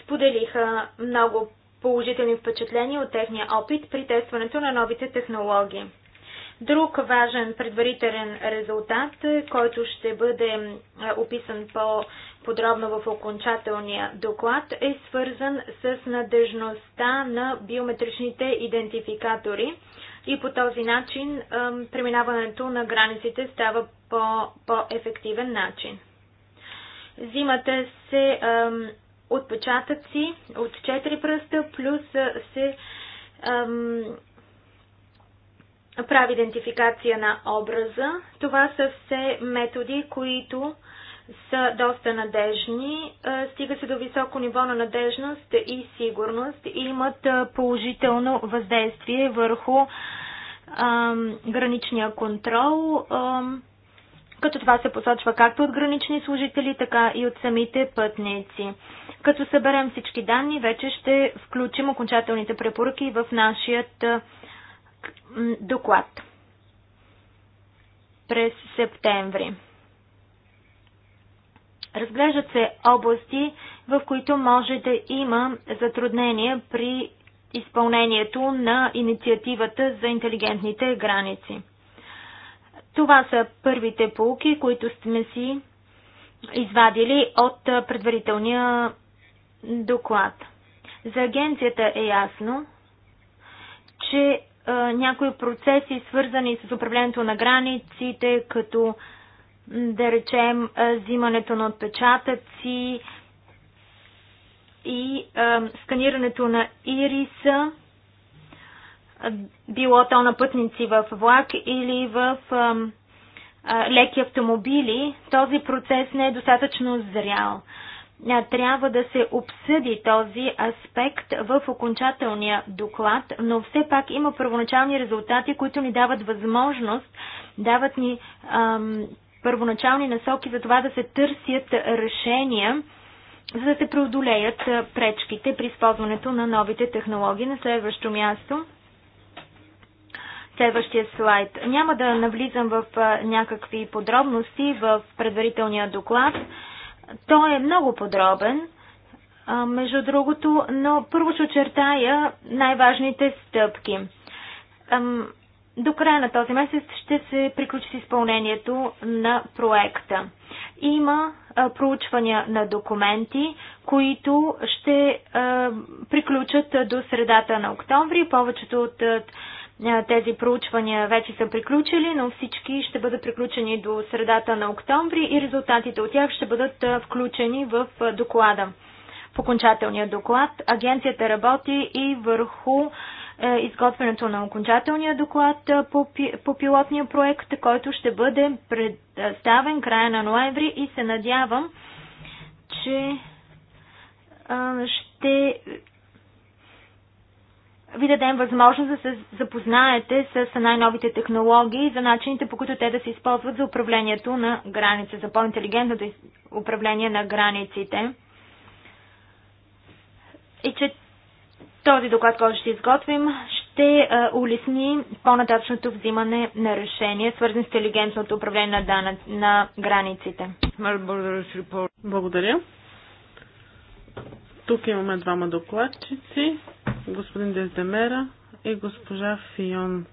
споделиха много положителни впечатления от техния опит при тестването на новите технологии. Друг важен предварителен резултат, който ще бъде описан по подробно в окончателния доклад, е свързан с надежността на биометричните идентификатори и по този начин преминаването на границите става по, по-ефективен начин. Взимате се отпечатъци от 4 пръста, плюс се прави идентификация на образа. Това са все методи, които са доста надежни, е, стига се до високо ниво на надежност и сигурност и имат е, положително въздействие върху ам, граничния контрол, ам, като това се посочва както от гранични служители, така и от самите пътници. Като съберем всички данни, вече ще включим окончателните препоръки в нашият е, доклад през септември. Разглеждат се области, в които може да има затруднения при изпълнението на инициативата за интелигентните граници. Това са първите полуки, които сме си извадили от предварителния доклад. За агенцията е ясно, че някои процеси, свързани с управлението на границите, като да речем, взимането на отпечатъци и сканирането на ириса, било то на пътници в влак или в леки автомобили, този процес не е достатъчно зрял. Трябва да се обсъди този аспект в окончателния доклад, но все пак има първоначални резултати, които ни дават възможност, дават ни ам, първоначални насоки за това да се търсят решения, за да се преодолеят пречките при използването на новите технологии. На следващо място, следващия слайд. Няма да навлизам в някакви подробности в предварителния доклад. Той е много подробен, между другото, но първо ще очертая най-важните стъпки до края на този месец ще се приключи с изпълнението на проекта. Има проучвания на документи, които ще приключат до средата на октомври. Повечето от тези проучвания вече са приключили, но всички ще бъдат приключени до средата на октомври и резултатите от тях ще бъдат включени в доклада. В окончателния доклад агенцията работи и върху е, изготвянето на окончателния доклад е, по, по пилотния проект, който ще бъде представен края на ноември и се надявам, че е, ще ви дадем възможност да се запознаете с най-новите технологии за начините по които те да се използват за управлението на граница, за по-интелигентното управление на границите. И че този доклад, който ще изготвим, ще улесни по-нататъчното взимане на решения, свързани с интелигентното управление на, дана, на границите. Благодаря. Тук имаме двама докладчици, господин Дездемера и госпожа Фион.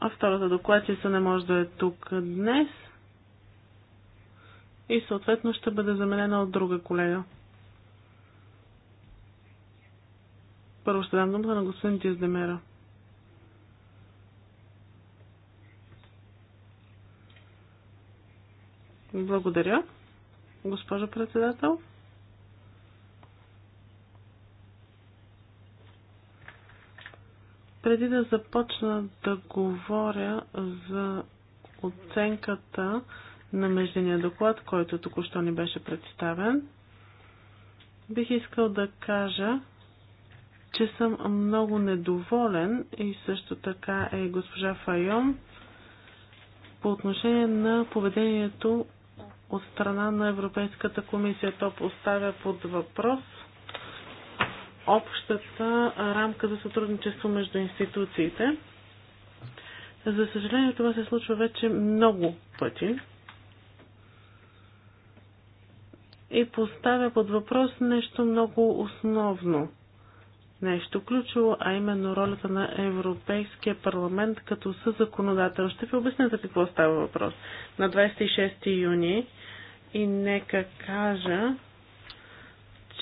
А втората докладчица не може да е тук днес и съответно ще бъде заменена от друга колега. Първо ще дам думата на господин Диздемера. Благодаря, госпожо председател. Преди да започна да говоря за оценката на междения доклад, който току-що ни беше представен. Бих искал да кажа, че съм много недоволен и също така е госпожа Файон по отношение на поведението от страна на Европейската комисия. То поставя под въпрос общата рамка за сътрудничество между институциите. За съжаление, това се случва вече много пъти. и поставя под въпрос нещо много основно, нещо ключово, а именно ролята на Европейския парламент като съзаконодател. Ще ви обясня за какво става въпрос. На 26 юни и нека кажа,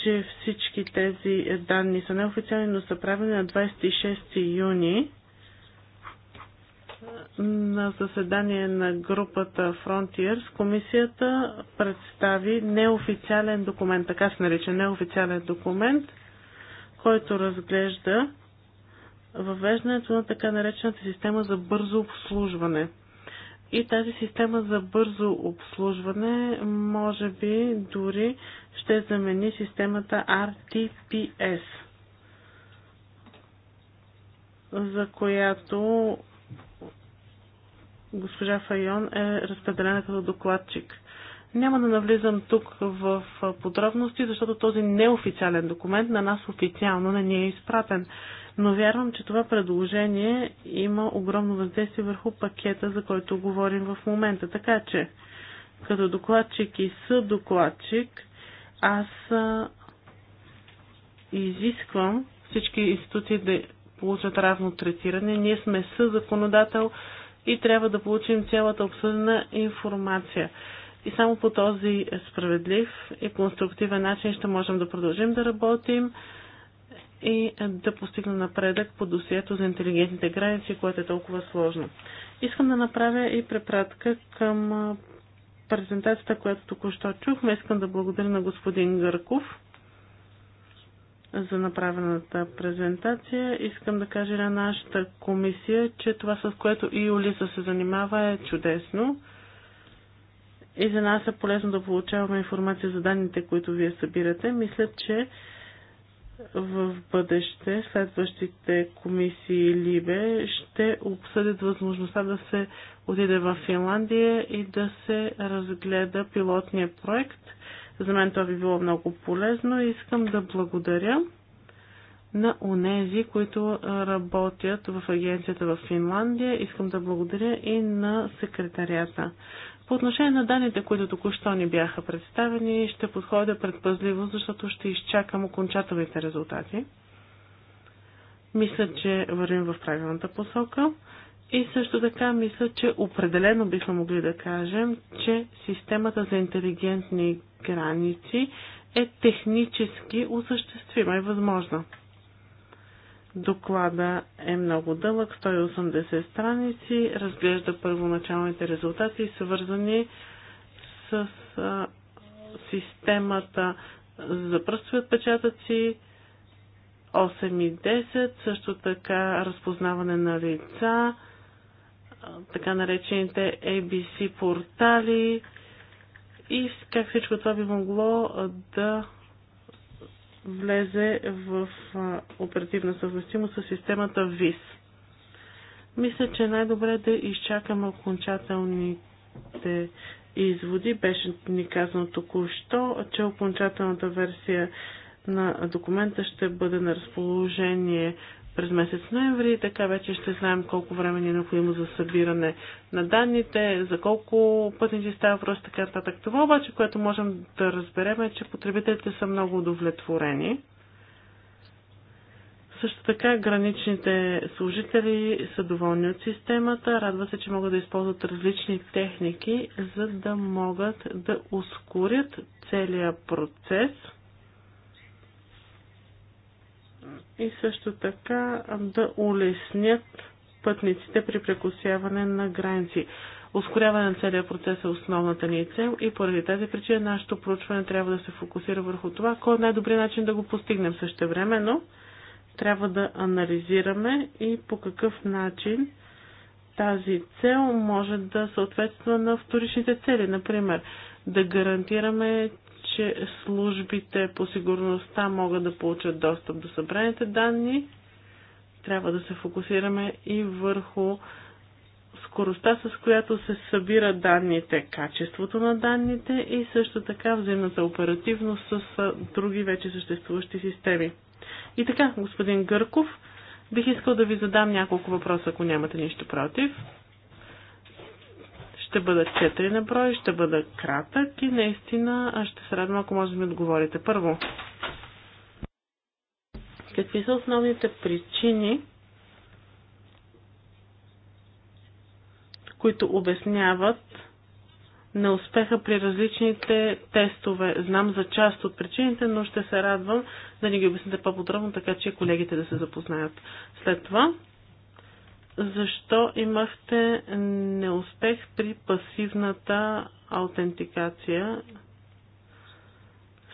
че всички тези данни са неофициални, но са правени на 26 юни на заседание на групата Frontiers комисията представи неофициален документ, така се нарича неофициален документ, който разглежда въвеждането на така наречената система за бързо обслужване. И тази система за бързо обслужване може би дори ще замени системата RTPS, за която госпожа Файон е разпределена като докладчик. Няма да навлизам тук в подробности, защото този неофициален документ на нас официално не ни е изпратен. Но вярвам, че това предложение има огромно въздействие върху пакета, за който говорим в момента. Така че, като докладчик и съдокладчик, аз изисквам всички институции да получат равно третиране. Ние сме съзаконодател законодател и трябва да получим цялата обсъдена информация. И само по този справедлив и конструктивен начин ще можем да продължим да работим и да постигнем напредък по досието за интелигентните граници, което е толкова сложно. Искам да направя и препратка към презентацията, която току-що чухме. Искам да благодаря на господин Гърков за направената презентация. Искам да кажа на нашата комисия, че това с което и Олиса се занимава е чудесно. И за нас е полезно да получаваме информация за данните, които вие събирате. Мисля, че в бъдеще следващите комисии Либе ще обсъдят възможността да се отиде в Финландия и да се разгледа пилотния проект – за мен това би било много полезно и искам да благодаря на онези, които работят в агенцията в Финландия. Искам да благодаря и на секретарията. По отношение на данните, които току-що ни бяха представени, ще подходя предпазливо, защото ще изчакам окончателните резултати. Мисля, че вървим в правилната посока. И също така мисля, че определено бихме могли да кажем, че системата за интелигентни граници е технически осъществима и възможна. Доклада е много дълъг, 180 страници, разглежда първоначалните резултати, свързани с а, системата за пръстови отпечатъци 8 и 10, също така разпознаване на лица, така наречените ABC портали, и как всичко това би могло да влезе в оперативна съвместимост с системата ВИС. Мисля, че най-добре е да изчакаме окончателните изводи. Беше ни казано току-що, че окончателната версия на документа ще бъде на разположение през месец ноември. Така вече ще знаем колко време ни е необходимо за събиране на данните, за колко пътници става въпрос, така нататък. Това обаче, което можем да разберем е, че потребителите са много удовлетворени. Също така граничните служители са доволни от системата, радва се, че могат да използват различни техники, за да могат да ускорят целия процес – и също така да улеснят пътниците при прекусяване на граници. Ускоряване на целият процес е основната ни цел и поради тази причина нашето проучване трябва да се фокусира върху това, кой е най-добрият начин да го постигнем също време, но трябва да анализираме и по какъв начин тази цел може да съответства на вторичните цели. Например, да гарантираме, че службите по сигурността могат да получат достъп до събраните данни. Трябва да се фокусираме и върху скоростта, с която се събира данните, качеството на данните и също така взаимната оперативност с други вече съществуващи системи. И така, господин Гърков, бих искал да ви задам няколко въпроса, ако нямате нищо против. Ще бъда четири на брой, ще бъда кратък и наистина ще се радвам, ако може да ми отговорите. Първо, какви са основните причини, които обясняват неуспеха при различните тестове. Знам за част от причините, но ще се радвам да ни ги обясните по-подробно, така че колегите да се запознаят. След това защо имахте неуспех при пасивната аутентикация.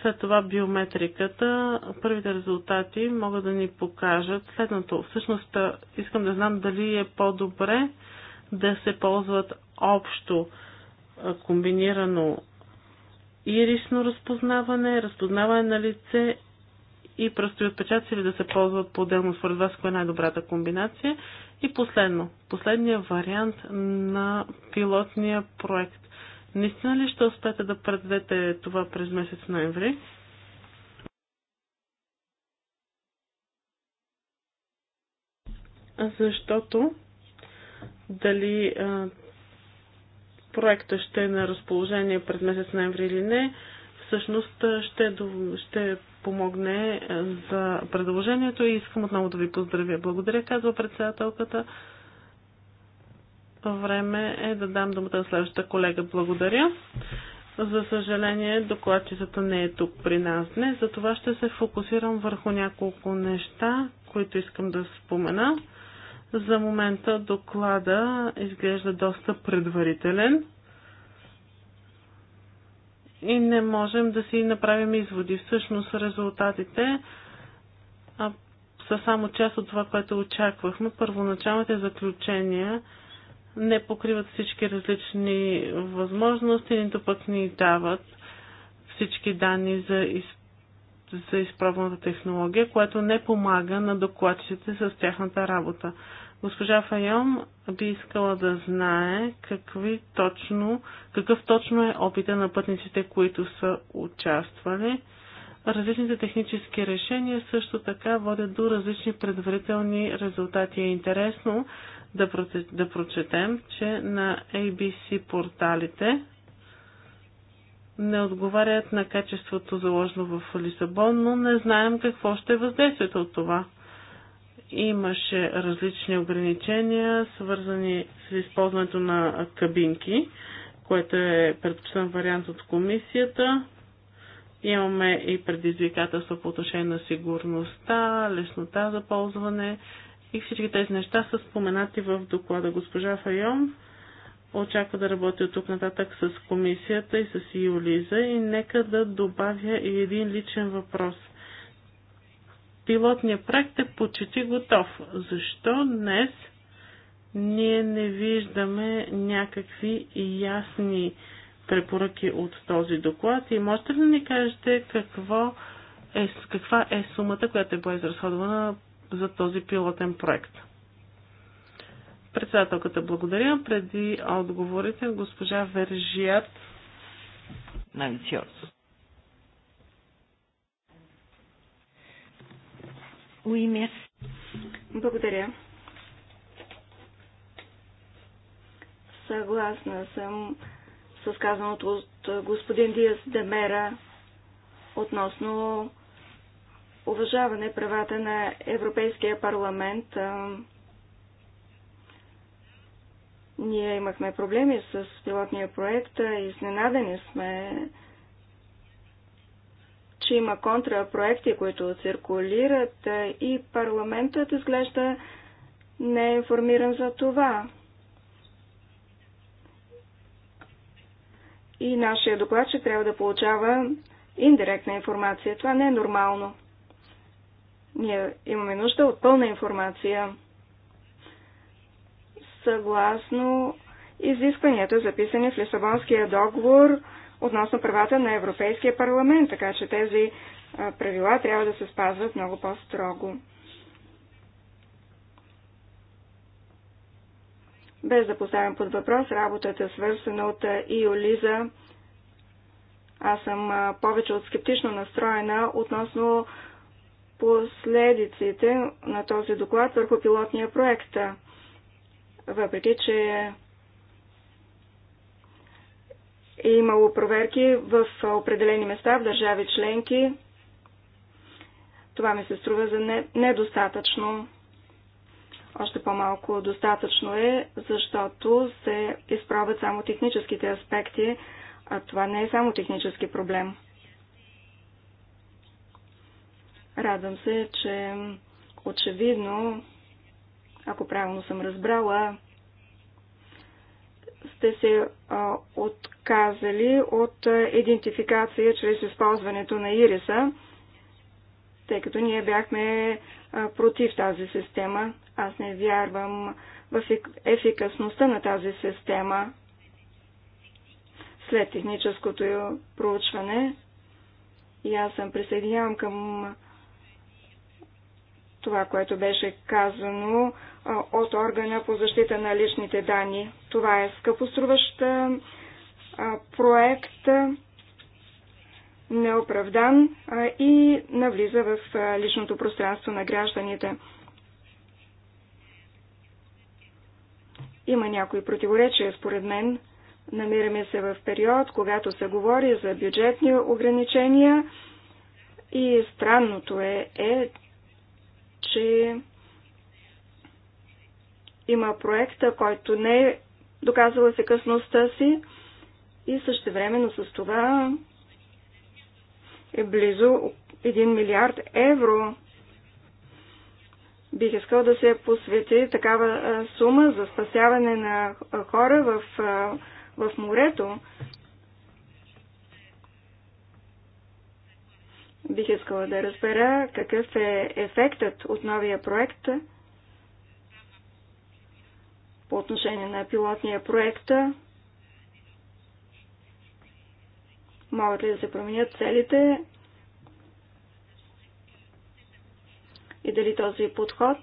След това биометриката, първите резултати могат да ни покажат следното. Всъщност искам да знам дали е по-добре да се ползват общо комбинирано ирисно разпознаване, разпознаване на лице и пръстови отпечатци или да се ползват по-отделно според вас, кое е най-добрата комбинация. И последно, последния вариант на пилотния проект. Наистина ли ще успеете да предадете това през месец ноември? Защото дали а, проекта ще е на разположение през месец ноември или не, всъщност ще, е ще е помогне е, за предложението и искам отново да ви поздравя. Благодаря, казва председателката. Време е да дам думата на следващата колега. Благодаря. За съжаление, докладчицата не е тук при нас днес, затова ще се фокусирам върху няколко неща, които искам да спомена. За момента доклада изглежда доста предварителен и не можем да си направим изводи. Всъщност резултатите а, са само част от това, което очаквахме. Първоначалните заключения не покриват всички различни възможности, нито пък ни дават всички данни за, из... за изправната технология, което не помага на докладчите с тяхната работа. Госпожа Файом би искала да знае какви точно, какъв точно е опита на пътниците, които са участвали. Различните технически решения също така водят до различни предварителни резултати. Е интересно да, проте, да прочетем, че на ABC порталите не отговарят на качеството заложено в Лисабон, но не знаем какво ще е въздействието от това. Имаше различни ограничения, свързани с използването на кабинки, което е предпочитан вариант от комисията. Имаме и предизвикателства по отношение на сигурността, леснота за ползване и всички тези неща са споменати в доклада. Госпожа Файон очаква да работи от тук нататък с комисията и с Юлиза и нека да добавя и един личен въпрос – пилотния проект е почти готов. Защо днес ние не виждаме някакви ясни препоръки от този доклад и можете ли да ни кажете какво е, каква е сумата, която е била изразходвана за този пилотен проект? Председателката благодаря. Преди отговорите госпожа Вержият. Навициоз. Oui, merci. Благодаря. Съгласна съм с казаното от господин Диас Демера относно уважаване правата на Европейския парламент. Ние имахме проблеми с пилотния проект и изненадани сме че има контрапроекти, които циркулират е, и парламентът изглежда не е информиран за това. И нашия доклад, че трябва да получава индиректна информация. Това не е нормално. Ние имаме нужда от пълна информация. Съгласно изискванията, записани в Лисабонския договор, относно правата на Европейския парламент, така че тези правила трябва да се спазват много по-строго. Без да поставям под въпрос работата, свързана от Иолиза, аз съм повече от скептично настроена относно последиците на този доклад върху пилотния проект. Въпреки, че е имало проверки в определени места в държави членки. Това ми се струва за недостатъчно. Още по-малко достатъчно е, защото се изправят само техническите аспекти, а това не е само технически проблем. Радвам се, че очевидно, ако правилно съм разбрала, сте се а, от отказали от идентификация чрез използването на ириса, тъй като ние бяхме против тази система. Аз не вярвам в ефикасността на тази система. След техническото проучване и аз съм присъединявам към това, което беше казано от органа по защита на личните данни. Това е скъпоструваща проект неоправдан и навлиза в личното пространство на гражданите. Има някои противоречия, според мен. Намираме се в период, когато се говори за бюджетни ограничения и странното е, е че има проекта, който не е доказала ефикасността си, и същевременно с това е близо 1 милиард евро. Бих искал да се посвети такава сума за спасяване на хора в, в морето. Бих искала да разбера какъв е ефектът от новия проект по отношение на пилотния проект. Могат ли да се променят целите? И дали този подход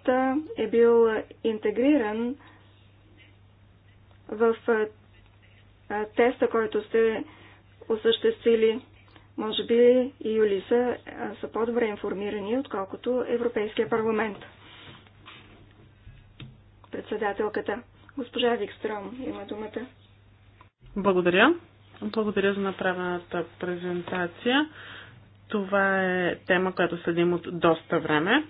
е бил интегриран в теста, който сте осъществили? Може би и Юлиса са по-добре информирани, отколкото Европейския парламент. Председателката. Госпожа Викстром има думата. Благодаря. Благодаря за направената презентация. Това е тема, която следим от доста време.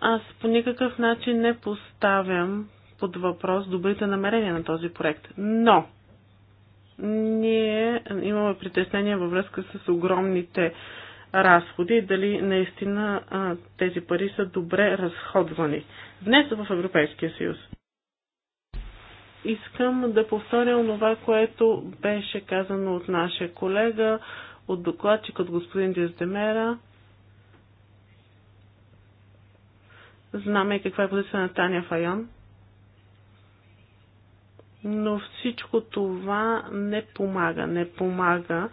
Аз по никакъв начин не поставям под въпрос добрите намерения на този проект. Но ние имаме притеснения във връзка с огромните разходи, дали наистина а, тези пари са добре разходвани. Днес в Европейския съюз искам да повторя онова, което беше казано от нашия колега, от докладчик от господин Диздемера. Знаме каква е позиция на Таня Файон. Но всичко това не помага. Не помага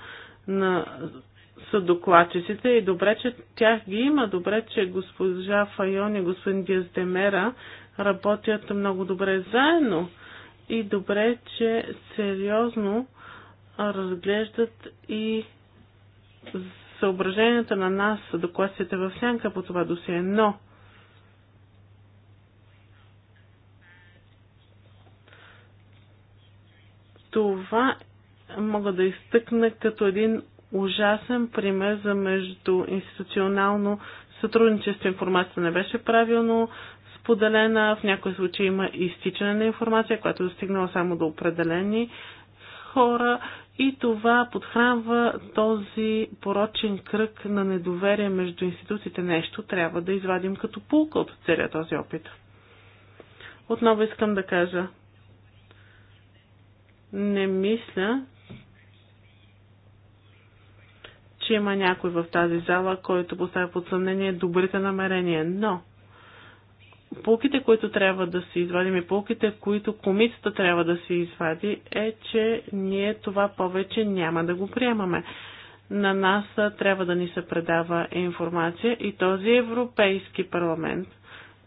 на съдокладчиците и добре, че тях ги има. Добре, че госпожа Файон и господин Диздемера работят много добре заедно и добре, че сериозно разглеждат и съображенията на нас, докласите в сянка по това досие, но това мога да изтъкна като един ужасен пример за междуинституционално сътрудничество. Информацията не беше правилно поделена, в някои случаи има изтичане на информация, която е достигнала само до определени хора и това подхранва този порочен кръг на недоверие между институциите. Нещо трябва да извадим като пулка от целия този опит. Отново искам да кажа, не мисля, че има някой в тази зала, който поставя под съмнение добрите намерения, но полките, които трябва да се извадим и полките, които комицата трябва да се извади, е, че ние това повече няма да го приемаме. На нас трябва да ни се предава информация и този Европейски парламент,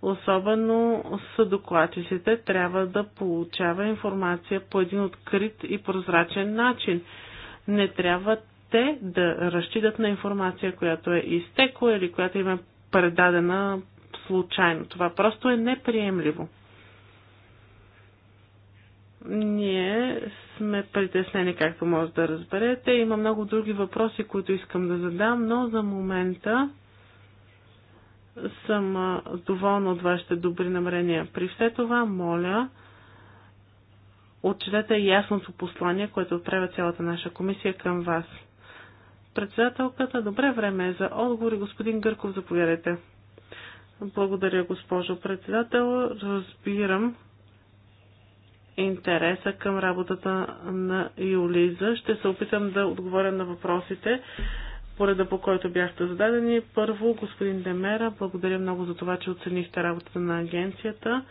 особено докладчиците, трябва да получава информация по един открит и прозрачен начин. Не трябва те да разчитат на информация, която е изтекла или която им е предадена случайно. Това просто е неприемливо. Ние сме притеснени, както може да разберете. Има много други въпроси, които искам да задам, но за момента съм доволна от вашите добри намерения. При все това, моля, отчетете ясното послание, което отправя цялата наша комисия към вас. Председателката, добре време е за отговори. Господин Гърков, заповядайте. Благодаря, госпожо председател. Разбирам интереса към работата на Юлиза. Ще се опитам да отговоря на въпросите пореда по който бяхте зададени. Първо, господин Демера, благодаря много за това, че оценихте работата на агенцията.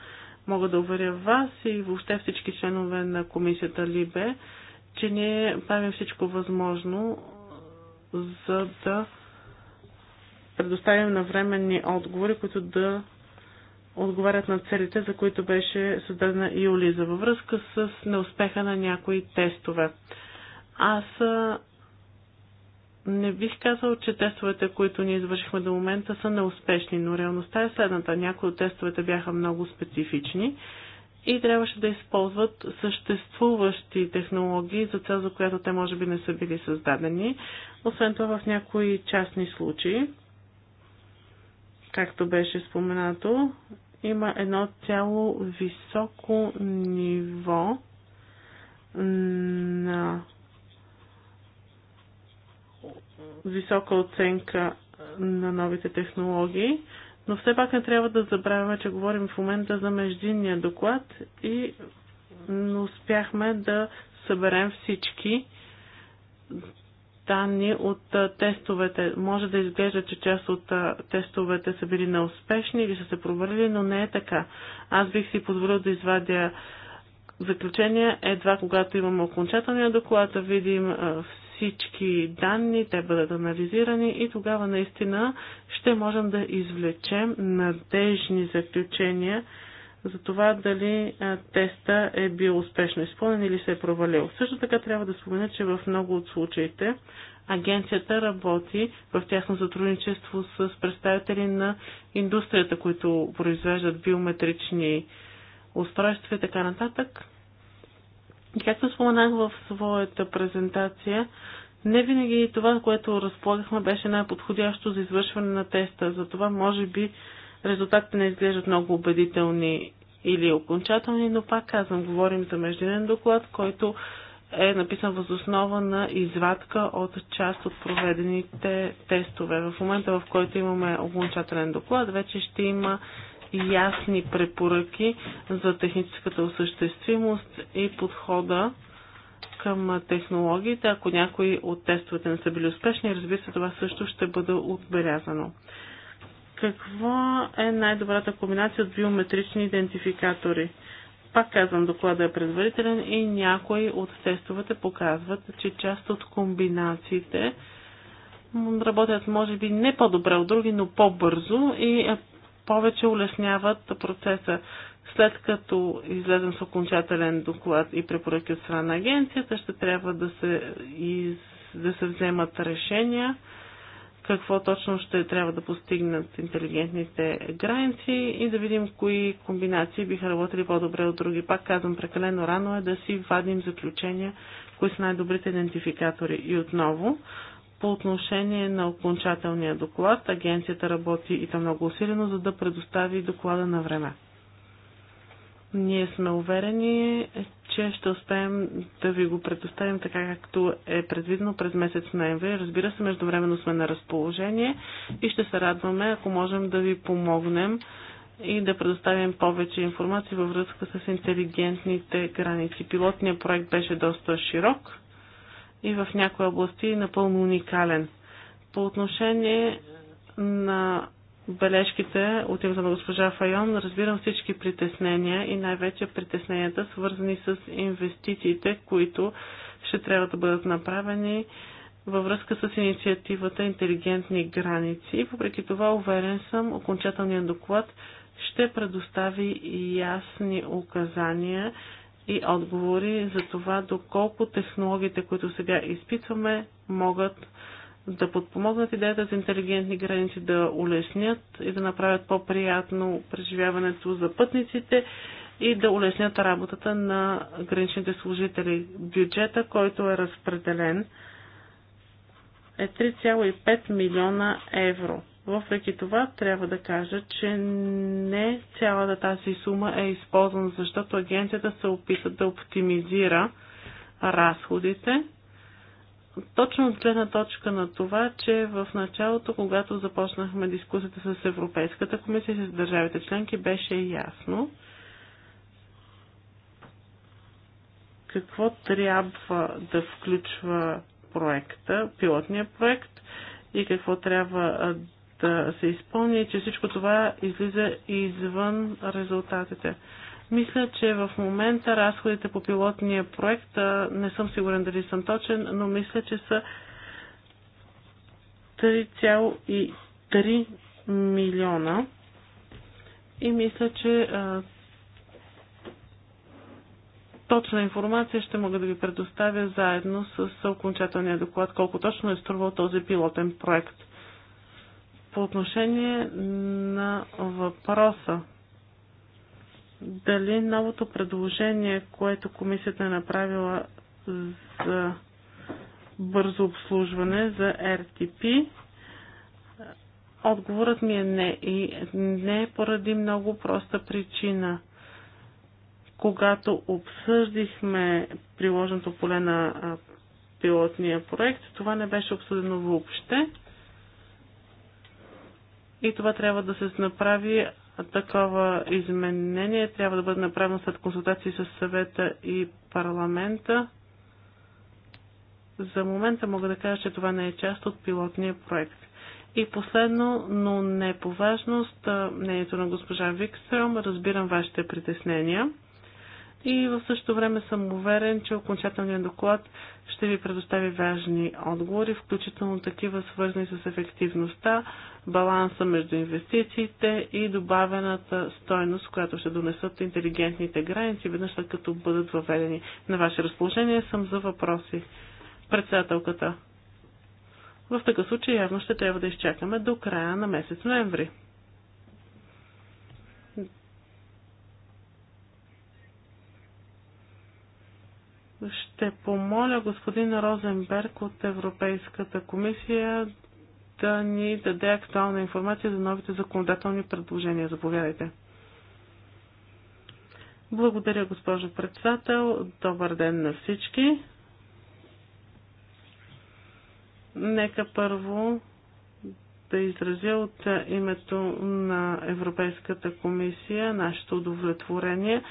Мога да уверя вас и въобще всички членове на комисията Либе, че ние правим всичко възможно, за да предоставим навременни отговори, които да отговарят на целите, за които беше създадена и Олиза във връзка с неуспеха на някои тестове. Аз не бих казал, че тестовете, които ние извършихме до момента, са неуспешни, но реалността е следната. Някои от тестовете бяха много специфични и трябваше да използват съществуващи технологии за цел, за която те може би не са били създадени. Освен това, в някои частни случаи както беше споменато, има едно цяло високо ниво на висока оценка на новите технологии, но все пак не трябва да забравяме, че говорим в момента за междинния доклад и успяхме да съберем всички данни от тестовете. Може да изглежда, че част от тестовете са били неуспешни или са се провалили, но не е така. Аз бих си позволил да извадя заключение едва когато имаме окончателния доклад, да видим всички данни, те бъдат анализирани и тогава наистина ще можем да извлечем надежни заключения за това дали теста е бил успешно изпълнен или се е провалил. Също така трябва да спомена, че в много от случаите агенцията работи в тясно сътрудничество с представители на индустрията, които произвеждат биометрични устройства и така нататък. И както споменах в своята презентация, не винаги това, което разполагахме, беше най-подходящо за извършване на теста. Затова, може би, Резултатите не изглеждат много убедителни или окончателни, но пак казвам, говорим за междинен доклад, който е написан възоснова на извадка от част от проведените тестове. В момента, в който имаме окончателен доклад, вече ще има ясни препоръки за техническата осъществимост и подхода към технологиите. Ако някои от тестовете не са били успешни, разбира се, това също ще бъде отбелязано. Какво е най-добрата комбинация от биометрични идентификатори? Пак казвам, докладът е предварителен и някои от тестовете показват, че част от комбинациите работят може би не по-добре от други, но по-бързо и е, повече улесняват процеса. След като излезем с окончателен доклад и препоръки от страна на агенцията, ще трябва да се, из... да се вземат решения какво точно ще трябва да постигнат интелигентните граници и да видим кои комбинации биха работили по-добре от други. Пак казвам, прекалено рано е да си вадим заключения, кои са най-добрите идентификатори. И отново, по отношение на окончателния доклад, агенцията работи и то много усилено, за да предостави доклада на време. Ние сме уверени, че ще успеем да ви го предоставим така, както е предвидено през месец ноември. Разбира се, междувременно сме на разположение и ще се радваме, ако можем да ви помогнем и да предоставим повече информация във връзка с интелигентните граници. Пилотният проект беше доста широк и в някои области напълно уникален. По отношение на бележките от името на госпожа Файон. Разбирам всички притеснения и най-вече притесненията, свързани с инвестициите, които ще трябва да бъдат направени във връзка с инициативата Интелигентни граници. Въпреки това, уверен съм, окончателният доклад ще предостави ясни указания и отговори за това доколко технологиите, които сега изпитваме, могат да подпомогнат идеята за интелигентни граници, да улеснят и да направят по-приятно преживяването за пътниците и да улеснят работата на граничните служители. Бюджета, който е разпределен, е 3,5 милиона евро. Въпреки това, трябва да кажа, че не цялата тази сума е използвана, защото агенцията се опита да оптимизира разходите точно от гледна точка на това, че в началото, когато започнахме дискусията с Европейската комисия и с държавите членки, беше ясно какво трябва да включва проекта, пилотния проект и какво трябва да се изпълни, че всичко това излиза извън резултатите. Мисля, че в момента разходите по пилотния проект, не съм сигурен дали съм точен, но мисля, че са 3,3 милиона. И мисля, че точна информация ще мога да ви предоставя заедно с окончателния доклад, колко точно е струвал този пилотен проект. По отношение на въпроса дали новото предложение, което комисията е направила за бързо обслужване за RTP, отговорът ми е не. И не е поради много проста причина. Когато обсъждихме приложеното поле на пилотния проект, това не беше обсъдено въобще. И това трябва да се направи такова изменение трябва да бъде направено след консултации с съвета и парламента. За момента мога да кажа, че това не е част от пилотния проект. И последно, но не по важност, мнението на госпожа Викстрем, разбирам вашите притеснения. И в същото време съм уверен, че окончателният доклад ще ви предостави важни отговори, включително такива свързани с ефективността, баланса между инвестициите и добавената стойност, която ще донесат интелигентните граници, веднъж след като бъдат въведени. На ваше разположение съм за въпроси. Председателката. В такъв случай явно ще трябва да изчакаме до края на месец ноември. Ще помоля господин Розенберг от Европейската комисия да ни даде актуална информация за новите законодателни предложения. Заповядайте. Благодаря, госпожо председател. Добър ден на всички. Нека първо да изразя от името на Европейската комисия нашето удовлетворение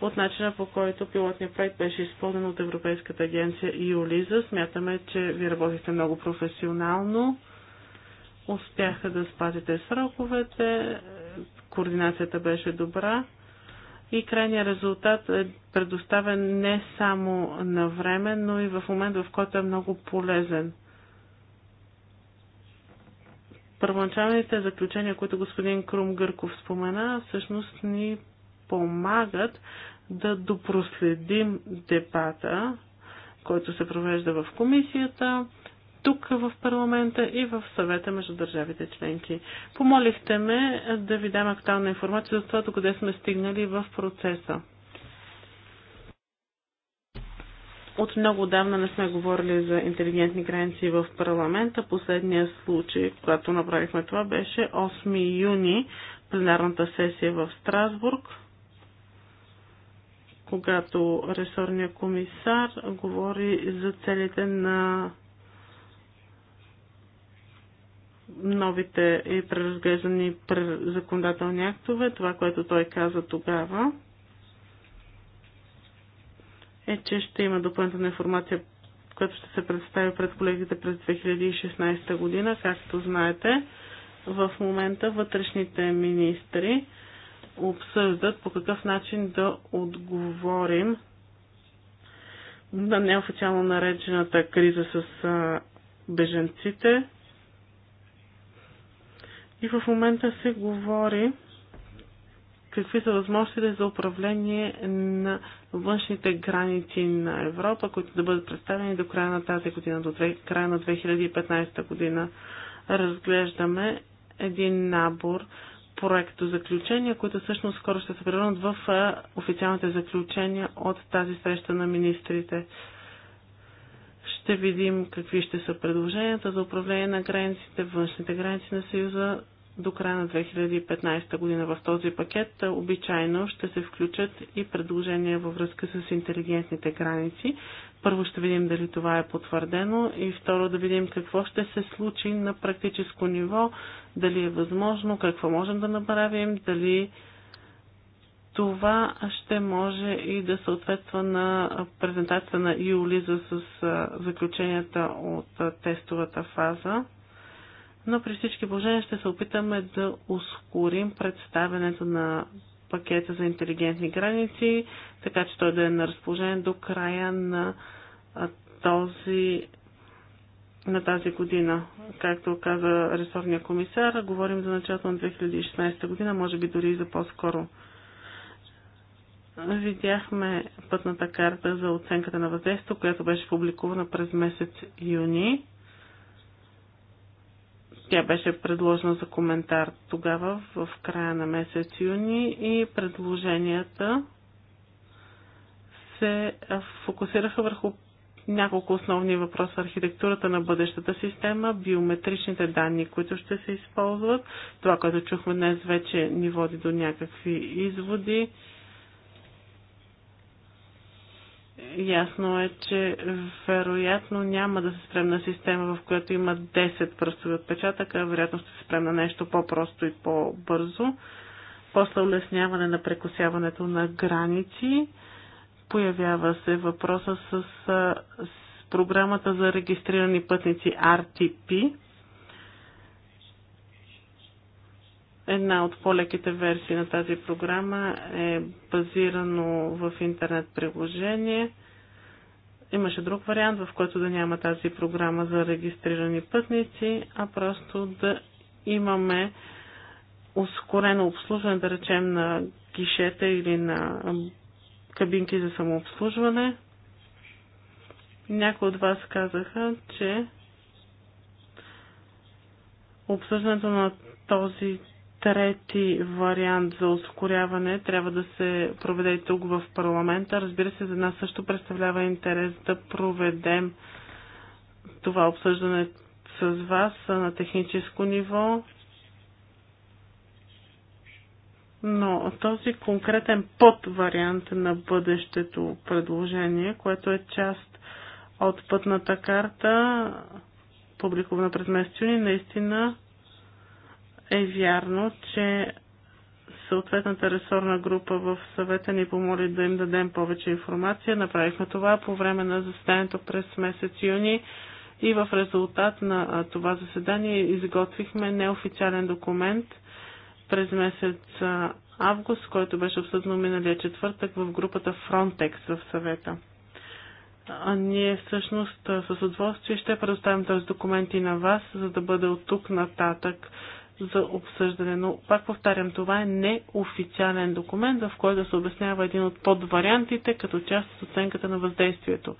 от начина по който пилотният проект беше изпълнен от Европейската агенция и Юлиза. Смятаме, че ви работихте много професионално успяха да спазите сроковете, координацията беше добра и крайният резултат е предоставен не само на време, но и в момент, в който е много полезен. Първоначалните заключения, които господин Крум Гърков спомена, всъщност ни помагат да допроследим дебата, който се провежда в комисията тук в парламента и в съвета между държавите членки. Помолихте ме да ви дам актуална информация за това, до къде сме стигнали в процеса. От много давна не сме говорили за интелигентни граници в парламента. Последният случай, когато направихме това, беше 8 юни, пленарната сесия в Страсбург, когато ресорният комисар говори за целите на новите и преразглеждани законодателни актове, това, което той каза тогава, е, че ще има допълнителна информация, която ще се представи пред колегите през 2016 година. Както знаете, в момента вътрешните министри обсъждат по какъв начин да отговорим на неофициално наречената криза с беженците, и в момента се говори какви са възможностите за управление на външните граници на Европа, които да бъдат представени до края на тази година, до края на 2015 година. Разглеждаме един набор проекто заключения, които всъщност скоро ще се превърнат в официалните заключения от тази среща на министрите. Ще видим какви ще са предложенията за управление на границите, външните граници на Съюза до края на 2015 година в този пакет. Обичайно ще се включат и предложения във връзка с интелигентните граници. Първо ще видим дали това е потвърдено и второ да видим какво ще се случи на практическо ниво, дали е възможно, какво можем да направим, дали това ще може и да съответства на презентацията на Юлиза с заключенията от тестовата фаза. Но при всички положения ще се опитаме да ускорим представенето на пакета за интелигентни граници, така че той да е на разположение до края на този на тази година. Както каза ресорния комисар, говорим за началото на 2016 година, може би дори и за по-скоро видяхме пътната карта за оценката на въздействието, която беше публикувана през месец юни. Тя беше предложена за коментар тогава, в края на месец юни и предложенията се фокусираха върху няколко основни въпроса. Архитектурата на бъдещата система, биометричните данни, които ще се използват. Това, което чухме днес, вече ни води до някакви изводи Ясно е, че вероятно няма да се спрем на система, в която има 10 пръстови отпечатъка, вероятно ще се спрем на нещо по-просто и по-бързо. После улесняване на прекосяването на граници. Появява се въпроса с, с програмата за регистрирани пътници RTP, Една от по-леките версии на тази програма е базирано в интернет приложение. Имаше друг вариант, в който да няма тази програма за регистрирани пътници, а просто да имаме ускорено обслужване, да речем, на гишета или на кабинки за самообслужване. Някои от вас казаха, че обсъждането на този трети вариант за ускоряване трябва да се проведе и тук в парламента. Разбира се, за нас също представлява интерес да проведем това обсъждане с вас на техническо ниво. Но този конкретен подвариант на бъдещето предложение, което е част от пътната карта, публикувана през месец юни, наистина е вярно, че съответната ресорна група в съвета ни помоли да им дадем повече информация. Направихме това по време на заседанието през месец юни и в резултат на това заседание изготвихме неофициален документ през месец август, който беше обсъдно миналия четвъртък в групата Frontex в съвета. А ние всъщност с удоволствие ще предоставим този документ и на вас, за да бъде от тук нататък за обсъждане. Но пак повтарям, това е неофициален документ, в който се обяснява един от подвариантите като част от оценката на въздействието.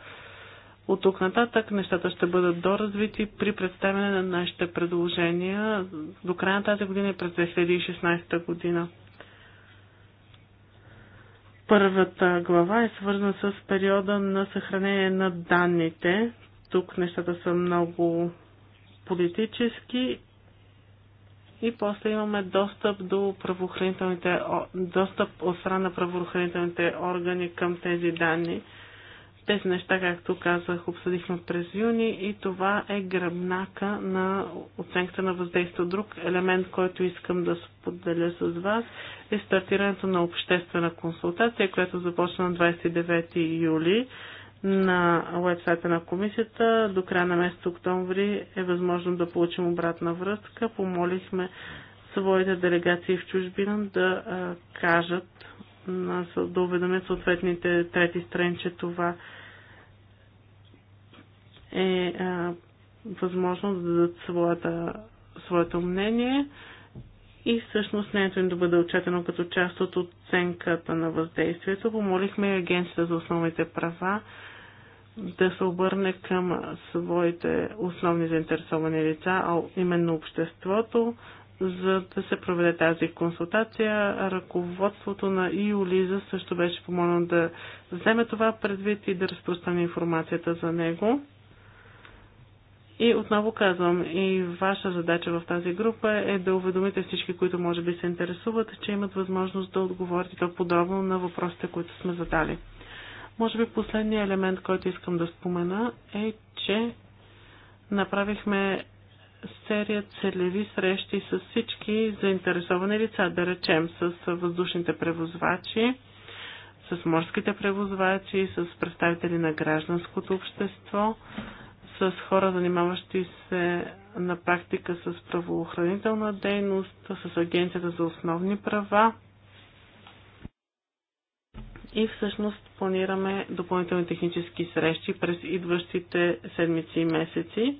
От тук нататък нещата ще бъдат доразвити при представяне на нашите предложения до края на тази година и през 2016 година. Първата глава е свързана с периода на съхранение на данните. Тук нещата са много политически и после имаме достъп до правоохранителните, достъп от страна на правоохранителните органи към тези данни. Тези неща, както казах, обсъдихме през юни и това е гръбнака на оценката на въздействие. Друг елемент, който искам да споделя с вас е стартирането на обществена консултация, която започна на 29 юли на уебсайта на комисията. До края на месец октомври е възможно да получим обратна връзка. Помолихме своите делегации в чужбина да кажат, да уведомят съответните трети страни, че това е възможно да дадат своята, своето мнение и всъщност мнението им да бъде отчетено като част от оценката на въздействието. Помолихме и Агенцията за основните права да се обърне към своите основни заинтересовани лица, а именно обществото, за да се проведе тази консултация. Ръководството на ИОЛИЗА също беше помолено да вземе това предвид и да разпространи информацията за него. И отново казвам, и ваша задача в тази група е да уведомите всички, които може би се интересуват, че имат възможност да отговорите подробно на въпросите, които сме задали. Може би последният елемент, който искам да спомена е, че направихме серия целеви срещи с всички заинтересовани лица, да речем с въздушните превозвачи, с морските превозвачи, с представители на гражданското общество, с хора, занимаващи се на практика с правоохранителна дейност, с Агенцията за основни права, и всъщност планираме допълнителни технически срещи през идващите седмици и месеци.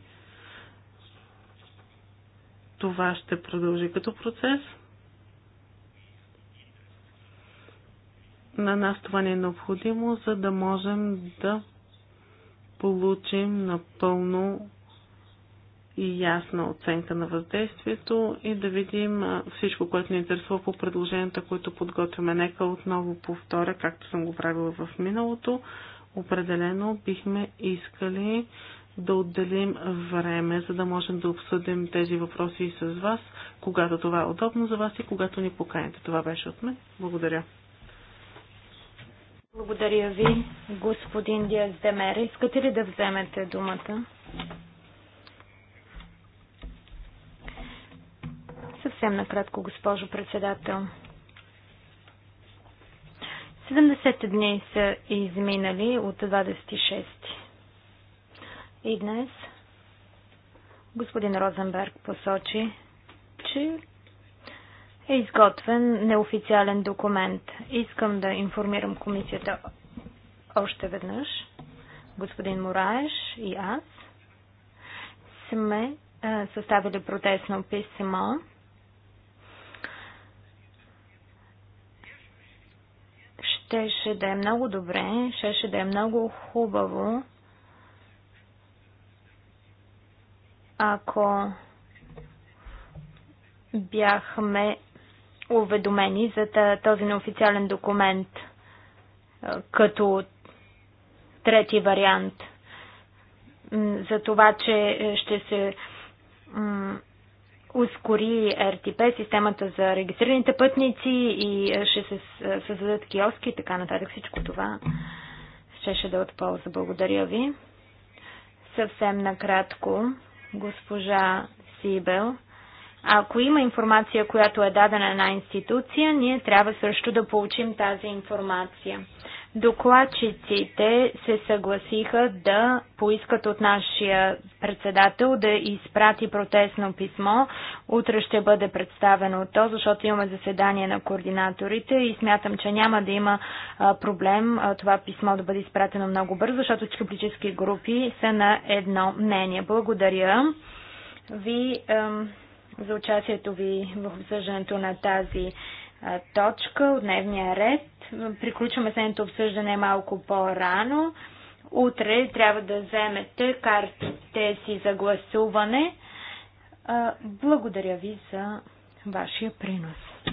Това ще продължи като процес. На нас това не е необходимо, за да можем да получим напълно и ясна оценка на въздействието и да видим всичко, което ни интересува по предложенията, които подготвяме. Нека отново повторя, както съм го правила в миналото. Определено бихме искали да отделим време, за да можем да обсъдим тези въпроси и с вас, когато това е удобно за вас и когато ни поканите. Това беше от мен. Благодаря. Благодаря ви, господин Диаз Демера. Искате ли да вземете думата? съвсем накратко, госпожо председател. 70 дни са изминали от 26. И днес господин Розенберг посочи, че е изготвен неофициален документ. Искам да информирам комисията още веднъж. Господин Мураеш и аз сме съставили протестно писмо щеше да е много добре, щеше да е много хубаво, ако бяхме уведомени за този неофициален документ като трети вариант за това, че ще се ускори РТП, системата за регистрираните пътници и е, ще се е, създадат киоски и така нататък. Всичко това щеше да е от полза. Благодаря ви. Съвсем накратко, госпожа Сибел, ако има информация, която е дадена на институция, ние трябва също да получим тази информация. Докладчиците се съгласиха да поискат от нашия председател да изпрати протестно писмо. Утре ще бъде представено то, защото имаме заседание на координаторите и смятам, че няма да има проблем това писмо да бъде изпратено много бързо, защото политически групи са на едно мнение. Благодаря ви за участието ви в обсъждането на тази точка от дневния ред. Приключваме следното обсъждане малко по-рано. Утре трябва да вземете картите си за гласуване. Благодаря ви за вашия принос.